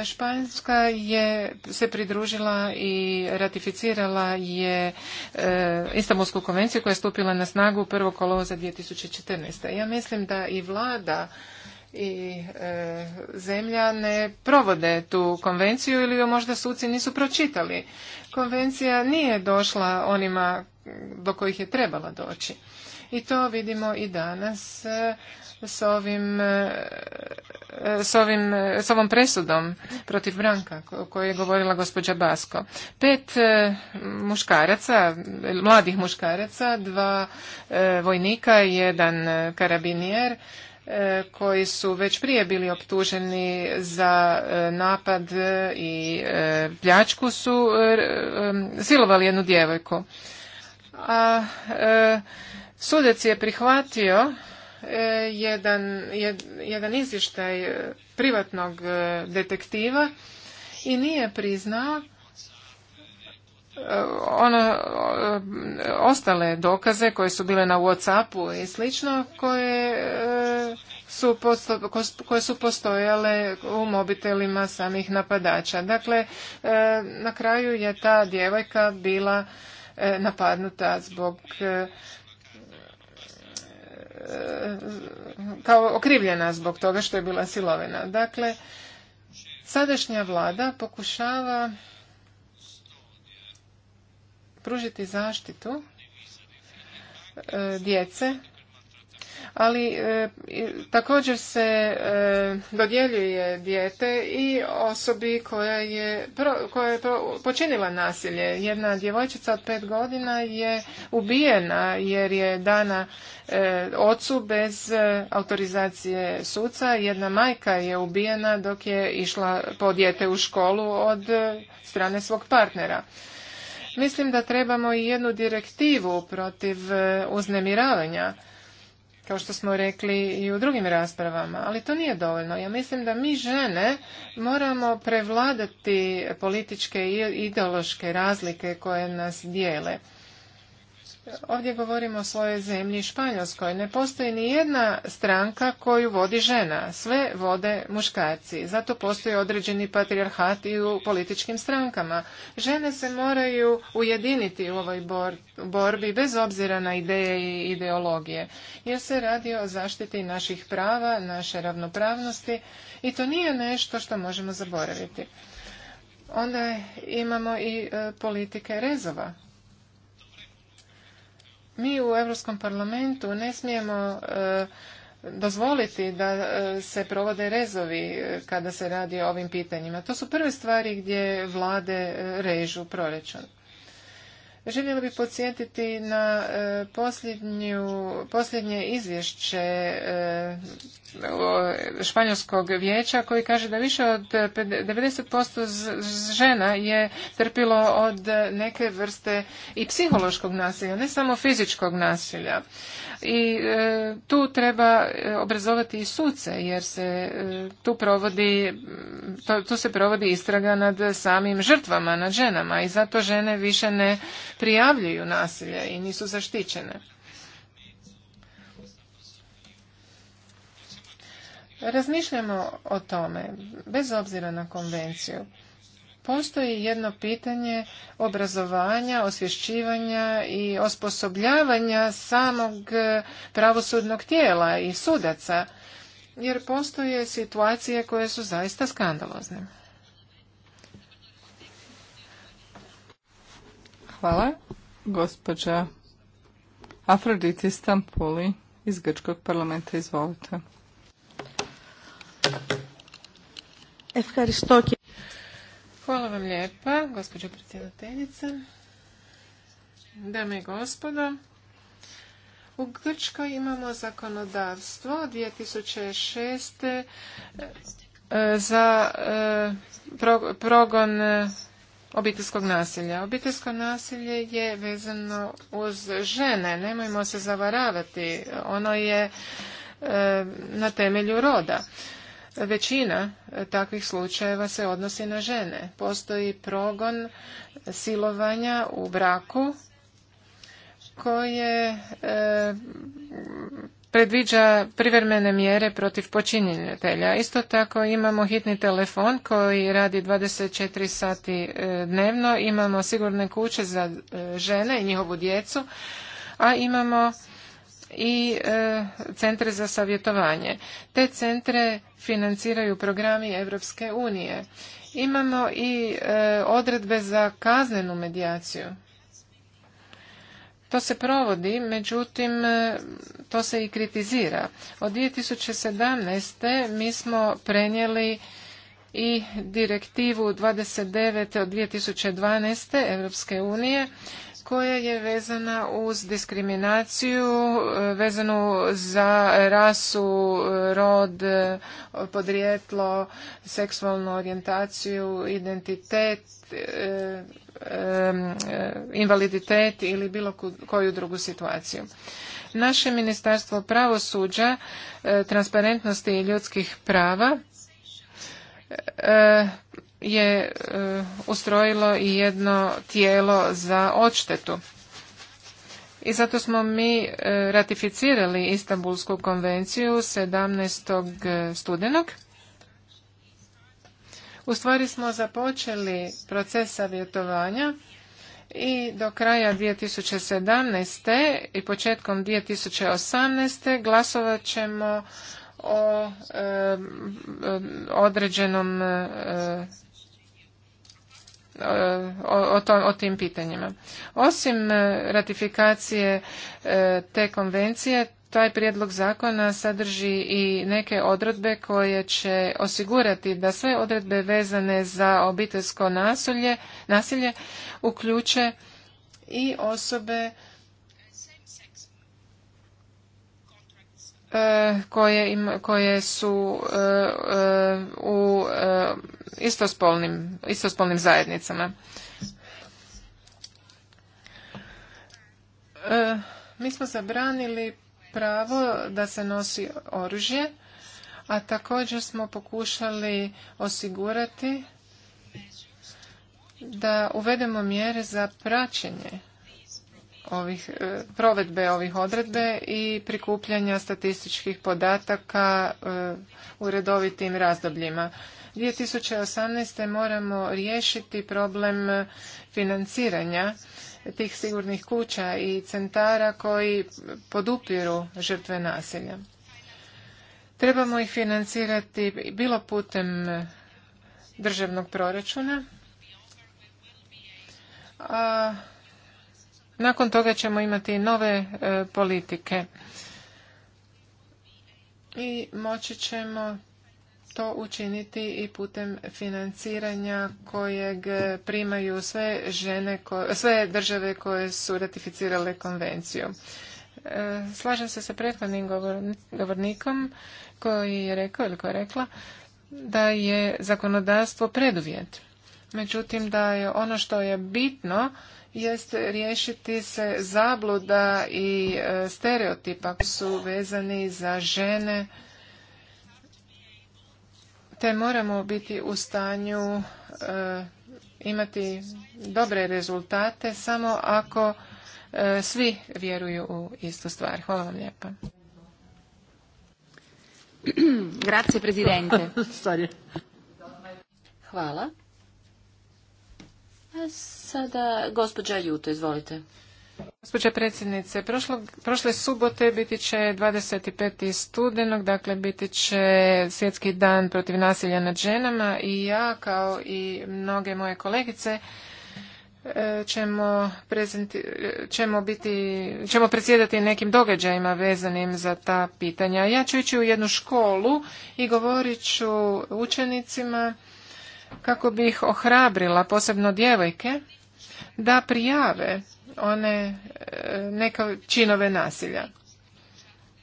Španjska je se pridružila i ratificirala je e, Istanbulsku konvenciju koja je stupila na snagu 1. kolovoza 2014. Ja mislim da i vlada i e, zemlja ne provode tu konvenciju ili joj možda suci nisu pročitali. Konvencija nije došla onima do kojih je trebala doći. I to vidimo i danas e, s ovim e, s, ovim, s ovom presudom protiv Branka o kojoj je govorila gospođa Basko. Pet e, muškaraca, mladih muškaraca, dva e, vojnika, jedan e, karabinijer koji su već prije bili optuženi za napad i pljačku su silovali jednu djevojku. A sudac je prihvatio E, jedan, jed, jedan izvještaj e, privatnog e, detektiva i nije priznao ono ostale dokaze koje su bile na Whatsappu i slično koje su, posto, koje su postojale u mobitelima samih napadača. Dakle, na kraju je ta djevojka bila napadnuta zbog kao okrivljena zbog toga što je bila silovena. Dakle, sadašnja vlada pokušava pružiti zaštitu e, djece ali e, također se e, dodjeljuje dijete i osobi koja je, koja je počinila nasilje. Jedna djevojčica od pet godina je ubijena jer je dana e, ocu bez autorizacije suca. Jedna majka je ubijena dok je išla po dijete u školu od strane svog partnera. Mislim da trebamo i jednu direktivu protiv uznemiravanja kao što smo rekli i u drugim raspravama, ali to nije dovoljno. Ja mislim da mi žene moramo prevladati političke i ideološke razlike koje nas dijele. Ovdje govorimo o svojoj zemlji Španjolskoj. Ne postoji ni jedna stranka koju vodi žena. Sve vode muškarci. Zato postoji određeni patrijarhat i u političkim strankama. Žene se moraju ujediniti u ovoj borbi bez obzira na ideje i ideologije. Jer se radi o zaštiti naših prava, naše ravnopravnosti i to nije nešto što možemo zaboraviti. Onda imamo i e, politike rezova mi u Europskom parlamentu ne smijemo e, dozvoliti da e, se provode rezovi e, kada se radi o ovim pitanjima. To su prve stvari gdje vlade režu proračun. Željela bih podsjetiti na e, posljednje izvješće e, Španjolskog vijeća koji kaže da više od 90% žena je trpilo od neke vrste i psihološkog nasilja, ne samo fizičkog nasilja i e, tu treba e, obrazovati i suce jer se e, tu provodi to, tu se provodi istraga nad samim žrtvama nad ženama i zato žene više ne prijavljuju nasilje i nisu zaštićene razmišljamo o tome bez obzira na konvenciju Postoji jedno pitanje obrazovanja, osvješćivanja i osposobljavanja samog pravosudnog tijela i sudaca, jer postoje situacije koje su zaista skandalozne. Hvala, gospođa Afroditi stampoli iz Grčkog parlamenta. Izvolite. Hvala vam lijepa, gospođo predsjedateljice. Dame i gospodo, u Grčkoj imamo zakonodavstvo 2006. E, za e, progon e, obiteljskog nasilja. Obiteljsko nasilje je vezano uz žene, nemojmo se zavaravati, ono je na temelju roda. Većina e, takvih slučajeva se odnosi na žene. Postoji progon silovanja u braku koje e, predviđa privremene mjere protiv počinitelja. Isto tako imamo hitni telefon koji radi 24 sati e, dnevno, imamo sigurne kuće za žene i njihovu djecu, a imamo i e, centre za savjetovanje. Te centre financiraju programi Europske unije. Imamo i e, odredbe za kaznenu medijaciju. To se provodi, međutim, e, to se i kritizira. Od 2017. mi smo prenijeli i direktivu 29. od 2012. Europske unije koja je vezana uz diskriminaciju, e, vezanu za rasu, rod, e, podrijetlo, seksualnu orijentaciju, identitet, e, invaliditet ili bilo koju drugu situaciju. Naše ministarstvo pravosuđa, transparentnosti i ljudskih prava je e, ustrojilo i jedno tijelo za odštetu. I zato smo mi e, ratificirali Istanbulsku konvenciju 17. studenog. U stvari smo započeli proces savjetovanja i do kraja 2017. i početkom 2018. glasovat ćemo o e, određenom o, tim pitanjima. Osim e, ratifikacije e, te konvencije, taj prijedlog zakona sadrži i neke odredbe koje će osigurati da sve odredbe vezane za obiteljsko nasilje, nasilje uključe i osobe E, koje, su e, e, u istospolnim zajednicama. Mi smo zabranili pravo da se nosi oružje, a također smo pokušali osigurati da uvedemo mjere za praćenje ovih, e, provedbe ovih odredbe i prikupljanja statističkih podataka e, u redovitim razdobljima. 2018. moramo riješiti problem financiranja tih sigurnih kuća i centara koji podupiru žrtve nasilja. Trebamo ih financirati bilo putem državnog proračuna, a nakon toga ćemo imati nove e, politike i moći ćemo to učiniti i putem financiranja kojeg primaju sve žene sve države koje su ratificirale konvenciju. E, slažem se sa prethodnim govornikom koji je rekao ili koja je rekla da je zakonodavstvo preduvjet međutim da je ono što je bitno jest riješiti se zabluda i e, stereotipa koji su vezani za žene te moramo biti u stanju e, imati dobre rezultate samo ako e, svi vjeruju u istu stvar. Hvala vam lijepa. Grazie, Presidente. Hvala sada gospođa Juto, izvolite. Gospođa predsjednice, prošle subote biti će 25. studenog, dakle biti će svjetski dan protiv nasilja nad ženama i ja kao i mnoge moje kolegice e, ćemo, ćemo, biti, ćemo predsjedati nekim događajima vezanim za ta pitanja. Ja ću ići u jednu školu i govorit ću učenicima kako bi ih ohrabrila, posebno djevojke, da prijave one e, neke činove nasilja.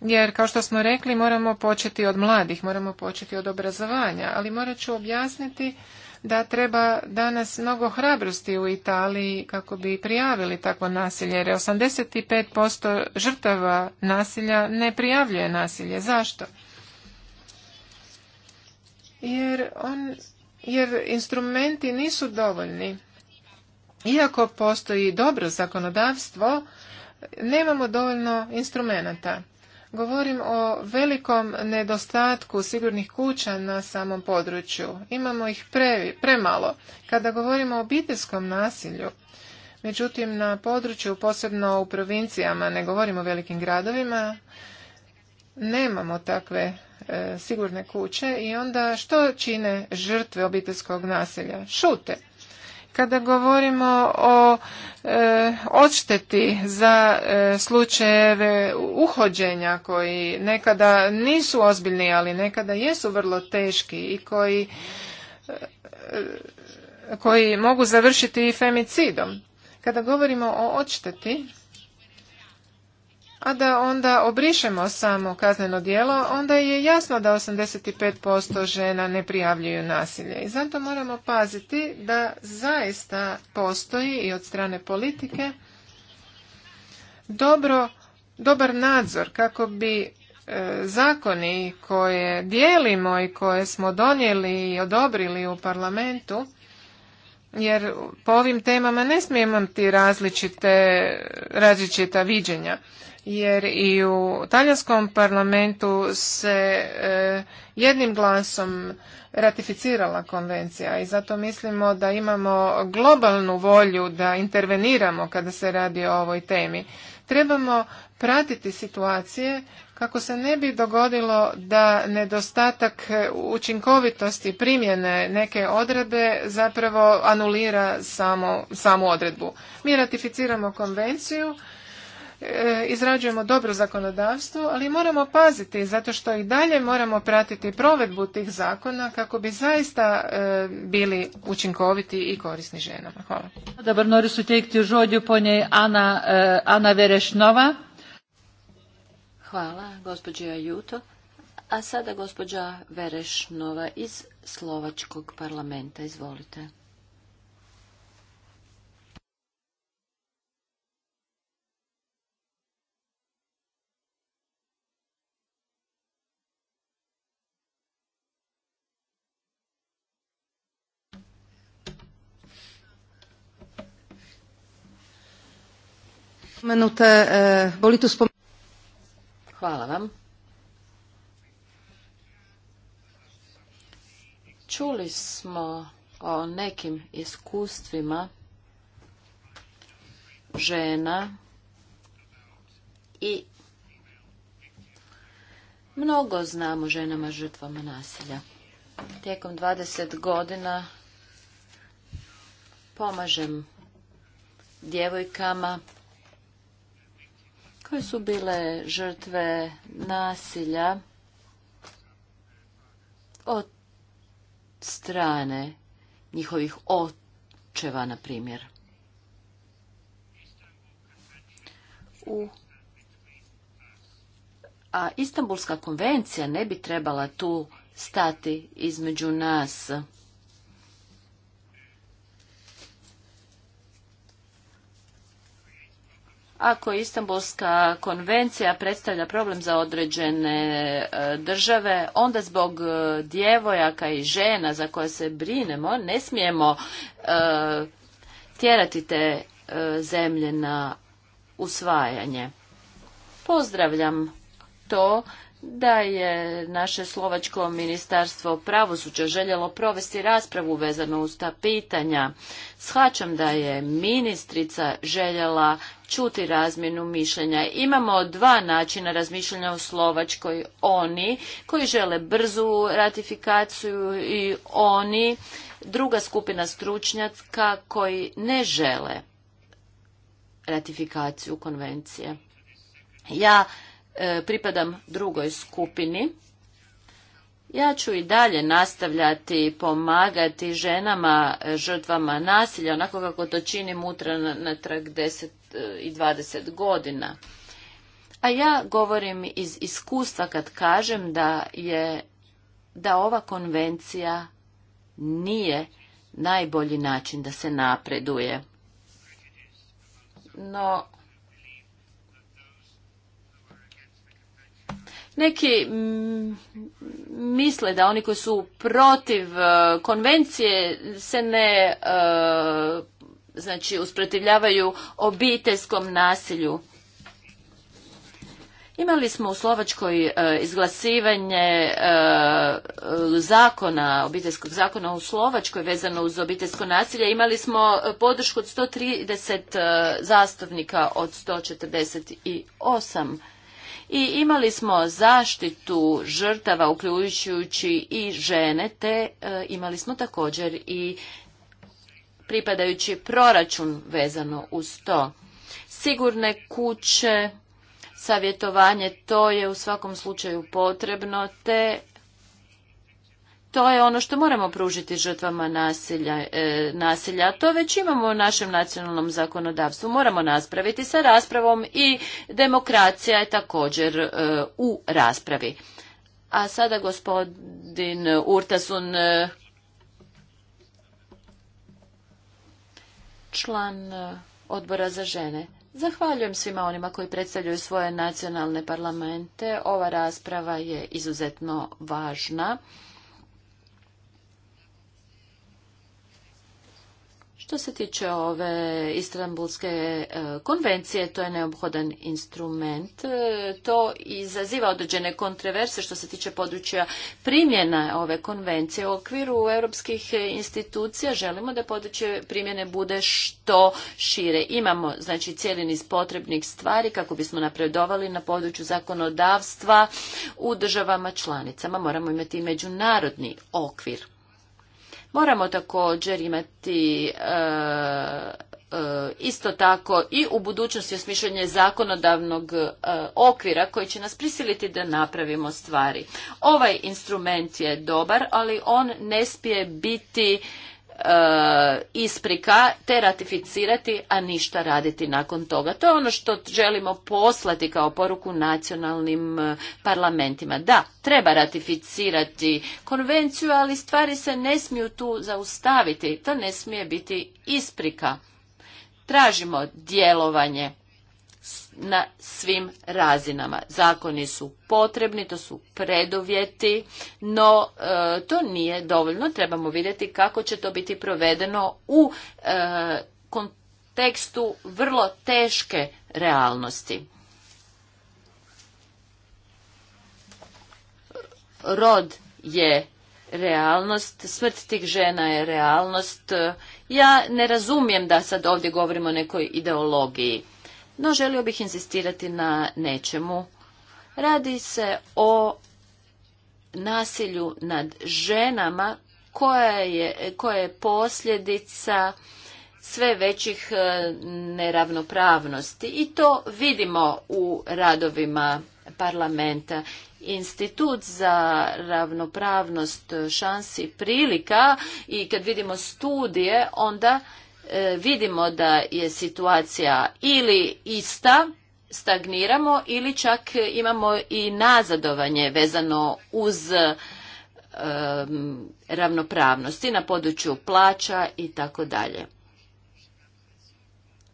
Jer, kao što smo rekli, moramo početi od mladih, moramo početi od obrazovanja, ali morat ću objasniti da treba danas mnogo hrabrosti u Italiji kako bi prijavili takvo nasilje, jer 85% žrtava nasilja ne prijavljuje nasilje. Zašto? Jer on jer instrumenti nisu dovoljni. Iako postoji dobro zakonodavstvo, nemamo dovoljno instrumenta. Govorim o velikom nedostatku sigurnih kuća na samom području. Imamo ih pre, premalo. Kada govorimo o obiteljskom nasilju, međutim na području, posebno u provincijama, ne govorimo o velikim gradovima, nemamo takve E, sigurne kuće i onda što čine žrtve obiteljskog nasilja? Šute. Kada govorimo o e, odšteti za e, slučajeve uhođenja koji nekada nisu ozbiljni, ali nekada jesu vrlo teški i koji, e, koji mogu završiti i femicidom. Kada govorimo o odšteti, a da onda obrišemo samo kazneno djelo, onda je jasno da 85% žena ne prijavljuju nasilje. I zato moramo paziti da zaista postoji i od strane politike dobro, dobar nadzor kako bi e, zakoni koje dijelimo i koje smo donijeli i odobrili u parlamentu, jer po ovim temama ne smijemo imati različite, različita viđenja jer i u talijanskom parlamentu se e, jednim glasom ratificirala konvencija i zato mislimo da imamo globalnu volju da interveniramo kada se radi o ovoj temi. Trebamo pratiti situacije kako se ne bi dogodilo da nedostatak učinkovitosti primjene neke odredbe zapravo anulira samo, samu odredbu. Mi ratificiramo konvenciju, E, izrađujemo dobro zakonodavstvo, ali moramo paziti zato što i dalje moramo pratiti provedbu tih zakona kako bi zaista e, bili učinkoviti i korisni ženama. Hvala. su tekti u žodju ponje Ana, e, Ana Verešnova. Hvala, gospođo Ajuto. A sada gospođa Verešnova iz Slovačkog parlamenta. Izvolite. E, Hvala vam. Čuli smo o nekim iskustvima žena i mnogo znamo ženama žrtvama nasilja. Tijekom 20 godina pomažem djevojkama su bile žrtve nasilja od strane njihovih očeva, na primjer. U a Istanbulska konvencija ne bi trebala tu stati između nas Ako Istanbulska konvencija predstavlja problem za određene e, države, onda zbog e, djevojaka i žena za koje se brinemo ne smijemo e, tjerati te zemlje na usvajanje. Pozdravljam to da je naše slovačko ministarstvo pravosuđa željelo provesti raspravu vezano uz ta pitanja. Shvaćam da je ministrica željela čuti razmjenu mišljenja. Imamo dva načina razmišljanja u Slovačkoj. Oni koji žele brzu ratifikaciju i oni, druga skupina stručnjaka koji ne žele ratifikaciju konvencije. Ja E, pripadam drugoj skupini. Ja ću i dalje nastavljati pomagati ženama, e, žrtvama nasilja, onako kako to činim utra na trak 10 e, i 20 godina. A ja govorim iz iskustva kad kažem da je da ova konvencija nije najbolji način da se napreduje. No, Neki mm, misle da oni koji su protiv e, konvencije se ne e, znači usprotivljavaju obiteljskom nasilju. Imali smo u Slovačkoj e, izglasivanje zakona, obiteljskog zakona u Slovačkoj vezano uz obiteljsko nasilje. Imali smo podršku od 130 zastupnika od 148 zastavnika i imali smo zaštitu žrtava uključujući i žene te e, imali smo također i pripadajući proračun vezano uz to. Sigurne kuće, savjetovanje, to je u svakom slučaju potrebno te to je ono što moramo pružiti žrtvama nasilja, e, nasilja. To već imamo u našem nacionalnom zakonodavstvu. Moramo naspraviti sa raspravom i demokracija je također e, u raspravi. A sada gospodin Urtasun, e, član odbora za žene. Zahvaljujem svima onima koji predstavljaju svoje nacionalne parlamente. Ova rasprava je izuzetno važna. Što se tiče ove Istanbulske e, konvencije, to je neobhodan instrument. E, to izaziva određene kontroverse što se tiče područja primjena ove konvencije. U okviru europskih institucija želimo da područje primjene bude što šire. Imamo znači cijeli niz potrebnih stvari kako bismo napredovali na području zakonodavstva u državama članicama. Moramo imati i međunarodni okvir. Moramo također imati e, e, isto tako i u budućnosti osmišljanje zakonodavnog e, okvira koji će nas prisiliti da napravimo stvari. Ovaj instrument je dobar, ali on ne smije biti E, isprika te ratificirati, a ništa raditi nakon toga. To je ono što želimo poslati kao poruku nacionalnim e, parlamentima. Da, treba ratificirati konvenciju, ali stvari se ne smiju tu zaustaviti. To ne smije biti isprika. Tražimo djelovanje na svim razinama. Zakoni su potrebni, to su preduvjeti, no e, to nije dovoljno. Trebamo vidjeti kako će to biti provedeno u e, kontekstu vrlo teške realnosti. Rod je realnost, smrt tih žena je realnost. Ja ne razumijem da sad ovdje govorimo o nekoj ideologiji no želio bih insistirati na nečemu. Radi se o nasilju nad ženama koja je, koja je posljedica sve većih e, neravnopravnosti i to vidimo u radovima parlamenta. Institut za ravnopravnost šansi prilika i kad vidimo studije onda E, vidimo da je situacija ili ista, stagniramo ili čak imamo i nazadovanje vezano uz ravnopravnosti na području plaća i tako dalje.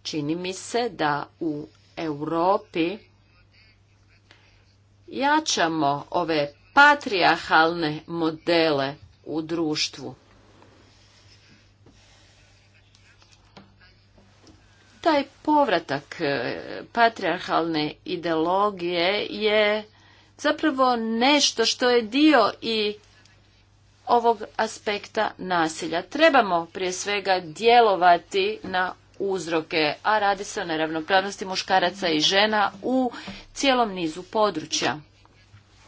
Čini mi se da u Europi jačamo ove patrijarhalne modele u društvu. Taj povratak e, patriarhalne ideologije je zapravo nešto što je dio i ovog aspekta nasilja. Trebamo prije svega djelovati na uzroke, a radi se o neravnopravnosti muškaraca i žena u cijelom nizu područja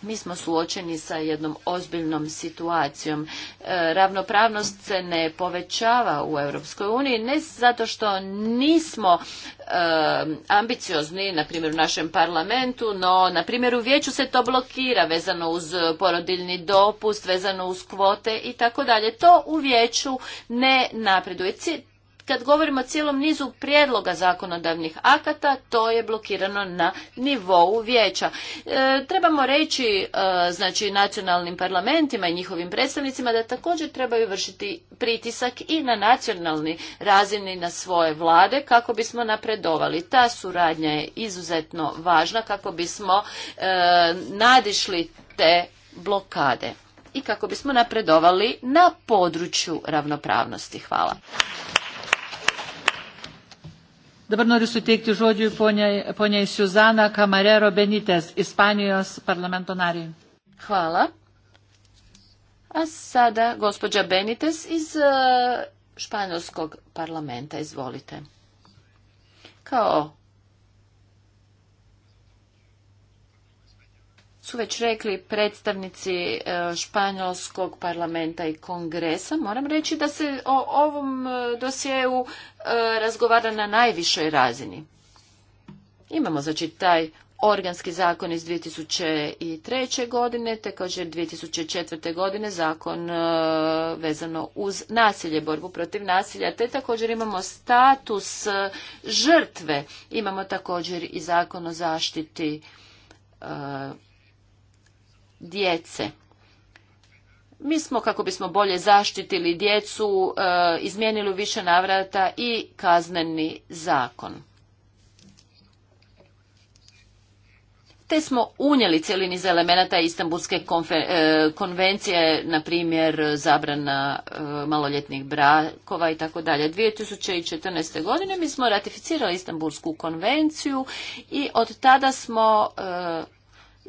mi smo suočeni sa jednom ozbiljnom situacijom. E, ravnopravnost se ne povećava u EU, ne zato što nismo e, ambiciozni, na primjer u našem parlamentu, no na primjer u vijeću se to blokira vezano uz porodiljni dopust, vezano uz kvote i tako dalje. To u vijeću ne napreduje kad govorimo o cijelom nizu prijedloga zakonodavnih akata, to je blokirano na nivou vijeća. E, trebamo reći e, znači nacionalnim parlamentima i njihovim predstavnicima da također trebaju vršiti pritisak i na nacionalni razini na svoje vlade kako bismo napredovali. Ta suradnja je izuzetno važna kako bismo e, nadišli te blokade i kako bismo napredovali na području ravnopravnosti. Hvala. Dabar noriu suteikti žodžių poniai Suzana Camarero Benitez, Ispanijos parlamento nariai. Hvala. A sada gospođa Benitez iz e, Španjolskog parlamenta. Izvolite. Kao su već rekli predstavnici e, Španjolskog parlamenta i kongresa, moram reći da se o ovom e, dosjeu e, razgovara na najvišoj razini. Imamo znači taj organski zakon iz 2003. godine, također 2004. godine zakon vezano uz nasilje, borbu protiv nasilja, te također imamo status žrtve. Imamo također i zakon o zaštiti djece. Mi smo, kako bismo bolje zaštitili djecu, e, izmijenili u više navrata i kazneni zakon. Te smo unijeli cijeli niz elemenata Istanbulske e, konvencije, na primjer zabrana e, maloljetnih brakova i tako dalje. 2014. godine mi smo ratificirali Istanbulsku konvenciju i od tada smo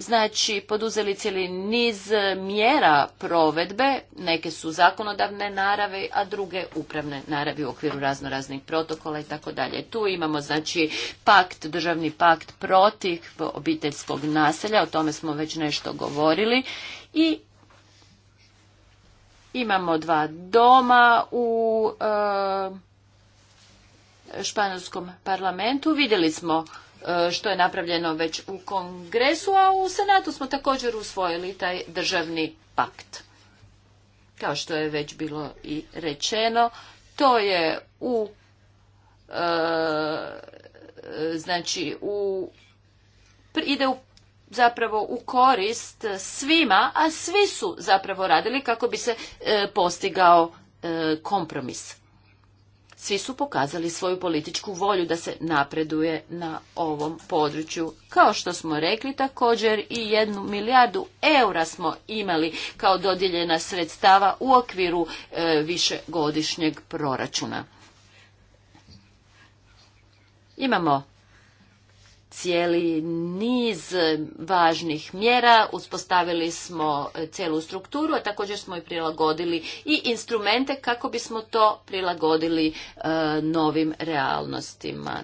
znači poduzeli cijeli niz mjera provedbe, neke su zakonodavne narave, a druge upravne naravi u okviru raznoraznih protokola i tako dalje. Tu imamo znači pakt, državni pakt protiv obiteljskog naselja, o tome smo već nešto govorili i imamo dva doma u eh, španjolskom parlamentu. Vidjeli smo E, što je napravljeno već u kongresu, a u senatu smo također usvojili taj državni pakt. Kao što je već bilo i rečeno, to je u e, znači u ide u zapravo u korist svima, a svi su zapravo radili kako bi se e, postigao kompromis. Svi su pokazali svoju političku volju da se napreduje na ovom području. Kao što smo rekli također i jednu milijardu eura smo imali kao dodijeljena sredstava u okviru e, višegodišnjeg proračuna. Imamo cijeli niz važnih mjera, uspostavili smo e, cijelu strukturu, a također smo i prilagodili i instrumente kako bismo to prilagodili e, novim realnostima.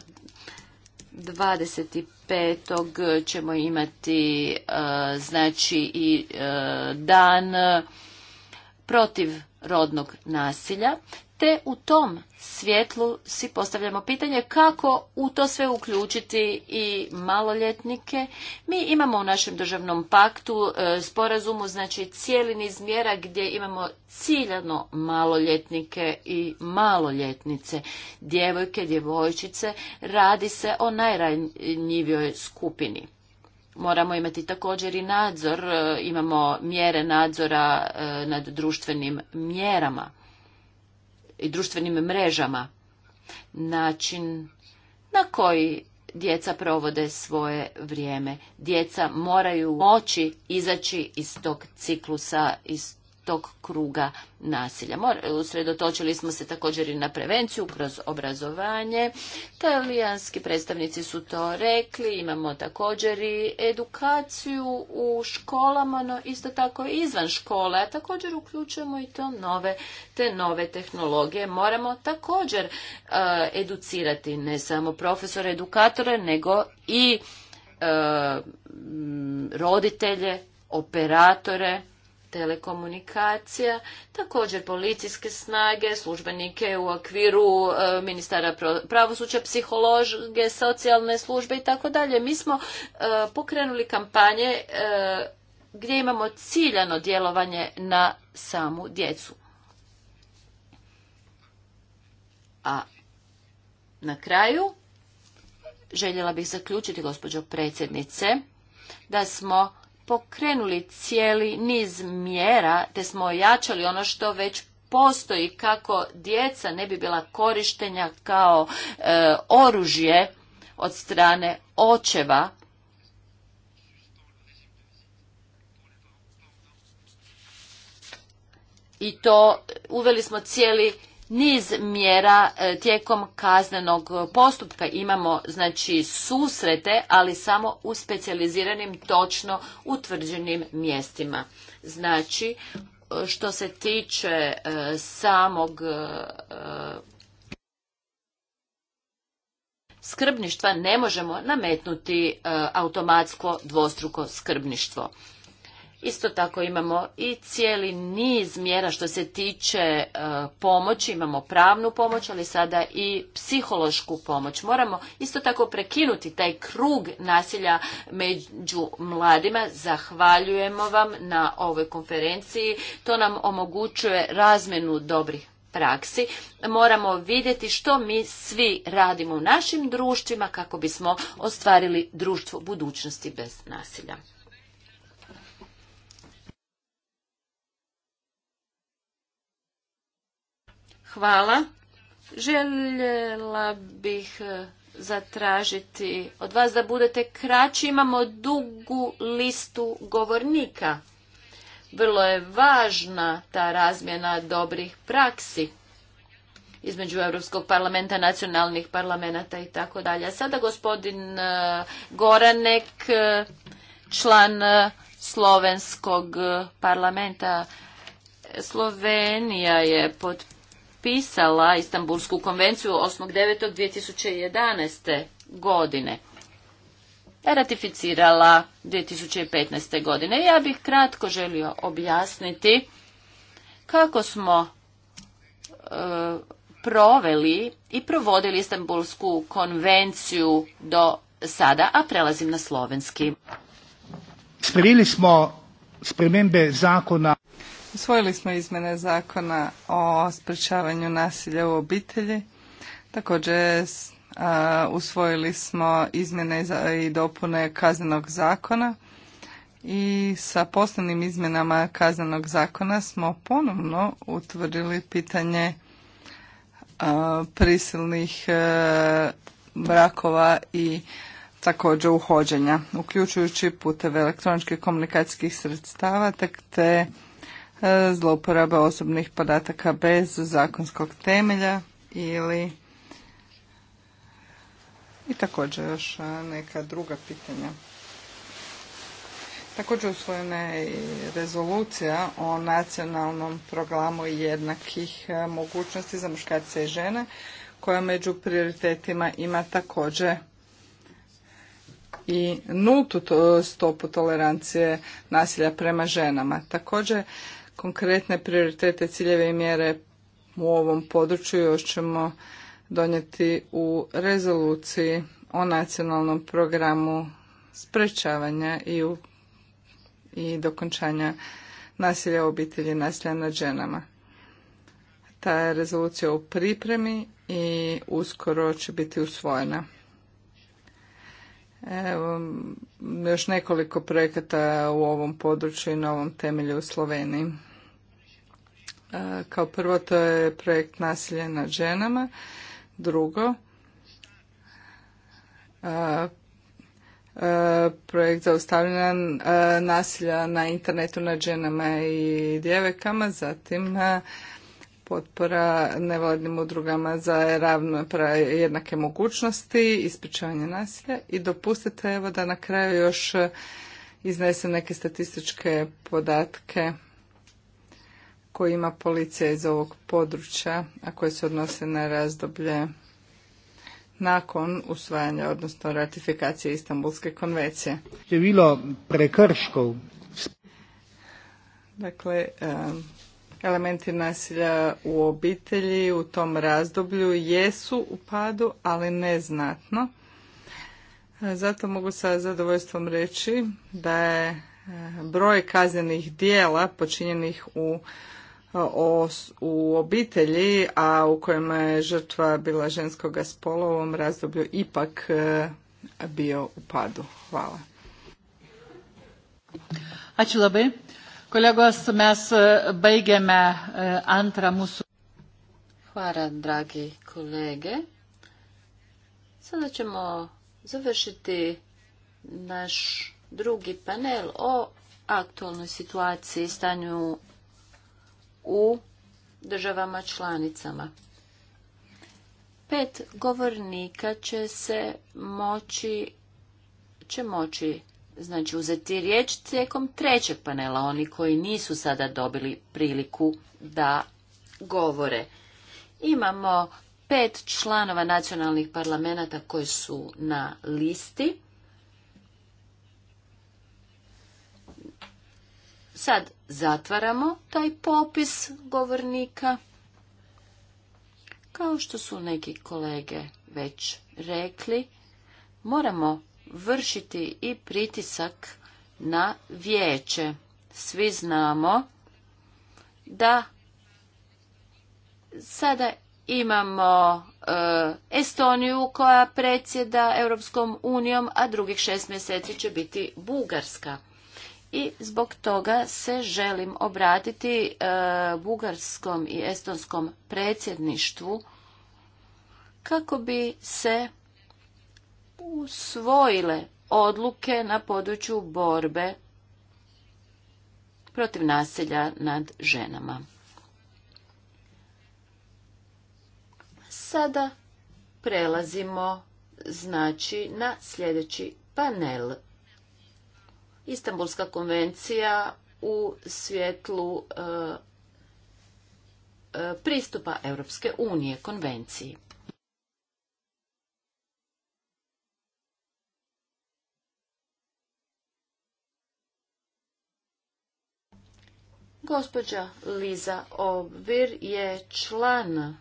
25. ćemo imati e, znači i dan protiv rodnog nasilja. Te u tom svjetlu si postavljamo pitanje kako u to sve uključiti i maloljetnike. Mi imamo u našem državnom paktu e, sporazumu znači cijeli niz mjera gdje imamo ciljano maloljetnike i maloljetnice, djevojke, djevojčice, radi se o najranjivijoj skupini. Moramo imati također i nadzor, e, imamo mjere nadzora e, nad društvenim mjerama i društvenim mrežama. Način na koji djeca provode svoje vrijeme. Djeca moraju moći izaći iz tog ciklusa, iz tog kruga nasilja. Usredotočili smo se također i na prevenciju kroz obrazovanje. Talijanski predstavnici su to rekli. Imamo također i edukaciju u školama, no isto tako i izvan škole. također uključujemo i to nove, te nove tehnologije. Moramo također e, educirati ne samo profesore, edukatore, nego i e, roditelje, operatore, telekomunikacija, također policijske snage, službenike u okviru e, ministara pravosuđa, psihologe, socijalne službe i tako dalje. Mi smo e, pokrenuli kampanje e, gdje imamo ciljano djelovanje na samu djecu. A na kraju željela bih zaključiti gospođo predsjednice da smo pokrenuli cijeli niz mjera te smo ojačali ono što već postoji kako djeca ne bi bila korištenja kao e, oružje od strane očeva i to uveli smo cijeli niz mjera e, tijekom kaznenog postupka. Imamo znači susrete, ali samo u specijaliziranim točno utvrđenim mjestima. Znači, e, što se tiče e, samog skrbništva ne možemo nametnuti automatsko dvostruko skrbništvo. Isto tako imamo i cijeli niz mjera što se tiče e, pomoći, imamo pravnu pomoć, ali sada i psihološku pomoć. Moramo isto tako prekinuti taj krug nasilja među mladima. Zahvaljujemo vam na ovoj konferenciji. To nam omogućuje razmenu dobrih praksi. Moramo vidjeti što mi svi radimo u našim društvima kako bismo ostvarili društvo budućnosti bez nasilja. Hvala. Željela bih e, zatražiti od vas da budete kraći. Imamo dugu listu govornika. Vrlo je važna ta razmjena dobrih praksi između Europskog parlamenta, nacionalnih parlamenta i tako dalje. Sada gospodin e, Goranek, e, član Slovenskog parlamenta. Slovenija je pod potpisala Istanbulsku konvenciju 8.9.2011. godine. Ratificirala 2015. godine. Ja bih kratko želio objasniti kako smo e, proveli i provodili Istanbulsku konvenciju do sada, a prelazim na slovenski. Spravili smo spremembe zakona Usvojili smo izmjene zakona o sprečavanju nasilja u obitelji. Također usvojili smo izmjene i dopune kaznenog zakona i sa posljednim izmjenama kaznenog zakona smo ponovno utvrdili pitanje prisilnih e, brakova i također uhođenja, uključujući puteve elektroničkih komunikacijskih sredstava, tek te E, zlouporaba osobnih podataka bez zakonskog temelja ili i također još e, neka druga pitanja. Također usvojena je i rezolucija o nacionalnom programu jednakih e, mogućnosti za muškarce i žene koja među prioritetima ima također i nultu stopu tolerancije nasilja prema ženama. Također konkretne prioritete, ciljeve i mjere u ovom području još ćemo donijeti u rezoluciji o nacionalnom programu sprečavanja i, u, i dokončanja nasilja u obitelji i nasilja nad ženama. Ta je rezolucija u pripremi i uskoro će biti usvojena. Evo, još nekoliko projekata u ovom području i na ovom temelju u Sloveniji. E, kao prvo to je projekt nasilja nad ženama. Drugo, e, e, projekt zaustavljanja nasilja na internetu nad ženama i djevekama, zatim potpora nevladnim udrugama za ravno jednake mogućnosti, ispričavanje nasilja i dopustite evo da na kraju još iznesem neke statističke podatke koji ima policija iz ovog područja, a koje se odnose na razdoblje nakon usvajanja, odnosno ratifikacije Istanbulske konvencije. Je bilo prekrškov. Dakle, elementi nasilja u obitelji u tom razdoblju jesu u padu, ali ne znatno. E, zato mogu sa zadovoljstvom reći da je e, broj kaznenih dijela počinjenih u u obitelji, a u kojima je žrtva bila ženskog spola u ovom razdoblju ipak e, bio u padu. Hvala. Ačiū labai. Kolegos, mes e, e, Hvala, dragi kolege. Sada ćemo završiti naš drugi panel o aktualnoj situaciji i stanju u državama članicama. Pet govornika će se moći, će moći znači uzeti riječ tijekom trećeg panela, oni koji nisu sada dobili priliku da govore. Imamo pet članova nacionalnih parlamenta koji su na listi. Sad, zatvaramo taj popis govornika. Kao što su neki kolege već rekli, moramo vršiti i pritisak na vijeće. Svi znamo da sada imamo e, Estoniju koja predsjeda Europskom unijom, a drugih šest mjeseci će biti Bugarska i zbog toga se želim obratiti e, bugarskom i estonskom predsjedništvu kako bi se usvojile odluke na području borbe protiv nasilja nad ženama. Sada prelazimo znači na sljedeći panel Istanbulska konvencija u svjetlu e, e, pristupa Europske unije konvenciji. Gospođa Liza Obvir je član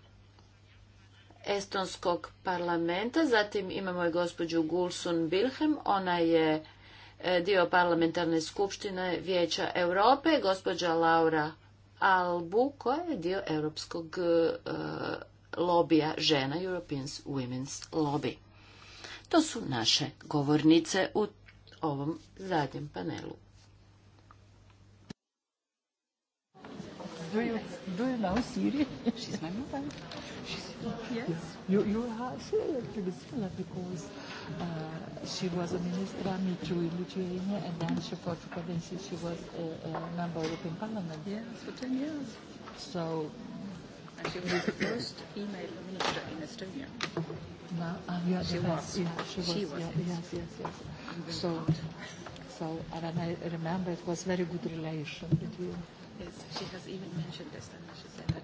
Estonskog parlamenta, zatim imamo i gospođu Gulsun Bilhem, ona je E, dio parlamentarne skupštine Vijeća Europe, gospođa Laura Albu, koja je dio europskog e, lobija žena, Europeans Women's Lobby. To su naše govornice u ovom zadnjem panelu. do you do you know Siri? She's my mother. She's, yes. You you are to be similar because uh, she was a minister me too in Lithuania and then she fought for two cadences she was a, a member of the European Parliament. Yes, for ten years. So and she was the first female minister in Estonia. No, uh, yeah, she, was. Yeah, she was. She was. Yeah, yes, yes, yes. yes. So, so and I remember it was very good relation between is she has even mentioned this and she said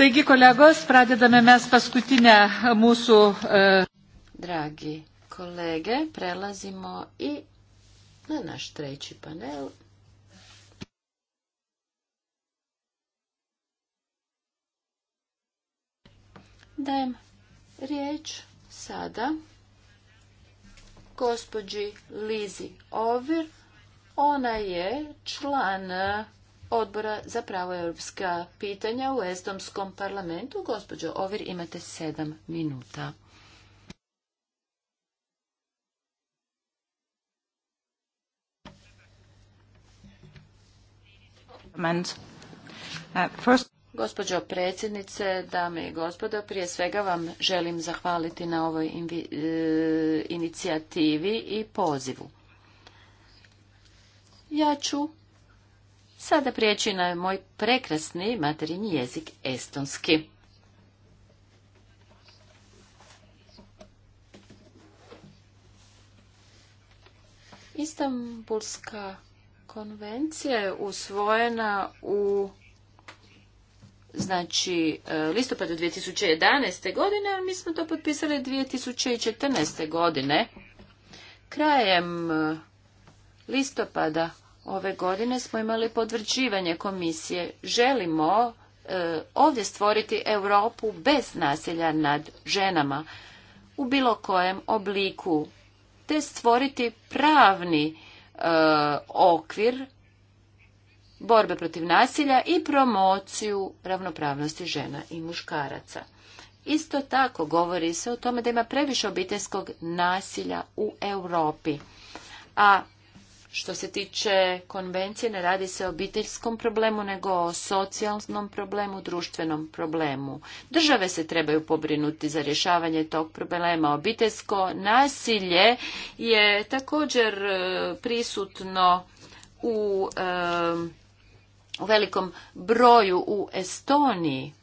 Taigi, kolegos, pradedame mes paskutinę mūsų... E, Dragi kolege, prelazimo i na naš treći panel. Dajem riječ sada gospođi Lizi Ovir. Ona je član odbora za pravo europska pitanja u Estomskom parlamentu. Gospođo Ovir, imate sedam minuta. Uh, first... Gospođo predsjednice, dame i gospodo, prije svega vam želim zahvaliti na ovoj e, inicijativi i pozivu. Ja ću sada prijeći na moj prekrasni materinji jezik estonski. Istanbulska konvencija je usvojena u Znači, e, listopadu 2011. godine, ali mi smo to potpisali 2014. godine. Krajem e, listopada ove godine smo imali podvrđivanje komisije. Želimo e, ovdje stvoriti Europu bez nasilja nad ženama u bilo kojem obliku, te stvoriti pravni okvir borbe protiv nasilja i promociju ravnopravnosti žena i muškaraca. Isto tako govori se o tome da ima previše obiteljskog nasilja u Europi. A što se tiče konvencije ne radi se o obiteljskom problemu nego o socijalnom problemu, društvenom problemu. Države se trebaju pobrinuti za rješavanje tog problema. Obiteljsko nasilje je također e, prisutno u e, u velikom broju u Estoniji.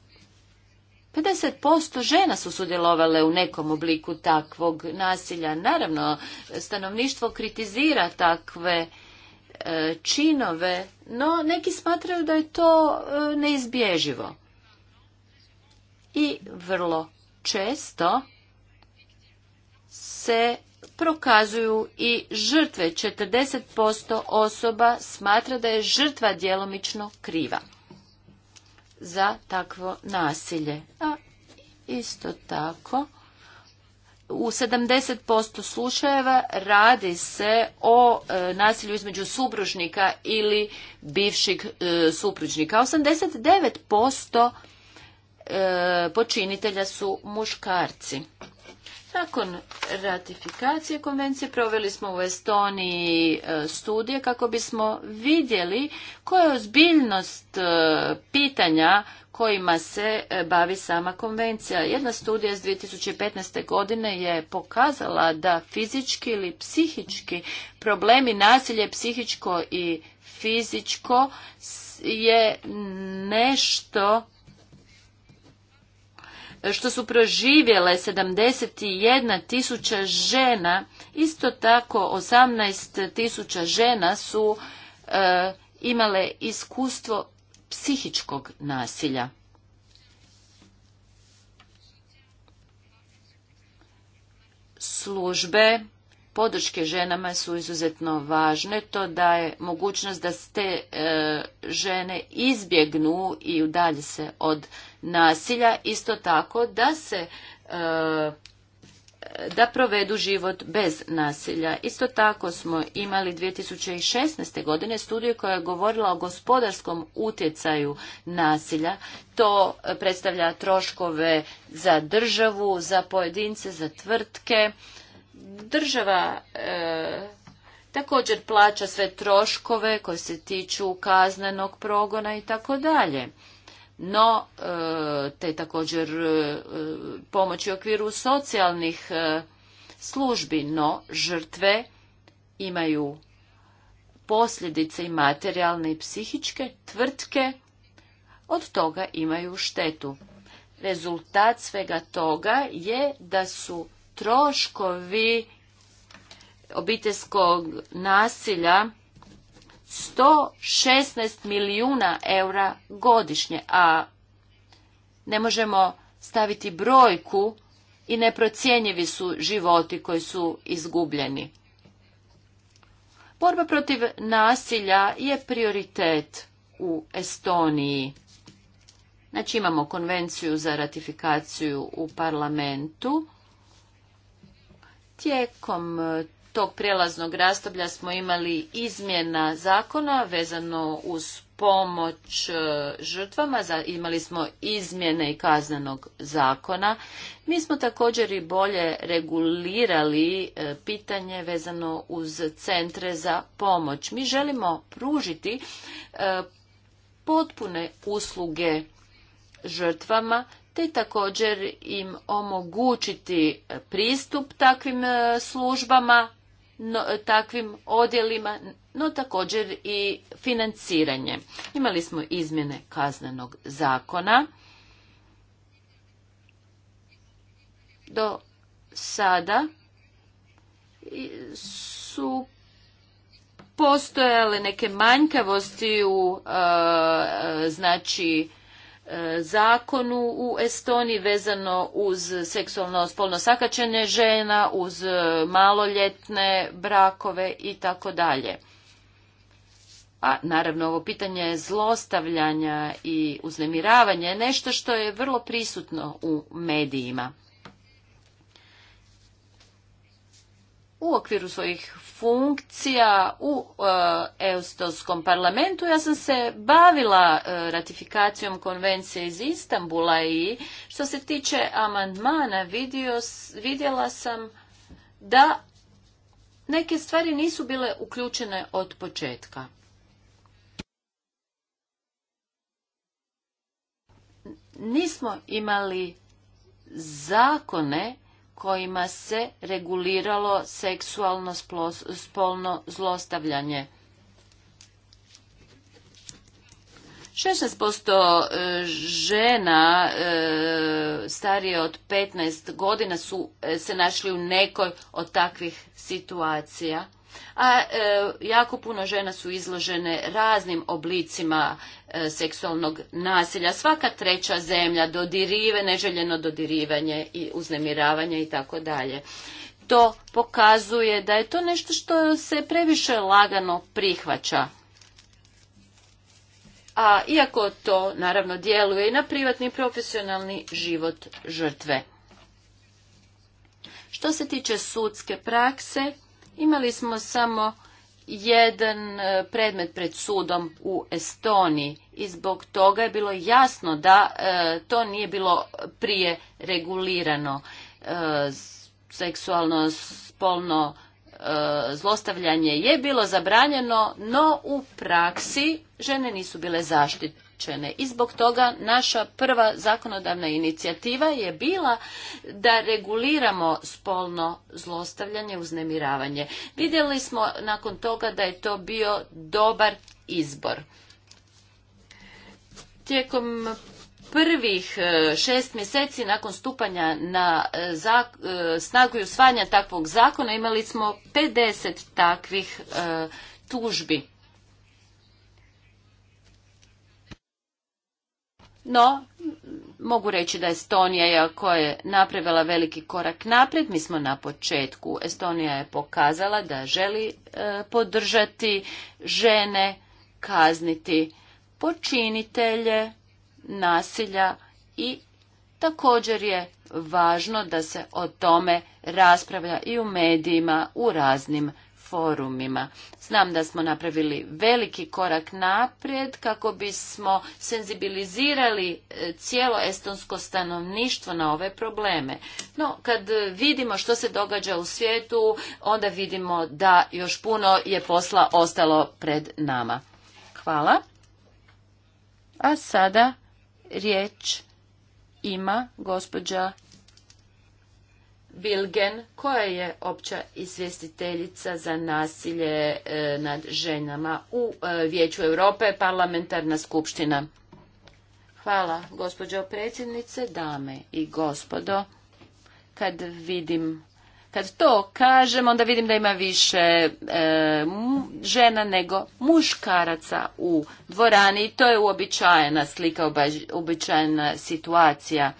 50% žena su sudjelovale u nekom obliku takvog nasilja. Naravno, stanovništvo kritizira takve e, činove, no neki smatraju da je to e, neizbježivo. I vrlo često se prokazuju i žrtve. 40% osoba smatra da je žrtva djelomično kriva za takvo nasilje. A isto tako, u 70% slučajeva radi se o e, nasilju između supružnika ili bivšeg e, supružnika supružnika. 89% e, počinitelja su muškarci. Nakon ratifikacije konvencije proveli smo u Estoniji e, studije kako bismo vidjeli koja je ozbiljnost e, pitanja kojima se e, bavi sama konvencija. Jedna studija iz 2015. godine je pokazala da fizički ili psihički problemi nasilje psihičko i fizičko je nešto E, što su proživjele 71 tisuća žena, isto tako 18 tisuća žena su e, imale iskustvo psihičkog nasilja. Službe podrške ženama su izuzetno važne. To daje mogućnost da ste e, žene izbjegnu i udalje se od nasilja. Isto tako da se e, da provedu život bez nasilja. Isto tako smo imali 2016. godine studiju koja je govorila o gospodarskom utjecaju nasilja. To predstavlja troškove za državu, za pojedince, za tvrtke. Država e, također plaća sve troškove koji se tiču kaznenog progona i tako dalje. No, e, te također e, pomoći u okviru socijalnih e, službi, no žrtve imaju posljedice i materijalne i psihičke tvrtke od toga imaju štetu. Rezultat svega toga je da su troškovi obiteljskog nasilja 116 milijuna eura godišnje, a ne možemo staviti brojku i neprocjenjivi su životi koji su izgubljeni. Borba protiv nasilja je prioritet u Estoniji. Znači imamo konvenciju za ratifikaciju u parlamentu Tijekom eh, tog prijelaznog rastoblja smo imali izmjena zakona vezano uz pomoć eh, žrtvama, imali smo izmjene i kaznenog zakona. Mi smo također i bolje regulirali eh, pitanje vezano uz centre za pomoć. Mi želimo pružiti potpune usluge žrtvama te također im omogućiti pristup takvim e, službama, takvim odjelima, no također i financiranje. Imali smo izmjene kaznenog zakona. Do sada su postojale neke manjkavosti u e, e, znači zakonu u Estoniji vezano uz seksualno spolno sakačenje žena, uz e, maloljetne brakove i tako dalje. A naravno ovo pitanje zlostavljanja i uznemiravanja je nešto što je vrlo prisutno u medijima. u okviru svojih funkcija u e, Eustoskom parlamentu. Ja sam se bavila e, ratifikacijom konvencije iz Istambula i što se tiče amandmana vidjela sam da neke stvari nisu bile uključene od početka. Nismo imali zakone kojima se reguliralo seksualno spolno zlostavljanje. 16% e, žena e, starije od 15 godina su e, se našli u nekoj od takvih situacija a e, jako puno žena su izložene raznim oblicima e, seksualnog nasilja. Svaka treća zemlja dodirive, neželjeno dodirivanje i uznemiravanje i tako dalje to pokazuje da je to nešto što se previše lagano prihvaća. A iako to naravno djeluje i na privatni i profesionalni život žrtve. Što se tiče sudske prakse, Imali smo samo jedan e, predmet pred sudom u Estoniji i zbog toga je bilo jasno da e, to nije bilo prije regulirano e, seksualno spolno zlostavljanje je bilo zabranjeno no u praksi žene nisu bile zaštite. I zbog toga naša prva zakonodavna inicijativa je bila da reguliramo spolno zlostavljanje, uznemiravanje. Vidjeli smo nakon toga da je to bio dobar izbor. Tijekom prvih e, šest mjeseci nakon stupanja na e, e, snagu i usvajanja takvog zakona imali smo 50 takvih tužbi. No, mogu reći da Estonija koja je napravila veliki korak naprijed, mi smo na početku. Estonija je pokazala da želi e, podržati žene, kazniti počinitelje nasilja i također je važno da se o tome raspravlja i u medijima u raznim forumima. Znam da smo napravili veliki korak naprijed kako bismo senzibilizirali e, cijelo estonsko stanovništvo na ove probleme. No, kad vidimo što se događa u svijetu, onda vidimo da još puno je posla ostalo pred nama. Hvala. A sada riječ ima gospođa Bilgen, koja je opća izvjestiteljica za nasilje e, nad ženama u e, Vijeću Europe, parlamentarna skupština. Hvala, gospođo predsjednice, dame i gospodo. Kad vidim kad to kažem, onda vidim da ima više e, žena nego muškaraca u dvorani i to je uobičajena slika, uobičajena situacija.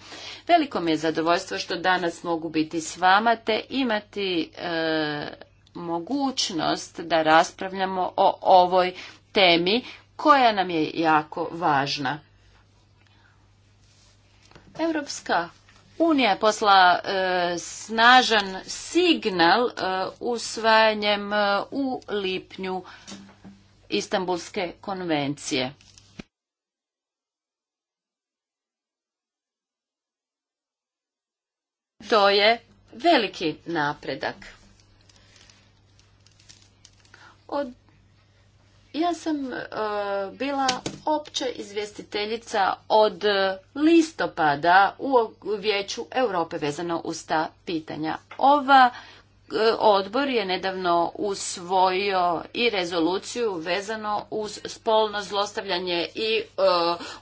Veliko mi je zadovoljstvo što danas mogu biti s vama te imati e, mogućnost da raspravljamo o ovoj temi koja nam je jako važna. Europska Unija je posla e, snažan signal e, usvajanjem e, u lipnju Istanbulske konvencije. To je veliki napredak. Od ja sam e, bila opće izvjestiteljica od listopada u vijeću Europe vezano uz ta pitanja. Ova E, odbor je nedavno usvojio i rezoluciju vezano uz spolno zlostavljanje i e,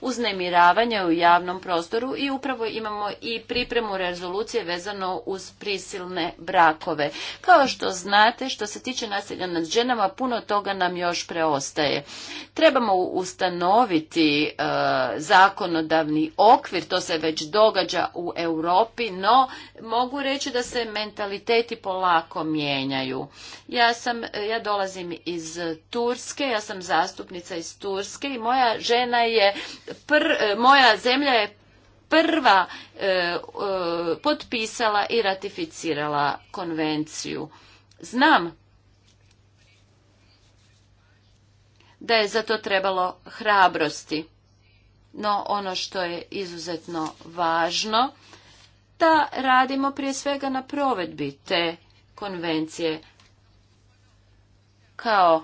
uznemiravanje u javnom prostoru i upravo imamo i pripremu rezolucije vezano uz prisilne brakove. Kao što znate, što se tiče nasilja nad ženama, puno toga nam još preostaje. Trebamo ustanoviti e, zakonodavni okvir, to se već događa u Europi, no mogu reći da se mentaliteti pola polako mijenjaju. Ja sam, ja dolazim iz Turske, ja sam zastupnica iz Turske i moja žena je, pr, moja zemlja je prva e, e, potpisala i ratificirala konvenciju. Znam da je za to trebalo hrabrosti. No ono što je izuzetno važno da radimo prije svega na provedbi te konvencije kao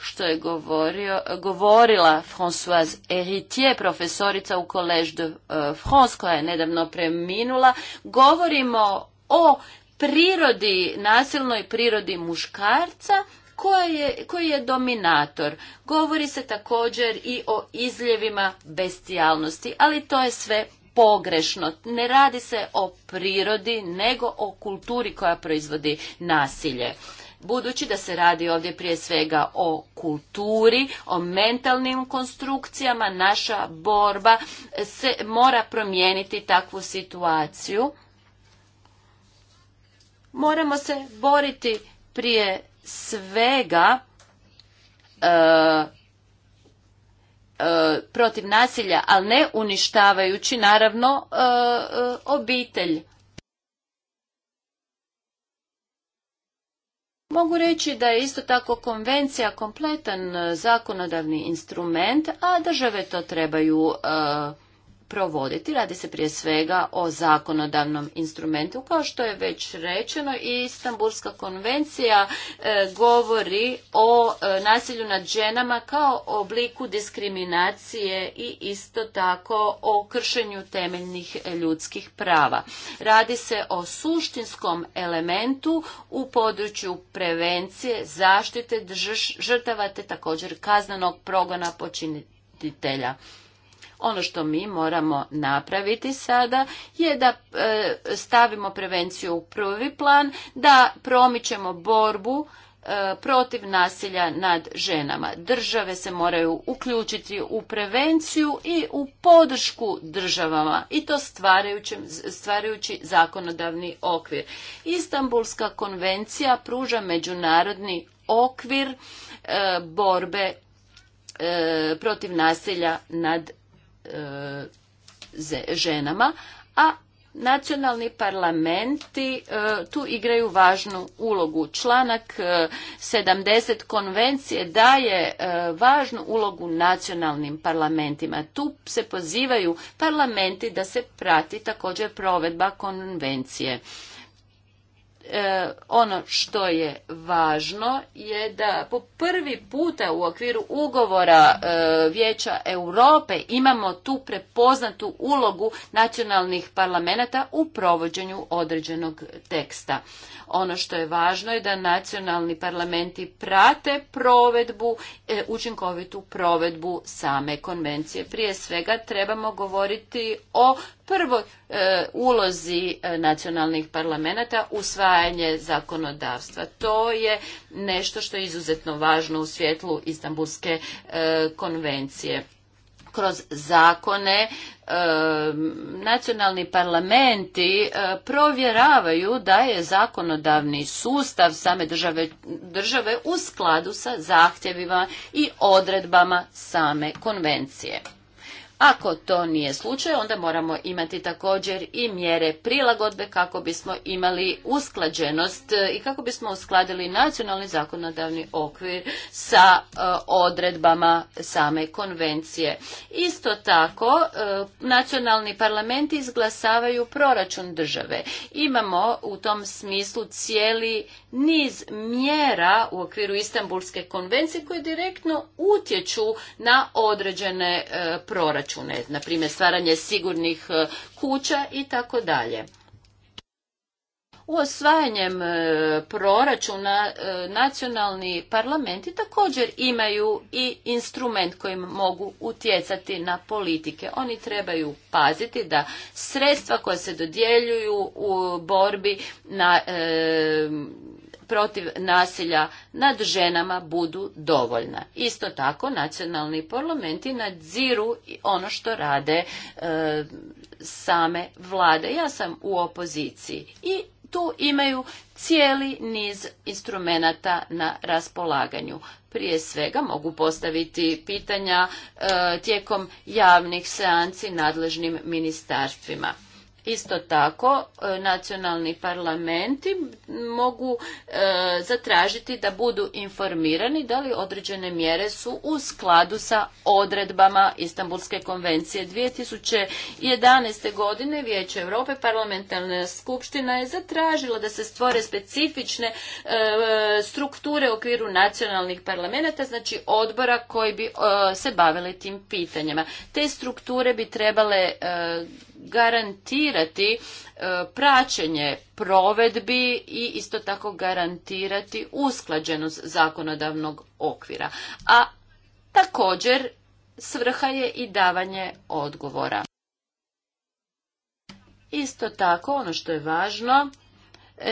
što je govorio, govorila Françoise Héritier, profesorica u Collège de eh, France, koja je nedavno preminula, govorimo o prirodi, nasilnoj prirodi muškarca koji je, koji je dominator. Govori se također i o izljevima bestijalnosti, ali to je sve pogrešno. Ne radi se o prirodi, nego o kulturi koja proizvodi nasilje. Budući da se radi ovdje prije svega o kulturi, o mentalnim konstrukcijama, naša borba se mora promijeniti takvu situaciju. Moramo se boriti prije svega e, E, protiv nasilja, ali ne uništavajući naravno e, e, obitelj. Mogu reći da je isto tako konvencija kompletan zakonodavni instrument, a države to trebaju provoditi. Radi se prije svega o zakonodavnom instrumentu. Kao što je već rečeno, i Istanbulska konvencija e, govori o e, nasilju nad ženama kao obliku diskriminacije i isto tako o kršenju temeljnih ljudskih prava. Radi se o suštinskom elementu u području prevencije, zaštite žrtava te također kaznenog progona počinitelja. Ono što mi moramo napraviti sada je da e, stavimo prevenciju u prvi plan, da promičemo borbu e, protiv nasilja nad ženama. Države se moraju uključiti u prevenciju i u podršku državama i to stvarajući zakonodavni okvir. Istanbulska konvencija pruža međunarodni okvir e, borbe protiv nasilja nad E, ženama, a nacionalni parlamenti e, tu igraju važnu ulogu. Članak 70 e, konvencije daje važnu ulogu nacionalnim parlamentima. Tu se pozivaju parlamenti da se prati također provedba konvencije. E, ono što je važno je da po prvi puta u okviru ugovora e, Vijeća Europe imamo tu prepoznatu ulogu nacionalnih parlamenta u provođenju određenog teksta. Ono što je važno je da nacionalni parlamenti prate provedbu, e, učinkovitu provedbu same konvencije. Prije svega trebamo govoriti o Prvo, e, ulozi e, nacionalnih parlamenta, usvajanje zakonodavstva. To je nešto što je izuzetno važno u svjetlu Istanbulske e, konvencije. Kroz zakone nacionalni parlamenti provjeravaju da je zakonodavni sustav same države, države u skladu sa zahtjevima i odredbama same konvencije. Ako to nije slučaj, onda moramo imati također i mjere prilagodbe kako bismo imali usklađenost e, i kako bismo uskladili nacionalni zakonodavni okvir sa e, odredbama same konvencije. Isto tako, e, nacionalni parlamenti izglasavaju proračun države. Imamo u tom smislu cijeli niz mjera u okviru Istanbulske konvencije koje direktno utječu na određene e, proračune, na primjer stvaranje sigurnih e, kuća i tako dalje. U osvajanjem e, proračuna nacionalni parlamenti također imaju i instrument kojim mogu utjecati na politike. Oni trebaju paziti da sredstva koja se dodjeljuju u borbi na protiv nasilja nad ženama budu dovoljna. Isto tako nacionalni parlamenti nadziru ono što rade e, same vlade. Ja sam u opoziciji i tu imaju cijeli niz instrumenata na raspolaganju. Prije svega mogu postaviti pitanja e, tijekom javnih seanci nadležnim ministarstvima Isto tako, e, nacionalni parlamenti mogu e, zatražiti da budu informirani da li određene mjere su u skladu sa odredbama Istanbulske konvencije. 2011. godine Vijeće Europe parlamentarna skupština je zatražila da se stvore specifične e, strukture u okviru nacionalnih parlamenta, znači odbora koji bi se bavili tim pitanjima. Te strukture bi trebale garantirati e, praćenje provedbi i isto tako garantirati usklađenost zakonodavnog okvira. A također svrha je i davanje odgovora. Isto tako ono što je važno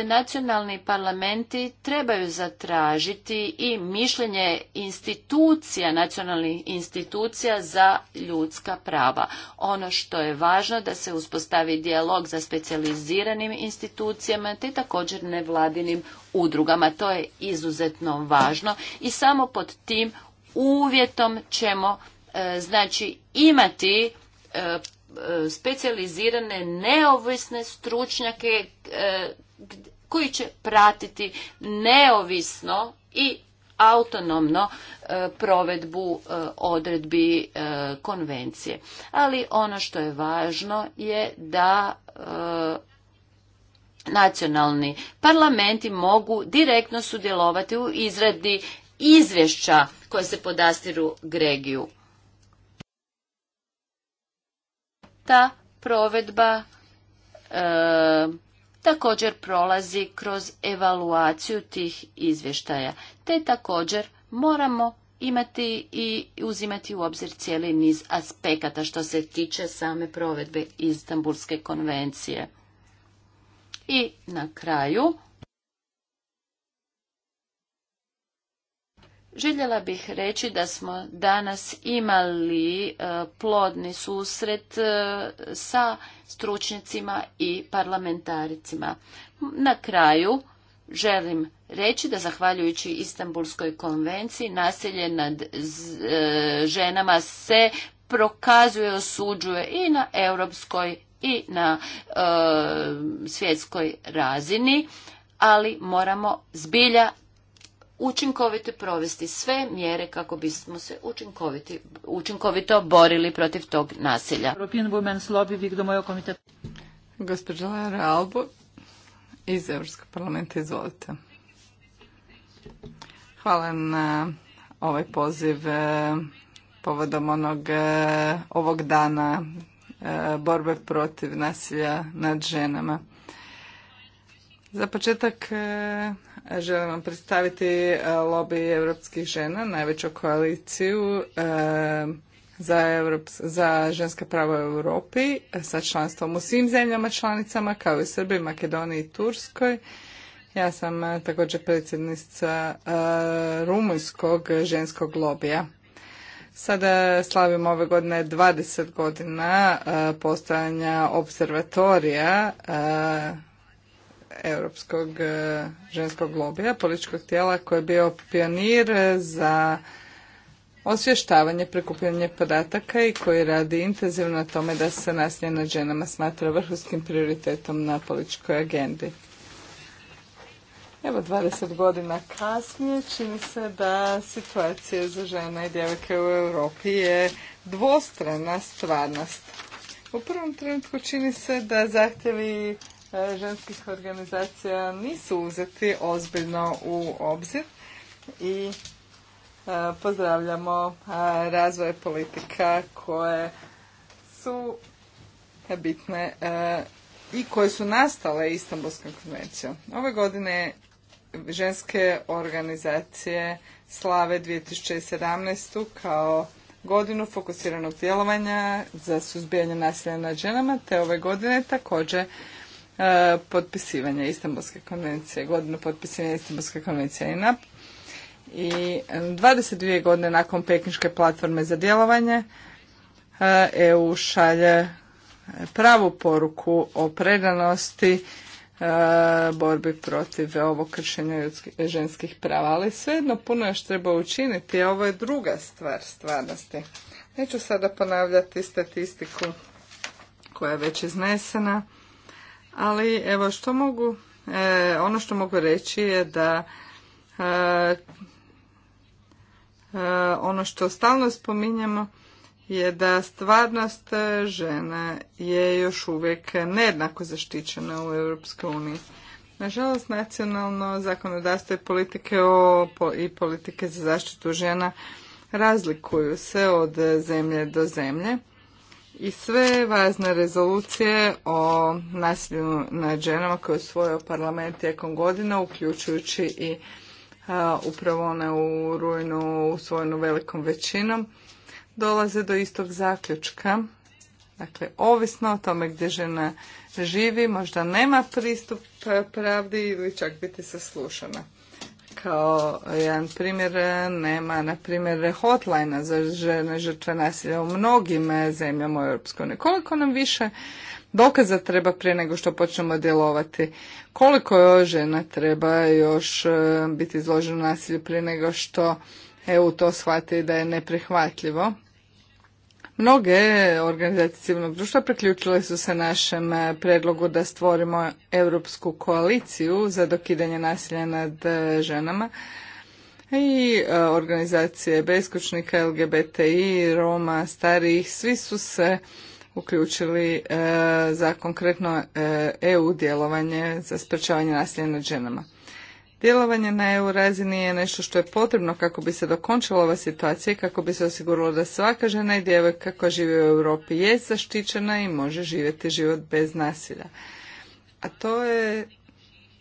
nacionalni parlamenti trebaju zatražiti i mišljenje institucija, nacionalnih institucija za ljudska prava. Ono što je važno da se uspostavi dijalog za specijaliziranim institucijama te također nevladinim udrugama. To je izuzetno važno i samo pod tim uvjetom ćemo e, znači imati e, e, specijalizirane neovisne stručnjake koji će pratiti neovisno i autonomno e, provedbu e, odredbi e, konvencije. Ali ono što je važno je da nacionalni parlamenti mogu direktno sudjelovati u izradi izvješća koje se podastiru Gregiju. Ta provedba također prolazi kroz evaluaciju tih izvještaja, te također moramo imati i uzimati u obzir cijeli niz aspekata što se tiče same provedbe Istanbulske konvencije. I na kraju Željela bih reći da smo danas imali e, plodni susret e, sa stručnicima i parlamentaricima. Na kraju želim reći da zahvaljujući Istanbulskoj konvenciji nasilje nad e, ženama se prokazuje, osuđuje i na europskoj i na svjetskoj razini ali moramo zbilja učinkovito provesti sve mjere kako bismo se učinkovito borili protiv tog nasilja. European Women's Gospođa Lara Albo iz Europskog parlamenta, izvolite. Hvala na ovaj poziv e, povodom onog e, ovog dana e, borbe protiv nasilja nad ženama. Za početak Želim vam predstaviti e, lobby europskih žena, najveću koaliciju e, za, Evrops za ženska prava u Europi e, sa članstvom u svim zemljama članicama kao i Srbiji, Makedoniji i Turskoj. Ja sam također predsjednica rumunjskog ženskog lobija. Sada slavimo ove godine 20 godina postojanja observatorija Europskog e, ženskog lobija, političkog tijela koji je bio pionir za osvještavanje, prikupljanje podataka i koji radi intenzivno na tome da se nasilje nad ženama smatra vrhunskim prioritetom na političkoj agendi. Evo 20 godina kasnije čini se da situacija za žene i djevojke u Europi je dvostrana stvarnost. U prvom trenutku čini se da zahtjevi E, ženskih organizacija nisu uzeti ozbiljno u obzir i e, pozdravljamo e, razvoj politika koje su bitne i koje su nastale Istanbulskom konvencijom. Ove godine ženske organizacije slave 2017. kao godinu fokusiranog djelovanja za suzbijanje nasilja nad ženama, te ove godine također E, potpisivanja Istanbulske konvencije, godinu potpisivanja Istanbulske konvencije INAP. I 22 e, godine nakon pekinške platforme za djelovanje EU e šalje pravu poruku o predanosti borbi protiv ovog kršenja ženskih prava. Ali svejedno puno još treba učiniti, a ovo je druga stvar stvarnosti. Neću sada ponavljati statistiku koja je već iznesena. Ali evo što mogu, e, ono što mogu reći je da e, e, ono što stalno spominjamo je da stvarnost žena je još uvijek nejednako zaštićena u Europskoj uniji. Nažalost, nacionalno zakonodavstvo i politike o, i politike za zaštitu žena razlikuju se od zemlje do zemlje i sve važne rezolucije o nasilju nad ženama koje je usvojio parlament tijekom godina, uključujući i upravo one u rujnu usvojenu velikom većinom, dolaze do istog zaključka. Dakle, ovisno o tome gdje žena živi, možda nema pristup pravdi ili čak biti saslušana kao jedan primjer nema na primjer hotline za žene žrtve nasilja u mnogim zemljama u EU. Koliko nam više dokaza treba prije nego što počnemo djelovati? Koliko žena treba još e, biti izloženo nasilju prije nego što EU to shvati da je neprihvatljivo? Mnoge organizacije civilnog društva priključile su se našem eh, predlogu da stvorimo europsku koaliciju za dokidanje nasilja nad eh, ženama i eh, organizacije beskućnika, LGBTI, Roma, starijih, svi su se uključili za konkretno EU e djelovanje za sprečavanje nasilja nad ženama. Djelovanje na EU razini je nešto što je potrebno kako bi se dokončila ova situacija i kako bi se osiguralo da svaka žena i djevojka koja živi u Europi je zaštićena i može živjeti život bez nasilja. A to je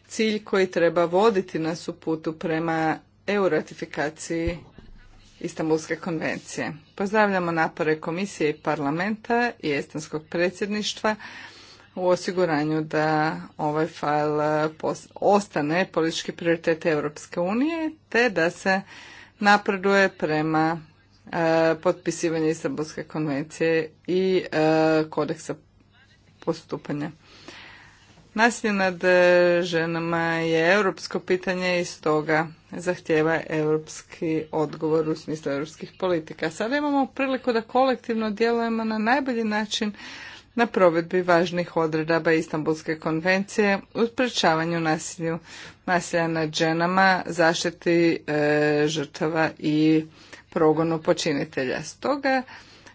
cilj koji treba voditi nas u putu prema EU ratifikaciji Istanbulske konvencije. Pozdravljamo napore komisije i parlamenta i estonskog predsjedništva u osiguranju da ovaj fail e, ostane politički prioritet Europske unije te da se napreduje prema e, potpisivanju Istanbulske konvencije i e, kodeksa postupanja. Nasilje nad ženama je europsko pitanje i stoga zahtjeva europski odgovor u smislu europskih politika. Sada imamo priliku da kolektivno djelujemo na najbolji način na provedbi važnih odredaba Istanbulske konvencije u sprečavanju nasilju, nasilja nad ženama, zaštiti e, žrtava i progonu počinitelja. Stoga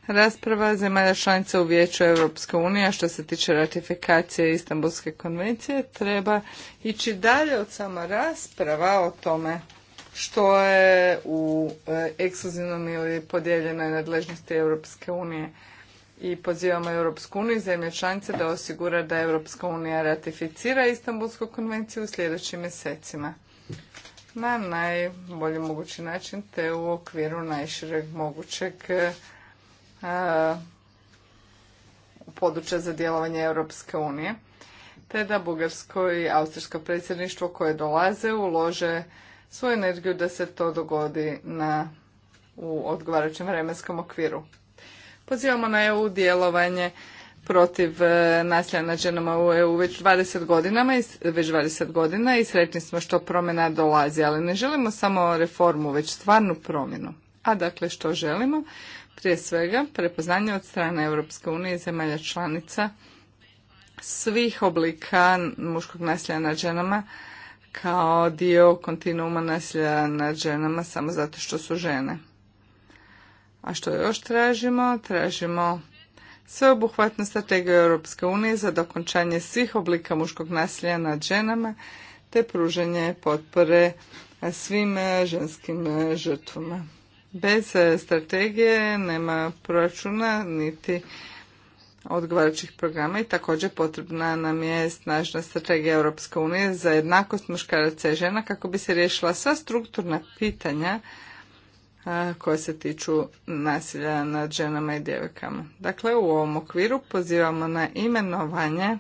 rasprava zemalja članica u Vijeću Europske unije što se tiče ratifikacije Istanbulske konvencije treba ići dalje od sama rasprava o tome što je u e, ekskluzivnom ili podijeljenoj nadležnosti Europske unije i pozivamo Europsku uniju i zemlje članice da osigura da Europska unija ratificira Istanbulsku konvenciju u sljedećim mjesecima na najbolji mogući način te u okviru najšireg mogućeg e, područja za djelovanje Europske unije te da bugarsko i austrijsko predsjedništvo koje dolaze ulože svoju energiju da se to dogodi u odgovarajućem vremenskom okviru. Pozivamo na EU djelovanje protiv e, nasilja nad ženama u EU već 20 godinama i već 20 godina i sretni smo što promjena dolazi, ali ne želimo samo reformu, već stvarnu promjenu. A dakle što želimo? Prije svega prepoznanje od strane Europske unije i zemalja članica svih oblika muškog nasilja nad ženama kao dio kontinuuma nasilja nad ženama samo zato što su žene. A što još tražimo? Tražimo sveobuhvatnu strategiju Europske unije za dokončanje svih oblika muškog nasilja nad ženama te pružanje potpore svim e, ženskim e, žrtvama. Bez e, strategije nema proračuna niti odgovarajućih programa i također potrebna nam je snažna strategija Europske unije za jednakost muškaraca i žena kako bi se riješila sva strukturna pitanja koje se tiču nasilja nad ženama i djevojkama. Dakle, u ovom okviru pozivamo na imenovanje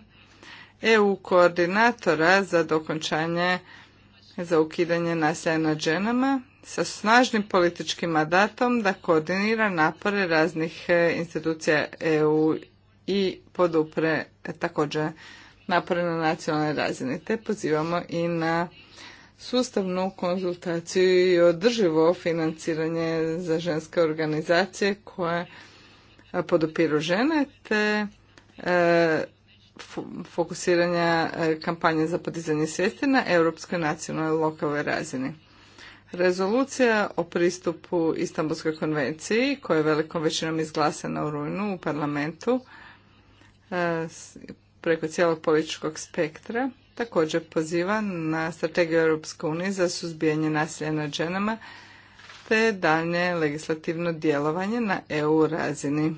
EU koordinatora za dokončanje za ukidanje nasilja nad ženama sa snažnim političkim mandatom da koordinira napore raznih e, institucija EU i podupre također napore na nacionalnoj razini. Te pozivamo i na sustavnu konzultaciju i održivo financiranje za ženske organizacije koje podupiru žene te e, fokusiranja e, kampanje za podizanje svijesti na europskoj nacionalnoj lokalnoj razini. Rezolucija o pristupu Istanbulskoj konvenciji, koja je velikom većinom izglasana u rujnu u parlamentu e, preko cijelog političkog spektra, također poziva na strategiju Europske unije za suzbijanje nasilja nad ženama te daljnje legislativno djelovanje na EU razini.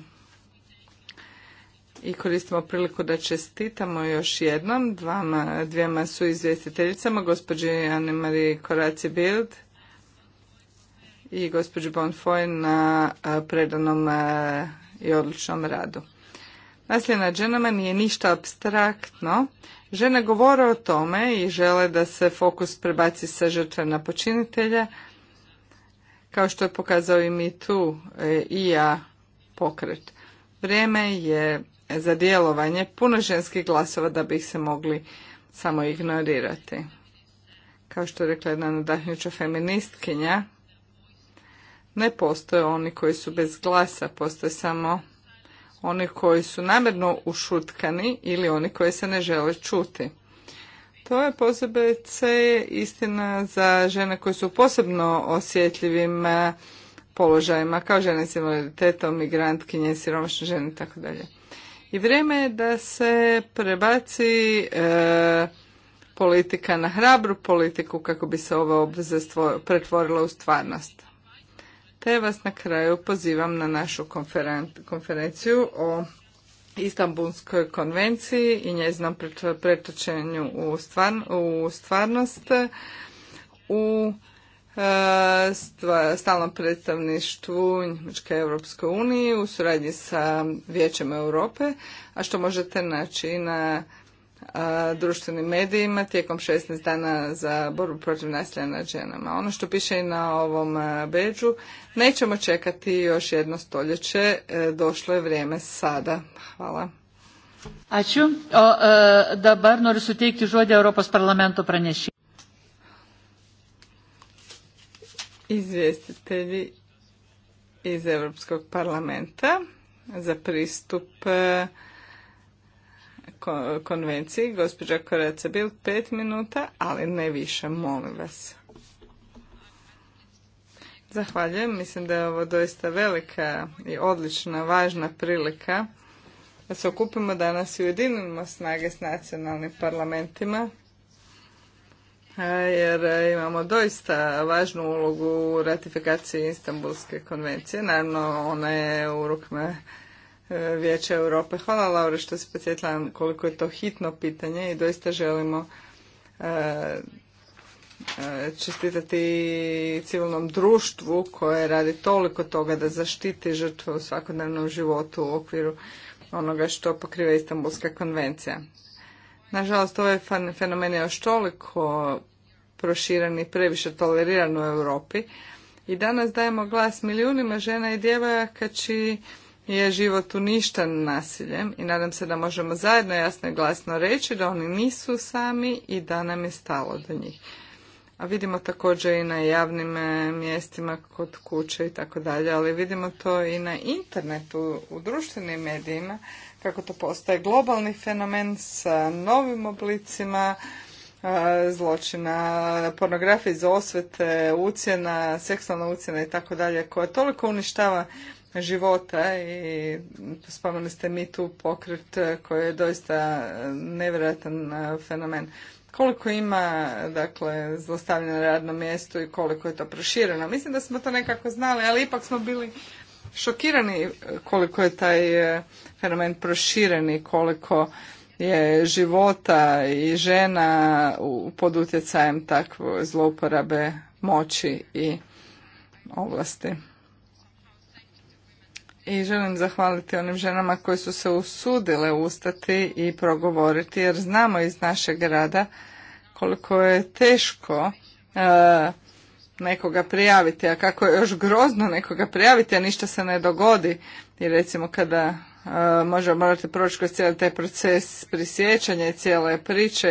I koristimo priliku da čestitamo još jednom dvama, dvijema su izvjestiteljicama, gospođi Anne-Marie Koraci-Bild i gospođi Bonfoy na predanom i odličnom radu. Nasilje nad ženama nije ništa abstraktno, Žene govore o tome i žele da se fokus prebaci sa žrtve na počinitelja, kao što je pokazao i mi tu e, i ja pokret. Vrijeme je za djelovanje puno ženskih glasova da bi ih se mogli samo ignorirati. Kao što je rekla jedna nadahnjuća feministkinja, ne postoje oni koji su bez glasa, postoje samo oni koji su namjerno ušutkani ili oni koji se ne žele čuti. To je posebice istina za žene koje su posebno osjetljivim e, položajima, kao žene s invaliditetom, migrantkinje, siromašne žene i I vrijeme je da se prebaci e, politika na hrabru politiku kako bi se ova obveze pretvorila u stvarnost te vas na kraju pozivam na našu konferenciju o Istanbulskoj konvenciji i njezinom pretočenju u, u stvarnost u e, stalnom predstavništvu Njemačke Europske unije u suradnji sa Vijećem Europe, a što možete naći na društvenim medijima tijekom 16 dana za borbu protiv nasilja nad ženama. Ono što piše i na ovom beđu, nećemo čekati još jedno stoljeće, e, došlo je vrijeme sada. Hvala. Ačiū. O e, dabar noriu suteikti žodį Europos Izvjestitelji iz Europskog parlamenta za pristup e, konvenciji. Gospođa Koreca Bil, pet minuta, ali ne više, molim vas. Zahvaljujem. Mislim da je ovo doista velika i odlična, važna prilika da se okupimo danas i ujedinimo snage s nacionalnim parlamentima jer imamo doista važnu ulogu u ratifikaciji Istanbulske konvencije. Naravno, ona je u rukama E, Vijeća Europe. Hvala Laura što si podsjetila koliko je to hitno pitanje i doista želimo e, e, čestitati civilnom društvu koje radi toliko toga da zaštiti žrtve u svakodnevnom životu u okviru onoga što pokriva Istanbulska konvencija. Nažalost, ovaj fenomen je još toliko proširen i previše toleriran u Europi i danas dajemo glas milijunima žena i djevojaka čiji je život uništen nasiljem i nadam se da možemo zajedno jasno i glasno reći da oni nisu sami i da nam je stalo do njih. A vidimo također i na javnim e, mjestima kod kuće i tako dalje, ali vidimo to i na internetu, u društvenim medijima, kako to postaje globalni fenomen sa novim oblicima e, zločina, pornografije za osvete, ucjena, seksualna ucjena i tako dalje, koja toliko uništava života i spomenuli ste mi tu pokret koji je doista nevjerojatan e, fenomen. Koliko ima dakle zlostavljanja na radnom mjestu i koliko je to prošireno. Mislim da smo to nekako znali, ali ipak smo bili šokirani koliko je taj e, fenomen proširen i koliko je života i žena pod utjecajem takve zlouporabe moći i ovlasti i želim zahvaliti onim ženama koje su se usudile ustati i progovoriti jer znamo iz našeg rada koliko je teško e, nekoga prijaviti, a kako je još grozno nekoga prijaviti, a ništa se ne dogodi. I recimo kada e, možda morate proći kroz cijeli taj proces prisjećanja i cijele priče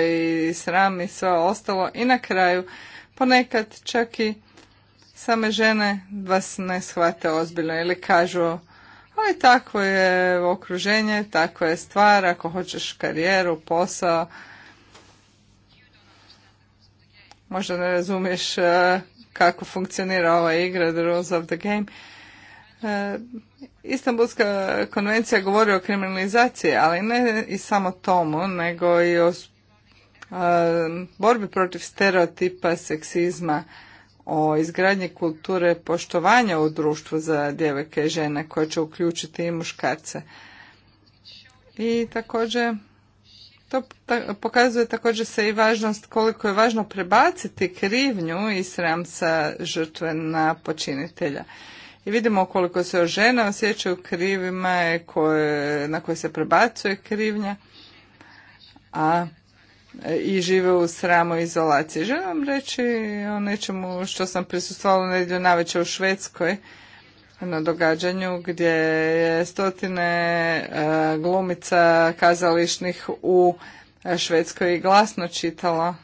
i sram i sve ostalo i na kraju ponekad čak i same žene vas ne shvate ozbiljno ili kažu je takvo je okruženje, takva je stvar, ako hoćeš karijeru, posao, možda ne razumiješ e, kako funkcionira ova igra, the rules of the game. E, Istanbulska konvencija govori o kriminalizaciji, ali ne i samo tomu, nego i o e, borbi protiv stereotipa, seksizma, o izgradnji kulture poštovanja u društvu za djevojke i žene koje će uključiti i muškarce. I također to pokazuje također se i važnost koliko je važno prebaciti krivnju i sram sa žrtve na počinitelja. I vidimo koliko se žena osjećaju krivima koje, na koje se prebacuje krivnja. A i žive u sramu izolaciji. Želim vam reći o nečemu što sam prisustvala nedjelju navečer u Švedskoj na događanju gdje je stotine e, glumica kazališnih u Švedskoj i glasno čitala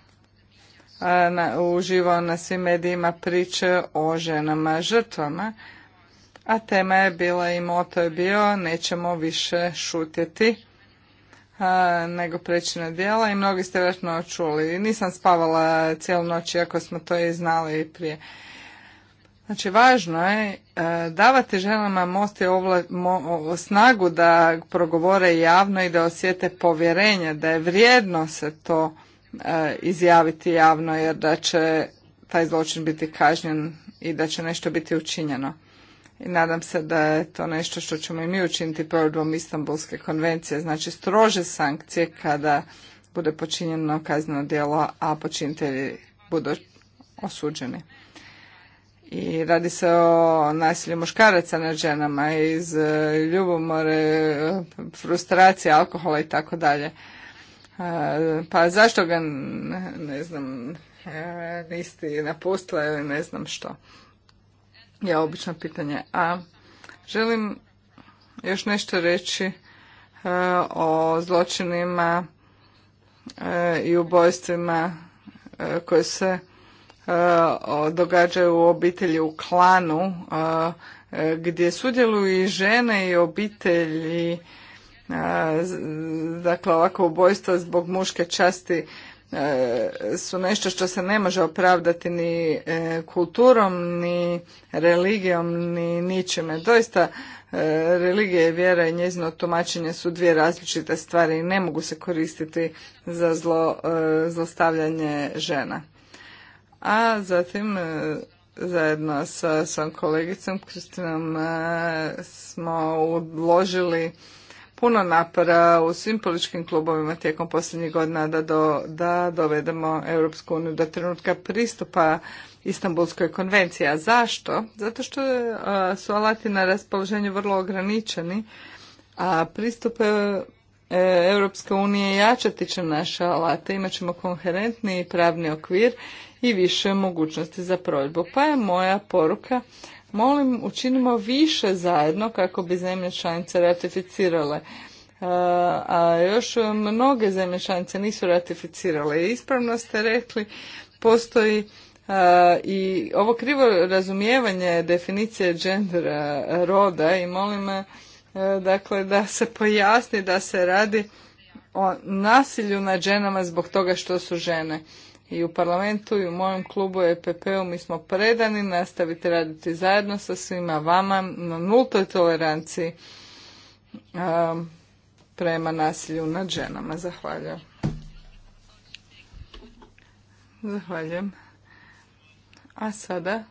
e, uživo na svim medijima priče o ženama žrtvama. A tema je bila i moto je bio nećemo više šutjeti nego preći na djela i mnogi ste vjerojatno čuli. Nisam spavala cijelu noć, iako smo to i znali i prije. Znači, važno je e, davati ženama mosti ovla, snagu da progovore javno i da osjete povjerenje, da je vrijedno se to e, izjaviti javno, jer da će taj zločin biti kažnjen i da će nešto biti učinjeno i nadam se da je to nešto što ćemo i mi učiniti provedbom Istanbulske konvencije, znači strože sankcije kada bude počinjeno kazneno djelo, a počinitelji budu osuđeni. I radi se o nasilju muškaraca nad ženama iz e, ljubomore, frustracije, alkohola i tako dalje. E, pa zašto ga, ne znam, e, niste napustila ili ne znam što je obično pitanje. A želim još nešto reći e, o zločinima e, i ubojstvima e, koje se događaju u obitelji, u klanu, gdje sudjeluju i žene i obitelji, dakle ovako ubojstva zbog muške časti E, su nešto što se ne može opravdati ni e, kulturom, ni religijom, ni ničime. Doista, e, religija i vjera i njezino tumačenje su dvije različite stvari i ne mogu se koristiti za zlo, zlostavljanje žena. A zatim, zajedno sa svojom kolegicom Kristinom smo uložili puno napora u svim političkim klubovima tijekom posljednjih godina da, do, da dovedemo Europsku uniju do trenutka pristupa Istanbulskoj konvenciji. A zašto? Zato što e, su alati na raspoloženju vrlo ograničeni, a pristup e, e, Europske unije jačati će naše alate, imat ćemo koherentniji pravni okvir i više mogućnosti za provedbu. Pa je moja poruka Molim, učinimo više zajedno kako bi zemlje članice ratificirale. E, a, još mnoge zemlje članice nisu ratificirale. Ispravno ste rekli, postoji e, i ovo krivo razumijevanje definicije gendera roda i molim e, dakle da se pojasni da se radi o nasilju nad ženama zbog toga što su žene i u parlamentu i u mojem klubu EPP-u mi smo predani nastaviti raditi zajedno sa svima vama na nultoj toleranciji um, prema nasilju nad ženama. Zahvaljujem. Zahvaljujem. A sada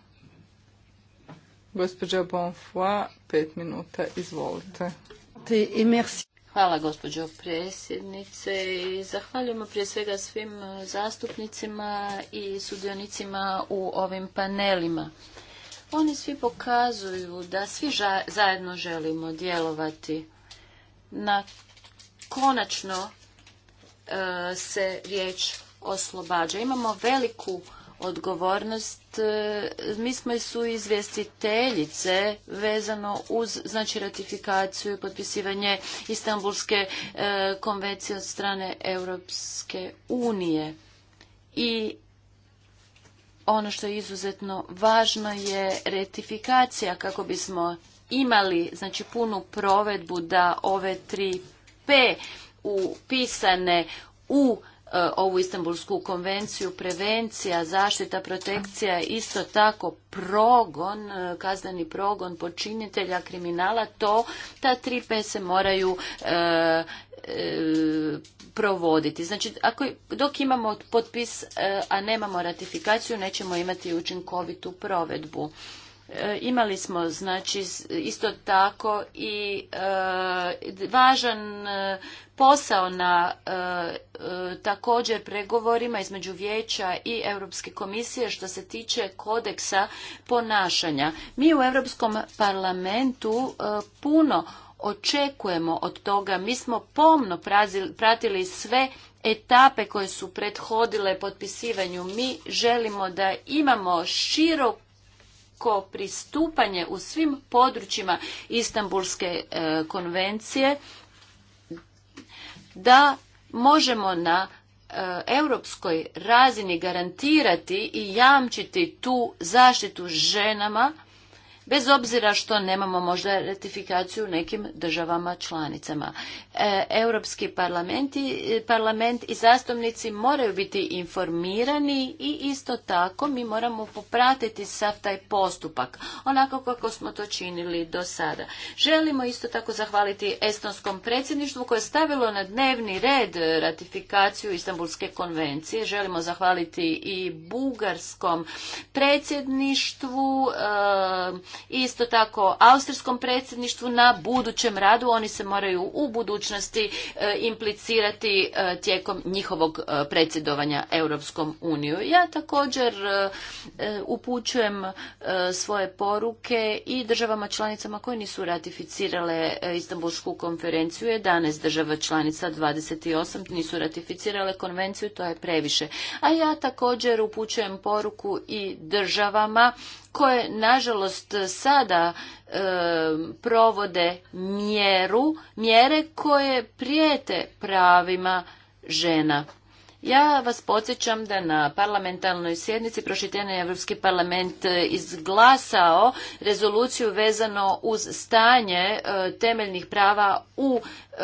gospođa Bonfoy, pet minuta, izvolite. I merci. Hvala gospođo predsjednice i zahvaljujemo prije svega svim e, zastupnicima i sudionicima u ovim panelima. Oni svi pokazuju da svi zajedno želimo djelovati na konačno e, se riječ oslobađa. Imamo veliku odgovornost. E, mi smo su izvjestiteljice vezano uz znači ratifikaciju i potpisivanje Istanbulske e, konvencije od strane Europske unije. I ono što je izuzetno važno je ratifikacija kako bismo imali znači punu provedbu da ove tri P upisane u E, ovu Istanbulsku konvenciju, prevencija, zaštita, protekcija, isto tako progon, e, kazneni progon počinitelja kriminala, to ta tri P se moraju e, provoditi. Znači, ako, dok imamo potpis, a nemamo ratifikaciju, nećemo imati učinkovitu provedbu. E, imali smo znači isto tako i e, važan e, posao na također pregovorima između vijeća i Europske komisije što se tiče kodeksa ponašanja. Mi u Europskom parlamentu puno očekujemo od toga. Mi smo pomno pratili sve etape koje su prethodile potpisivanju. Mi želimo da imamo širok jednako pristupanje u svim područjima Istanbulske e, konvencije da možemo na e, europskoj razini garantirati i jamčiti tu zaštitu ženama bez obzira što nemamo možda ratifikaciju u nekim državama članicama. E, Europski parlament i, parlament i zastupnici moraju biti informirani i isto tako mi moramo popratiti sav taj postupak, onako kako smo to činili do sada. Želimo isto tako zahvaliti Estonskom predsjedništvu koje je stavilo na dnevni red ratifikaciju Istanbulske konvencije. Želimo zahvaliti i bugarskom predsjedništvu, e, isto tako austrijskom predsjedništvu na budućem radu. Oni se moraju u budućnosti e, implicirati e, tijekom njihovog e, predsjedovanja Europskom uniju. Ja također upućujem svoje poruke i državama članicama koje nisu ratificirale Istanbulsku konferenciju. 11 država članica, 28 nisu ratificirale konvenciju, to je previše. A ja također upućujem poruku i državama koje nažalost sada e, provode mjeru mjere koje prijete pravima žena ja vas podsjećam da na parlamentarnoj sjednici prošli je Europski parlament e, izglasao rezoluciju vezano uz stanje e, temeljnih prava u e,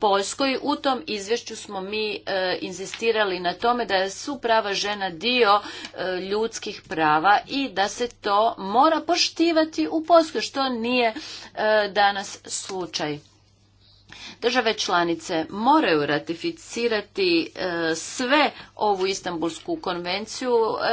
Poljskoj. U tom izvješću smo mi inzistirali na tome da su prava žena dio ljudskih prava i da se to mora poštivati u Poljskoj, što nije danas slučaj. Države članice moraju ratificirati e, sve ovu Istanbulsku konvenciju.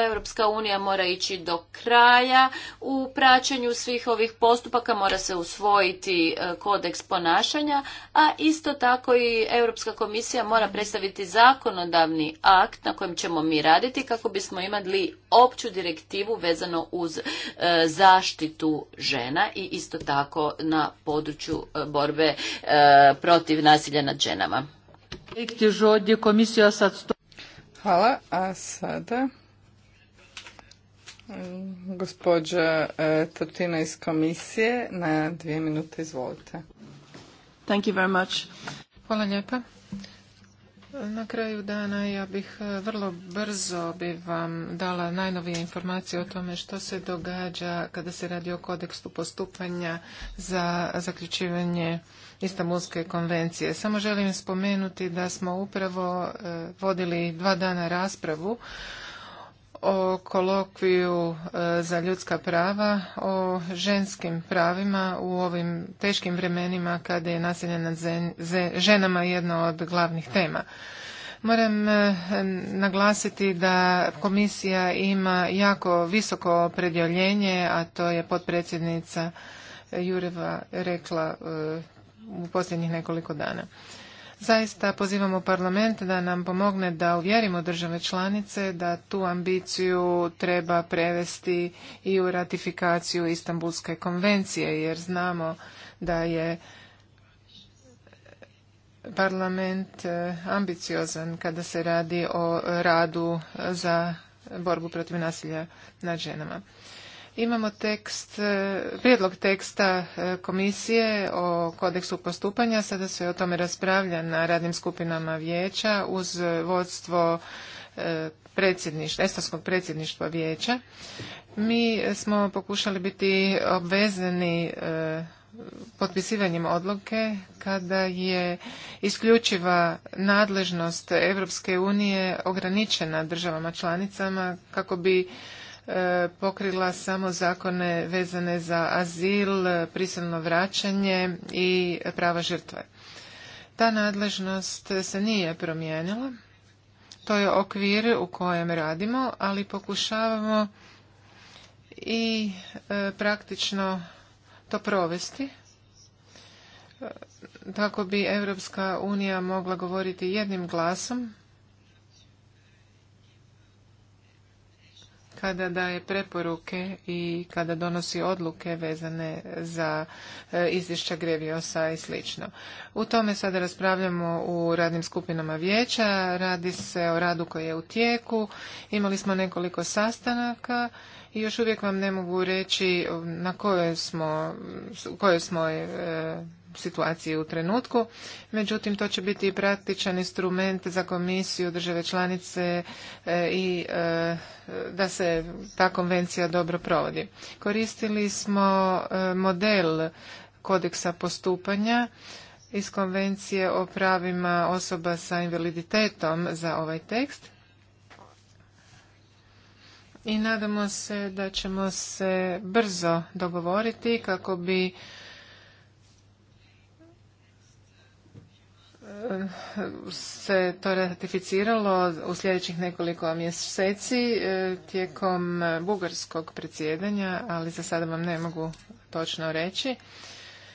Europska unija mora ići do kraja u praćenju svih ovih postupaka, mora se usvojiti e, kodeks ponašanja, a isto tako i Europska komisija mora predstaviti zakonodavni akt na kojem ćemo mi raditi kako bismo imali opću direktivu vezano uz e, zaštitu žena i isto tako na području borbe protiv nasilja nad ženama. Hvala, a sada mm, gospođa e, Tortina iz komisije na dvije minute, izvolite. Thank you very much. Hvala lijepa. Na kraju dana ja bih e, vrlo brzo bi vam dala najnovije informacije o tome što se događa kada se radi o kodekstu postupanja za zaključivanje Istambulske konvencije. Samo želim spomenuti da smo upravo e, vodili dva dana raspravu o kolokviju e, za ljudska prava, o ženskim pravima u ovim teškim vremenima kada je nasilje nad ženama jedna od glavnih tema. Moram e, naglasiti da komisija ima jako visoko opredjeljenje, a to je potpredsjednica Jureva rekla u posljednjih nekoliko dana. Zaista pozivamo parlament da nam pomogne da uvjerimo države članice da tu ambiciju treba prevesti i u ratifikaciju Istanbulske konvencije, jer znamo da je parlament e, ambiciozan kada se radi o radu za borbu protiv nasilja nad ženama. Imamo tekst, e, prijedlog teksta e, komisije o kodeksu postupanja. Sada se o tome raspravlja na radnim skupinama vijeća uz vodstvo e, predsjedništva, estonskog predsjedništva vijeća. Mi smo pokušali biti obvezani potpisivanjem odluke kada je isključiva nadležnost Europske unije ograničena državama članicama kako bi E, pokrila samo zakone vezane za azil, prisilno vraćanje i prava žrtve. Ta nadležnost se nije promijenila. To je okvir u kojem radimo, ali pokušavamo i e, praktično to provesti kako e, bi Europska unija mogla govoriti jednim glasom kada daje preporuke i kada donosi odluke vezane za e, izvješća Greviosa i sl. U tome sada raspravljamo u radnim skupinama vijeća, radi se o radu koji je u tijeku, imali smo nekoliko sastanaka i još uvijek vam ne mogu reći na kojoj smo, kojoj e, smo situaciji u trenutku. Međutim, to će biti i praktičan instrument za komisiju države članice e, i e, da se ta konvencija dobro provodi. Koristili smo e, model kodeksa postupanja iz konvencije o pravima osoba sa invaliditetom za ovaj tekst i nadamo se da ćemo se brzo dogovoriti kako bi se to ratificiralo u sljedećih nekoliko mjeseci e, tijekom bugarskog predsjedanja, ali za sada vam ne mogu točno reći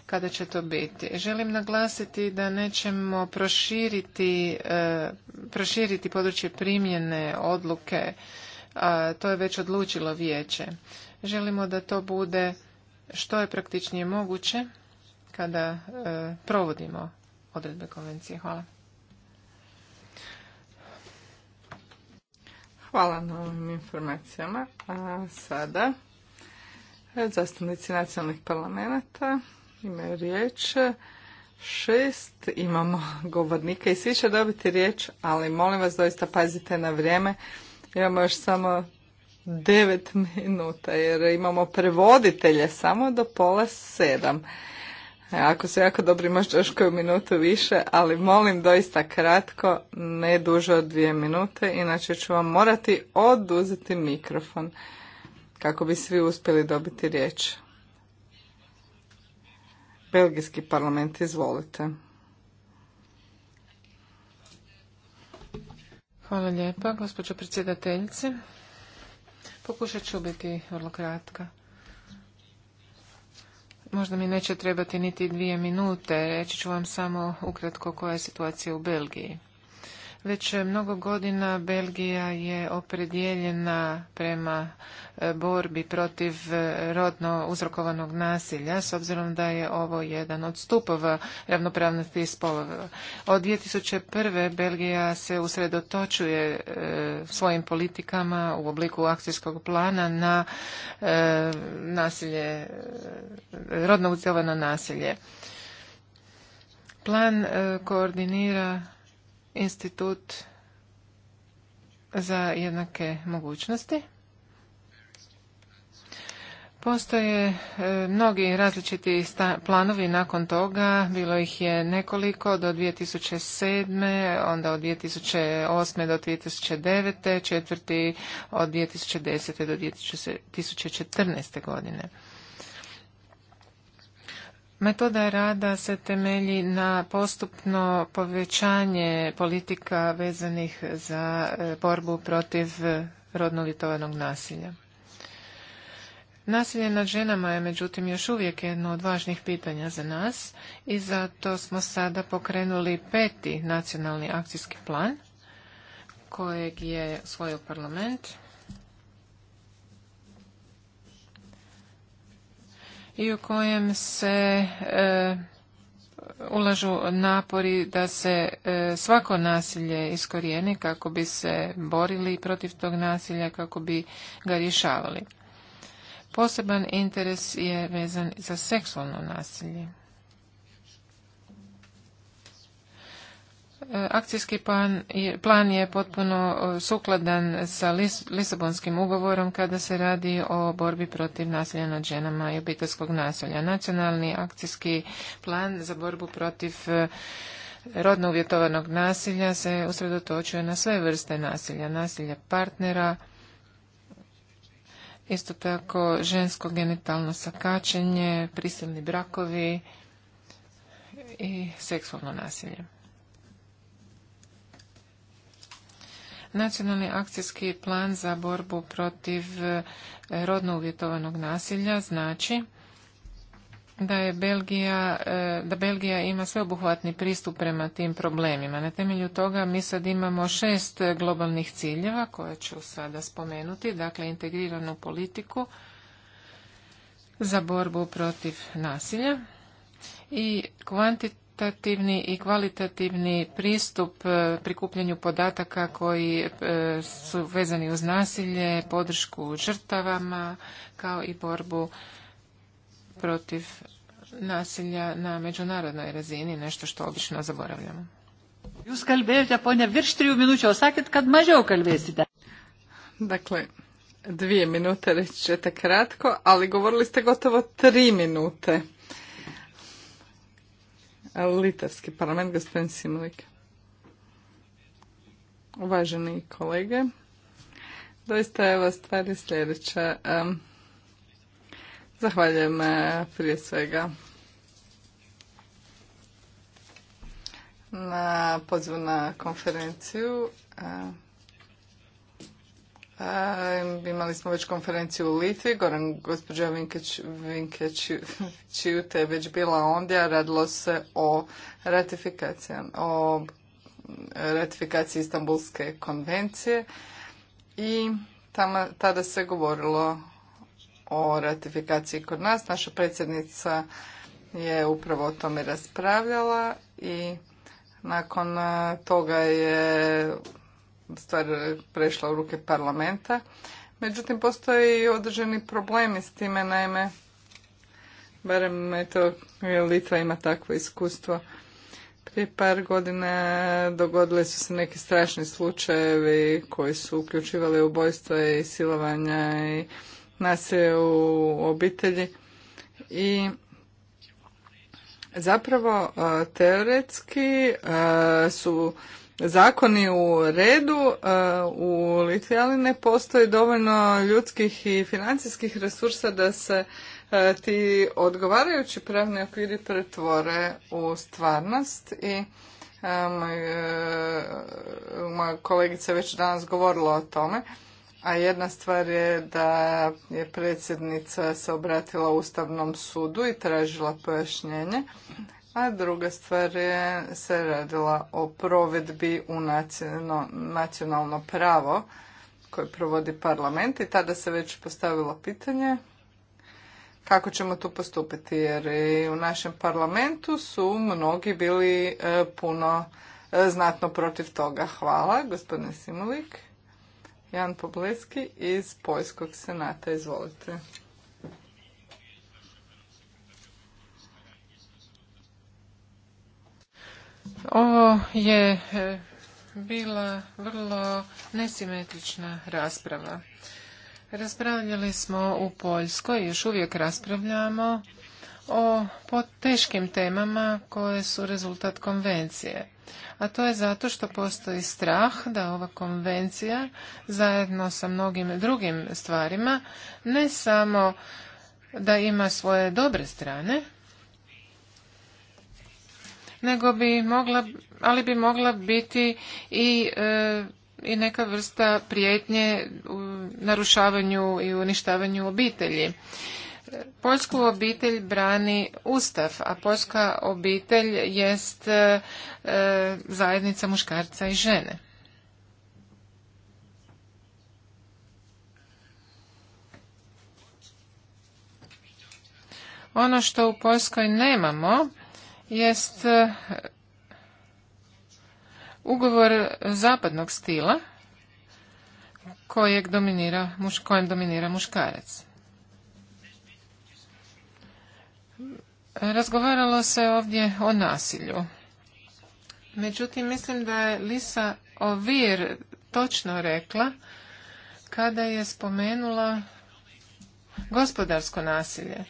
kada će to biti. Želim naglasiti da nećemo proširiti, e, proširiti područje primjene odluke, a to je već odlučilo vijeće. Želimo da to bude što je praktičnije moguće kada e, provodimo odredbe konvencije. Hvala. Hvala na ovim informacijama. A sada zastupnici nacionalnih parlamenta imaju riječ. Šest imamo govornika i svi će dobiti riječ, ali molim vas doista pazite na vrijeme. Imamo još samo devet minuta jer imamo prevoditelje samo do pola sedam. E, ako se jako dobro imaš još koju minutu više, ali molim doista kratko, ne duže od dvije minute, inače ću vam morati oduzeti mikrofon kako bi svi uspjeli dobiti riječ. Belgijski parlament, izvolite. Hvala lijepa, gospođo predsjedateljice. Pokušat ću biti vrlo kratka. Možda mi neće trebati niti dvije minute, reći ću vam samo ukratko koja je situacija u Belgiji. Već mnogo godina Belgija je opredijeljena prema e, borbi protiv e, rodno uzrokovanog nasilja, s obzirom da je ovo jedan od stupova ravnopravnosti spolova. Od 2001. Belgija se usredotočuje e, svojim politikama u obliku akcijskog plana na nasilje, rodno uzrokovano nasilje. Plan koordinira institut za jednake mogućnosti. Postoje e, mnogi različiti planovi nakon toga, bilo ih je nekoliko do 2007. onda od 2008. do 2009. četvrti od 2010. do 2014. godine. Metoda rada se temelji na postupno povećanje politika vezanih za e, borbu protiv rodno nasilja. Nasilje nad ženama je međutim još uvijek jedno od važnih pitanja za nas i zato smo sada pokrenuli peti nacionalni akcijski plan kojeg je usvojio parlament i u kojem se e, ulažu napori da se e, svako nasilje iskorijeni kako bi se borili protiv tog nasilja, kako bi ga rješavali. Poseban interes je vezan za seksualno nasilje. Akcijski plan je, plan je potpuno e, sukladan sa Lisabonskim ugovorom kada se radi o borbi protiv nasilja nad ženama i obiteljskog nasilja. Nacionalni akcijski plan za borbu protiv e, rodno uvjetovanog nasilja se usredotočuje na sve vrste nasilja, Nasilje partnera, isto tako žensko genitalno sakačenje, prisilni brakovi i seksualno nasilje. Nacionalni akcijski plan za borbu protiv eh, rodno uvjetovanog nasilja znači da je Belgija, eh, da Belgija ima sveobuhvatni pristup prema tim problemima. Na temelju toga mi sad imamo šest globalnih ciljeva koje ću sada spomenuti, dakle integriranu politiku za borbu protiv nasilja i kvantit kvantitativni i kvalitativni pristup e, prikupljanju podataka koji e, su vezani uz nasilje, podršku žrtavama kao i borbu protiv nasilja na međunarodnoj razini, nešto što obično zaboravljamo. Jūs kalbėjote, ponia, virš trijų minučių, o sakėt, kad mažiau kalbėsite. Dakle, dvije minute reći kratko, ali govorili ste gotovo tri minute. Litarski parlament, gospodin Simlik. Uvaženi kolege, doista ova stvar je sljedeća. Zahvaljujem e, prije svega na pozivu na konferenciju. E, pa, imali smo već konferenciju u Litvi, Goran, gospođa Vinkeć, Vinkeć je već bila ondje, a radilo se o ratifikacijama, o ratifikaciji Istanbulske konvencije i tamo, tada se govorilo o ratifikaciji kod nas. Naša predsjednica je upravo o tome raspravljala i nakon eh, toga je stvar prešla u ruke parlamenta. Međutim, postoje i određeni problemi s time, naime, barem eto, Litva ima takvo iskustvo. Prije par godina dogodili su se neki strašni slučajevi koji su uključivali ubojstva i silovanja i nasilje u obitelji. I zapravo teoretski su zakoni u redu e, u Litvi, ali ne postoji dovoljno ljudskih i financijskih resursa da se e, ti odgovarajući pravni okviri pretvore u stvarnost i e, moja kolegica već danas govorila o tome. A jedna stvar je da je predsjednica se obratila Ustavnom sudu i tražila pojašnjenje, a druga stvar je se radila o provedbi u nacionalno pravo koje provodi parlament i tada se već postavilo pitanje kako ćemo tu postupiti jer u našem parlamentu su mnogi bili e, puno e, znatno protiv toga. Hvala, gospodine Simulik. Jan Pobleski iz Poljskog senata, izvolite. Ovo je e, bila vrlo nesimetrična rasprava. Raspravljali smo u Poljskoj, još uvijek raspravljamo o teškim temama koje su rezultat konvencije. A to je zato što postoji strah da ova konvencija zajedno sa mnogim drugim stvarima ne samo da ima svoje dobre strane, nego bi mogla, ali bi mogla biti i e, i neka vrsta prijetnje u narušavanju i uništavanju obitelji. Poljsku obitelj brani Ustav, a poljska obitelj jest e, e, zajednica muškarca i žene. Ono što u Poljskoj nemamo jest e, ugovor zapadnog stila kojeg dominira, kojem dominira muškarac. Razgovaralo se ovdje o nasilju. Međutim, mislim da je Lisa Ovir točno rekla kada je spomenula gospodarsko nasilje.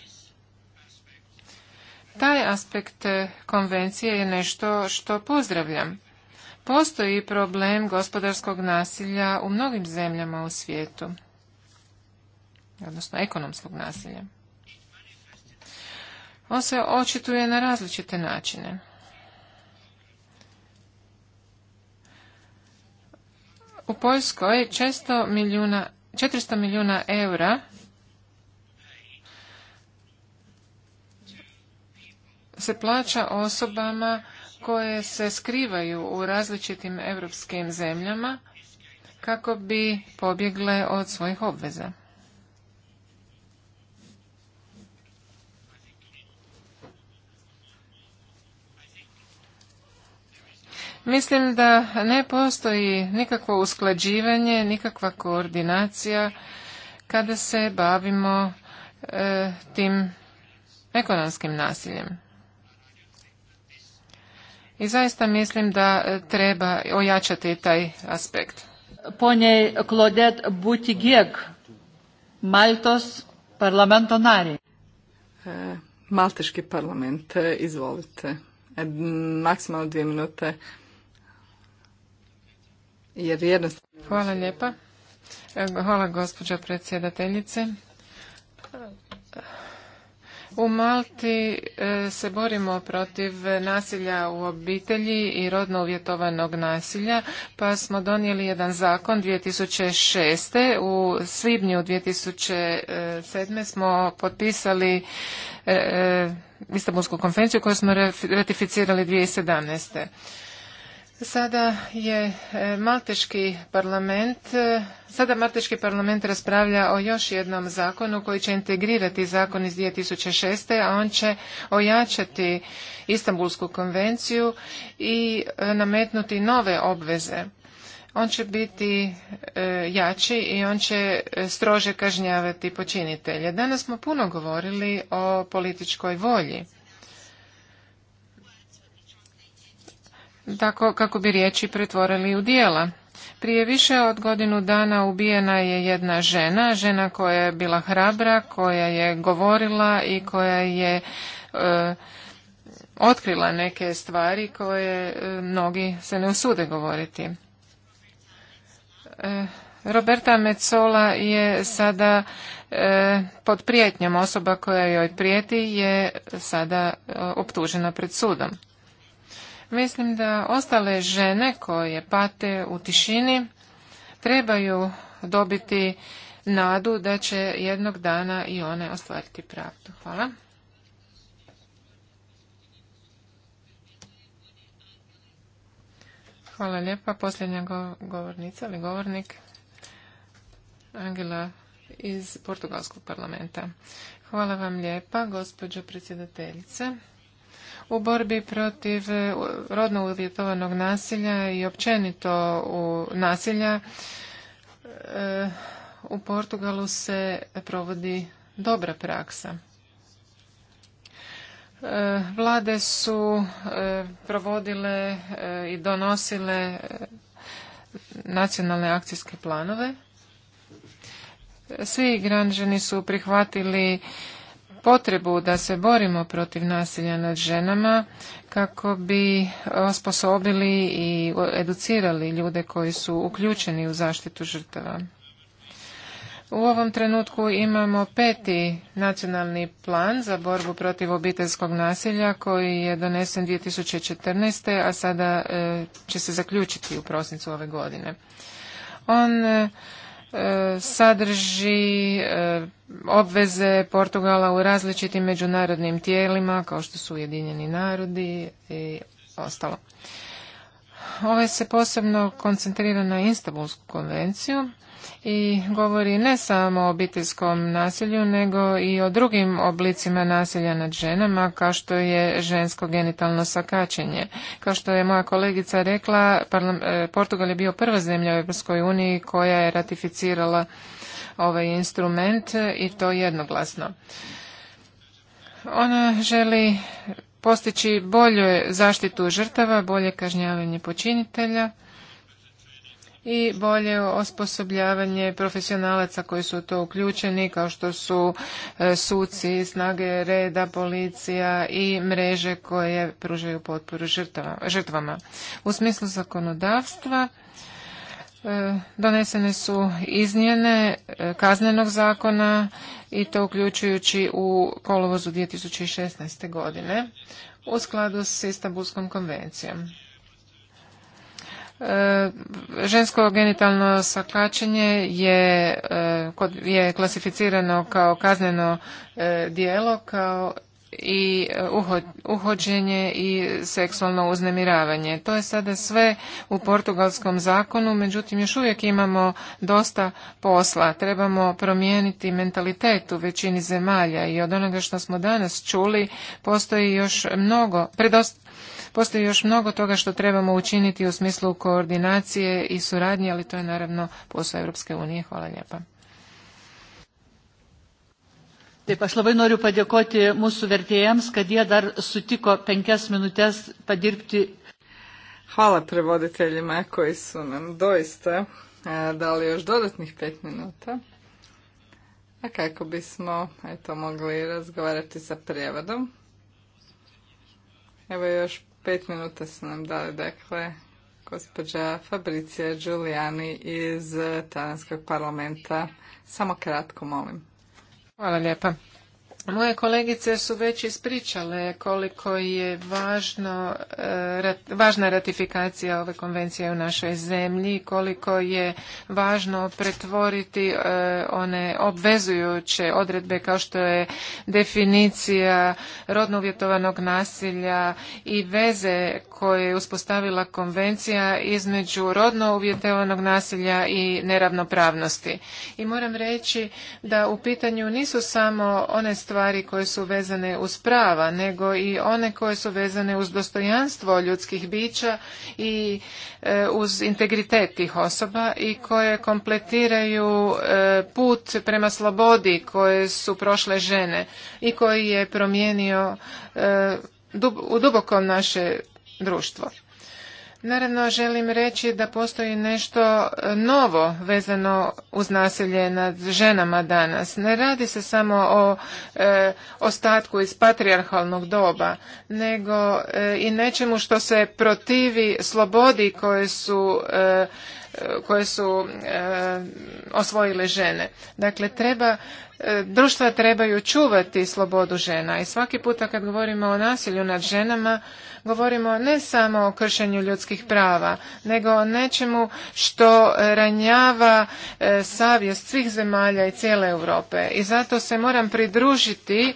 Taj aspekt e, konvencije je nešto što pozdravljam. Postoji problem gospodarskog nasilja u mnogim zemljama u svijetu, odnosno ekonomskog nasilja. On se očituje na različite načine. U Poljskoj često milijuna, 400 milijuna eura se plaća osobama koje se skrivaju u različitim europskim zemljama kako bi pobjegle od svojih obveza. Mislim da ne postoji nikakvo usklađivanje, nikakva koordinacija kada se bavimo e, tim ekonomskim nasiljem. I zaista mislim da e, treba ojačati taj aspekt. Ponje Klodet Butigijeg, Maltos parlamento nari. E, malteški parlament, e, izvolite. Maksimalno dvije minute. Jer jednostavno... Hvala lijepa. Hvala gospođo predsjedateljice. U Malti e, se borimo protiv nasilja u obitelji i rodno uvjetovanog nasilja, pa smo donijeli jedan zakon 2006. U svibnju 2007. smo potpisali e, e, Istanbulsku konvenciju koju smo ratificirali 2017. Sada je e, Malteški parlament, e, sada Malteški parlament raspravlja o još jednom zakonu koji će integrirati zakon iz 2006. a on će ojačati Istanbulsku konvenciju i e, nametnuti nove obveze. On će biti jači i on će strože kažnjavati počinitelje. Danas smo puno govorili o političkoj volji. tako kako bi riječi pretvorili u dijela. Prije više od godinu dana ubijena je jedna žena, žena koja je bila hrabra, koja je govorila i koja je e, otkrila neke stvari koje e, mnogi se ne usude govoriti. E, Roberta Mezzola je sada pod prijetnjom osoba koja joj prijeti je sada optužena pred sudom. Mislim da ostale žene koje pate u tišini trebaju dobiti nadu da će jednog dana i one ostvariti pravdu. Hvala. Hvala lijepa. Posljednja govornica ili govornik Angela iz Portugalskog parlamenta. Hvala vam lijepa, gospođo predsjedateljice u borbi protiv e, rodno uvjetovanog nasilja i općenito u nasilja e, u Portugalu se provodi dobra praksa. E, vlade su provodile i donosile nacionalne akcijske planove. Svi građani su prihvatili potrebu da se borimo protiv nasilja nad ženama kako bi osposobili i educirali ljude koji su uključeni u zaštitu žrtava. U ovom trenutku imamo peti nacionalni plan za borbu protiv obiteljskog nasilja koji je donesen 2014. a sada e, će se zaključiti u prosincu ove godine. On e, E, sadrži e, obveze Portugala u različitim međunarodnim tijelima kao što su Ujedinjeni narodi i ostalo. Ovaj se posebno koncentrira na Istanbulsku konvenciju i govori ne samo o obiteljskom nasilju, nego i o drugim oblicima nasilja nad ženama, kao što je žensko genitalno sakačenje. Kao što je moja kolegica rekla, e, Portugal je bio prva zemlja u Europskoj uniji koja je ratificirala ovaj instrument i to jednoglasno. Ona želi postići bolju zaštitu žrtava, bolje kažnjavanje počinitelja i bolje osposobljavanje profesionalaca koji su u to uključeni kao što su e, suci, snage reda, policija i mreže koje pružaju potporu žrtvama. U smislu zakonodavstva e, donesene su izmjene e, kaznenog zakona i to uključujući u kolovozu 2016. godine u skladu s Istanbulskom konvencijom. E, žensko genitalno sakačenje je, e, je klasificirano kao kazneno e, dijelo kao i uhođenje i seksualno uznemiravanje. To je sada sve u portugalskom zakonu, međutim još uvijek imamo dosta posla. Trebamo promijeniti mentalitet u većini zemalja i od onoga što smo danas čuli postoji još mnogo, predost, Postoji još mnogo toga što trebamo učiniti u smislu koordinacije i suradnje, ali to je naravno posao Europske unije. Hvala lijepa. Taip, aš labai noriu padėkoti mūsų vertėjams, kad jie dar sutiko penkias minutės padirbti. Hvala prevoditeljima koji su nam doista e, dali još dodatnih pet minuta. A kako bismo eto, mogli razgovarati sa prevodom. Evo još Pet minuta su nam dali, dakle, gospođa Fabricija Giuliani iz Talijanskog parlamenta. Samo kratko, molim. Hvala lijepa. Moje kolegice su već ispričale koliko je važno, e, važna ratifikacija ove konvencije u našoj zemlji, koliko je važno pretvoriti e, one obvezujuće odredbe kao što je definicija rodno uvjetovanog nasilja i veze koje je uspostavila konvencija između rodno uvjetovanog nasilja i neravnopravnosti. I moram reći da u pitanju nisu samo one stvari koje su vezane uz prava, nego i one koje su vezane uz dostojanstvo ljudskih bića i e, uz integritet tih osoba i koje kompletiraju e, put prema slobodi koje su prošle žene i koji je promijenio e, u dubokom naše društvo. Naravno, želim reći da postoji nešto e, novo vezano uz nasilje nad ženama danas. Ne radi se samo o e, ostatku iz patrijarhalnog doba, nego e, i nečemu što se protivi slobodi koje su koje su osvojile žene. Dakle, treba društva trebaju čuvati slobodu žena i svaki puta kad govorimo o nasilju nad ženama govorimo ne samo o kršenju ljudskih prava nego o nečemu što ranjava e, savjest svih zemalja i cijele Europe i zato se moram pridružiti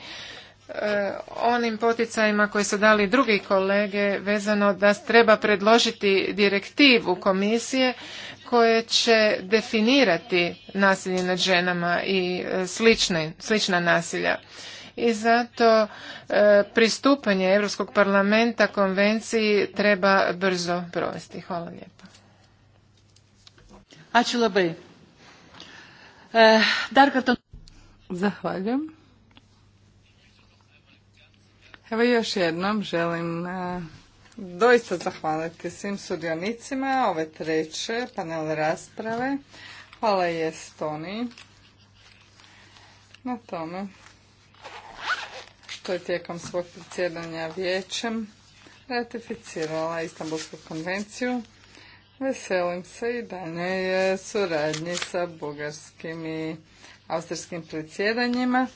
e, onim poticajima koje su dali drugi kolege vezano da treba predložiti direktivu komisije koje će definirati nasilje nad ženama i e, slične, slična nasilja i zato e, pristupanje Europskog parlamenta konvenciji treba brzo provesti. Hvala lijepa. E, Zahvaljujem. Evo još jednom želim doista zahvaliti svim sudionicima ove treće panel rasprave. Hvala i Estoniji na tome što je tijekom svog predsjedanja vijećem ratificirala Istanbulsku konvenciju. Veselim se i dalje suradnji sa bugarskim i austrijskim predsjedanjima.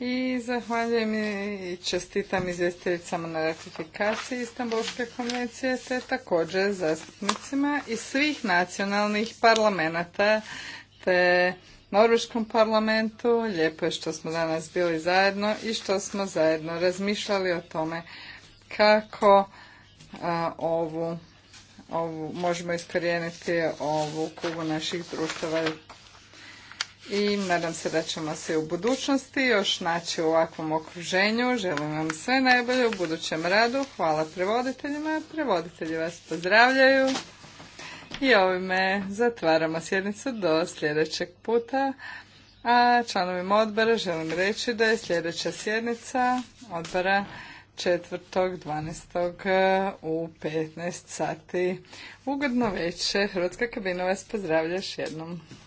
I zahvaljujem i čestitam izvjestiteljicama na ratifikaciji Istanbulske konvencije te također zastupnicima iz svih nacionalnih parlamenta te Norveškom parlamentu. Lijepo je što smo danas bili zajedno i što smo zajedno razmišljali o tome kako ovu, ovu možemo iskorijeniti ovu kugu naših društava i nadam se da ćemo se u budućnosti još naći u ovakvom okruženju. Želim vam sve najbolje u budućem radu. Hvala prevoditeljima. Prevoditelji vas pozdravljaju. I ovime zatvaramo sjednicu do sljedećeg puta. A članovima odbora želim reći da je sljedeća sjednica odbora 4.12. u 15 sati. Ugodno večer. Hrvatska kabina vas pozdravlja još jednom.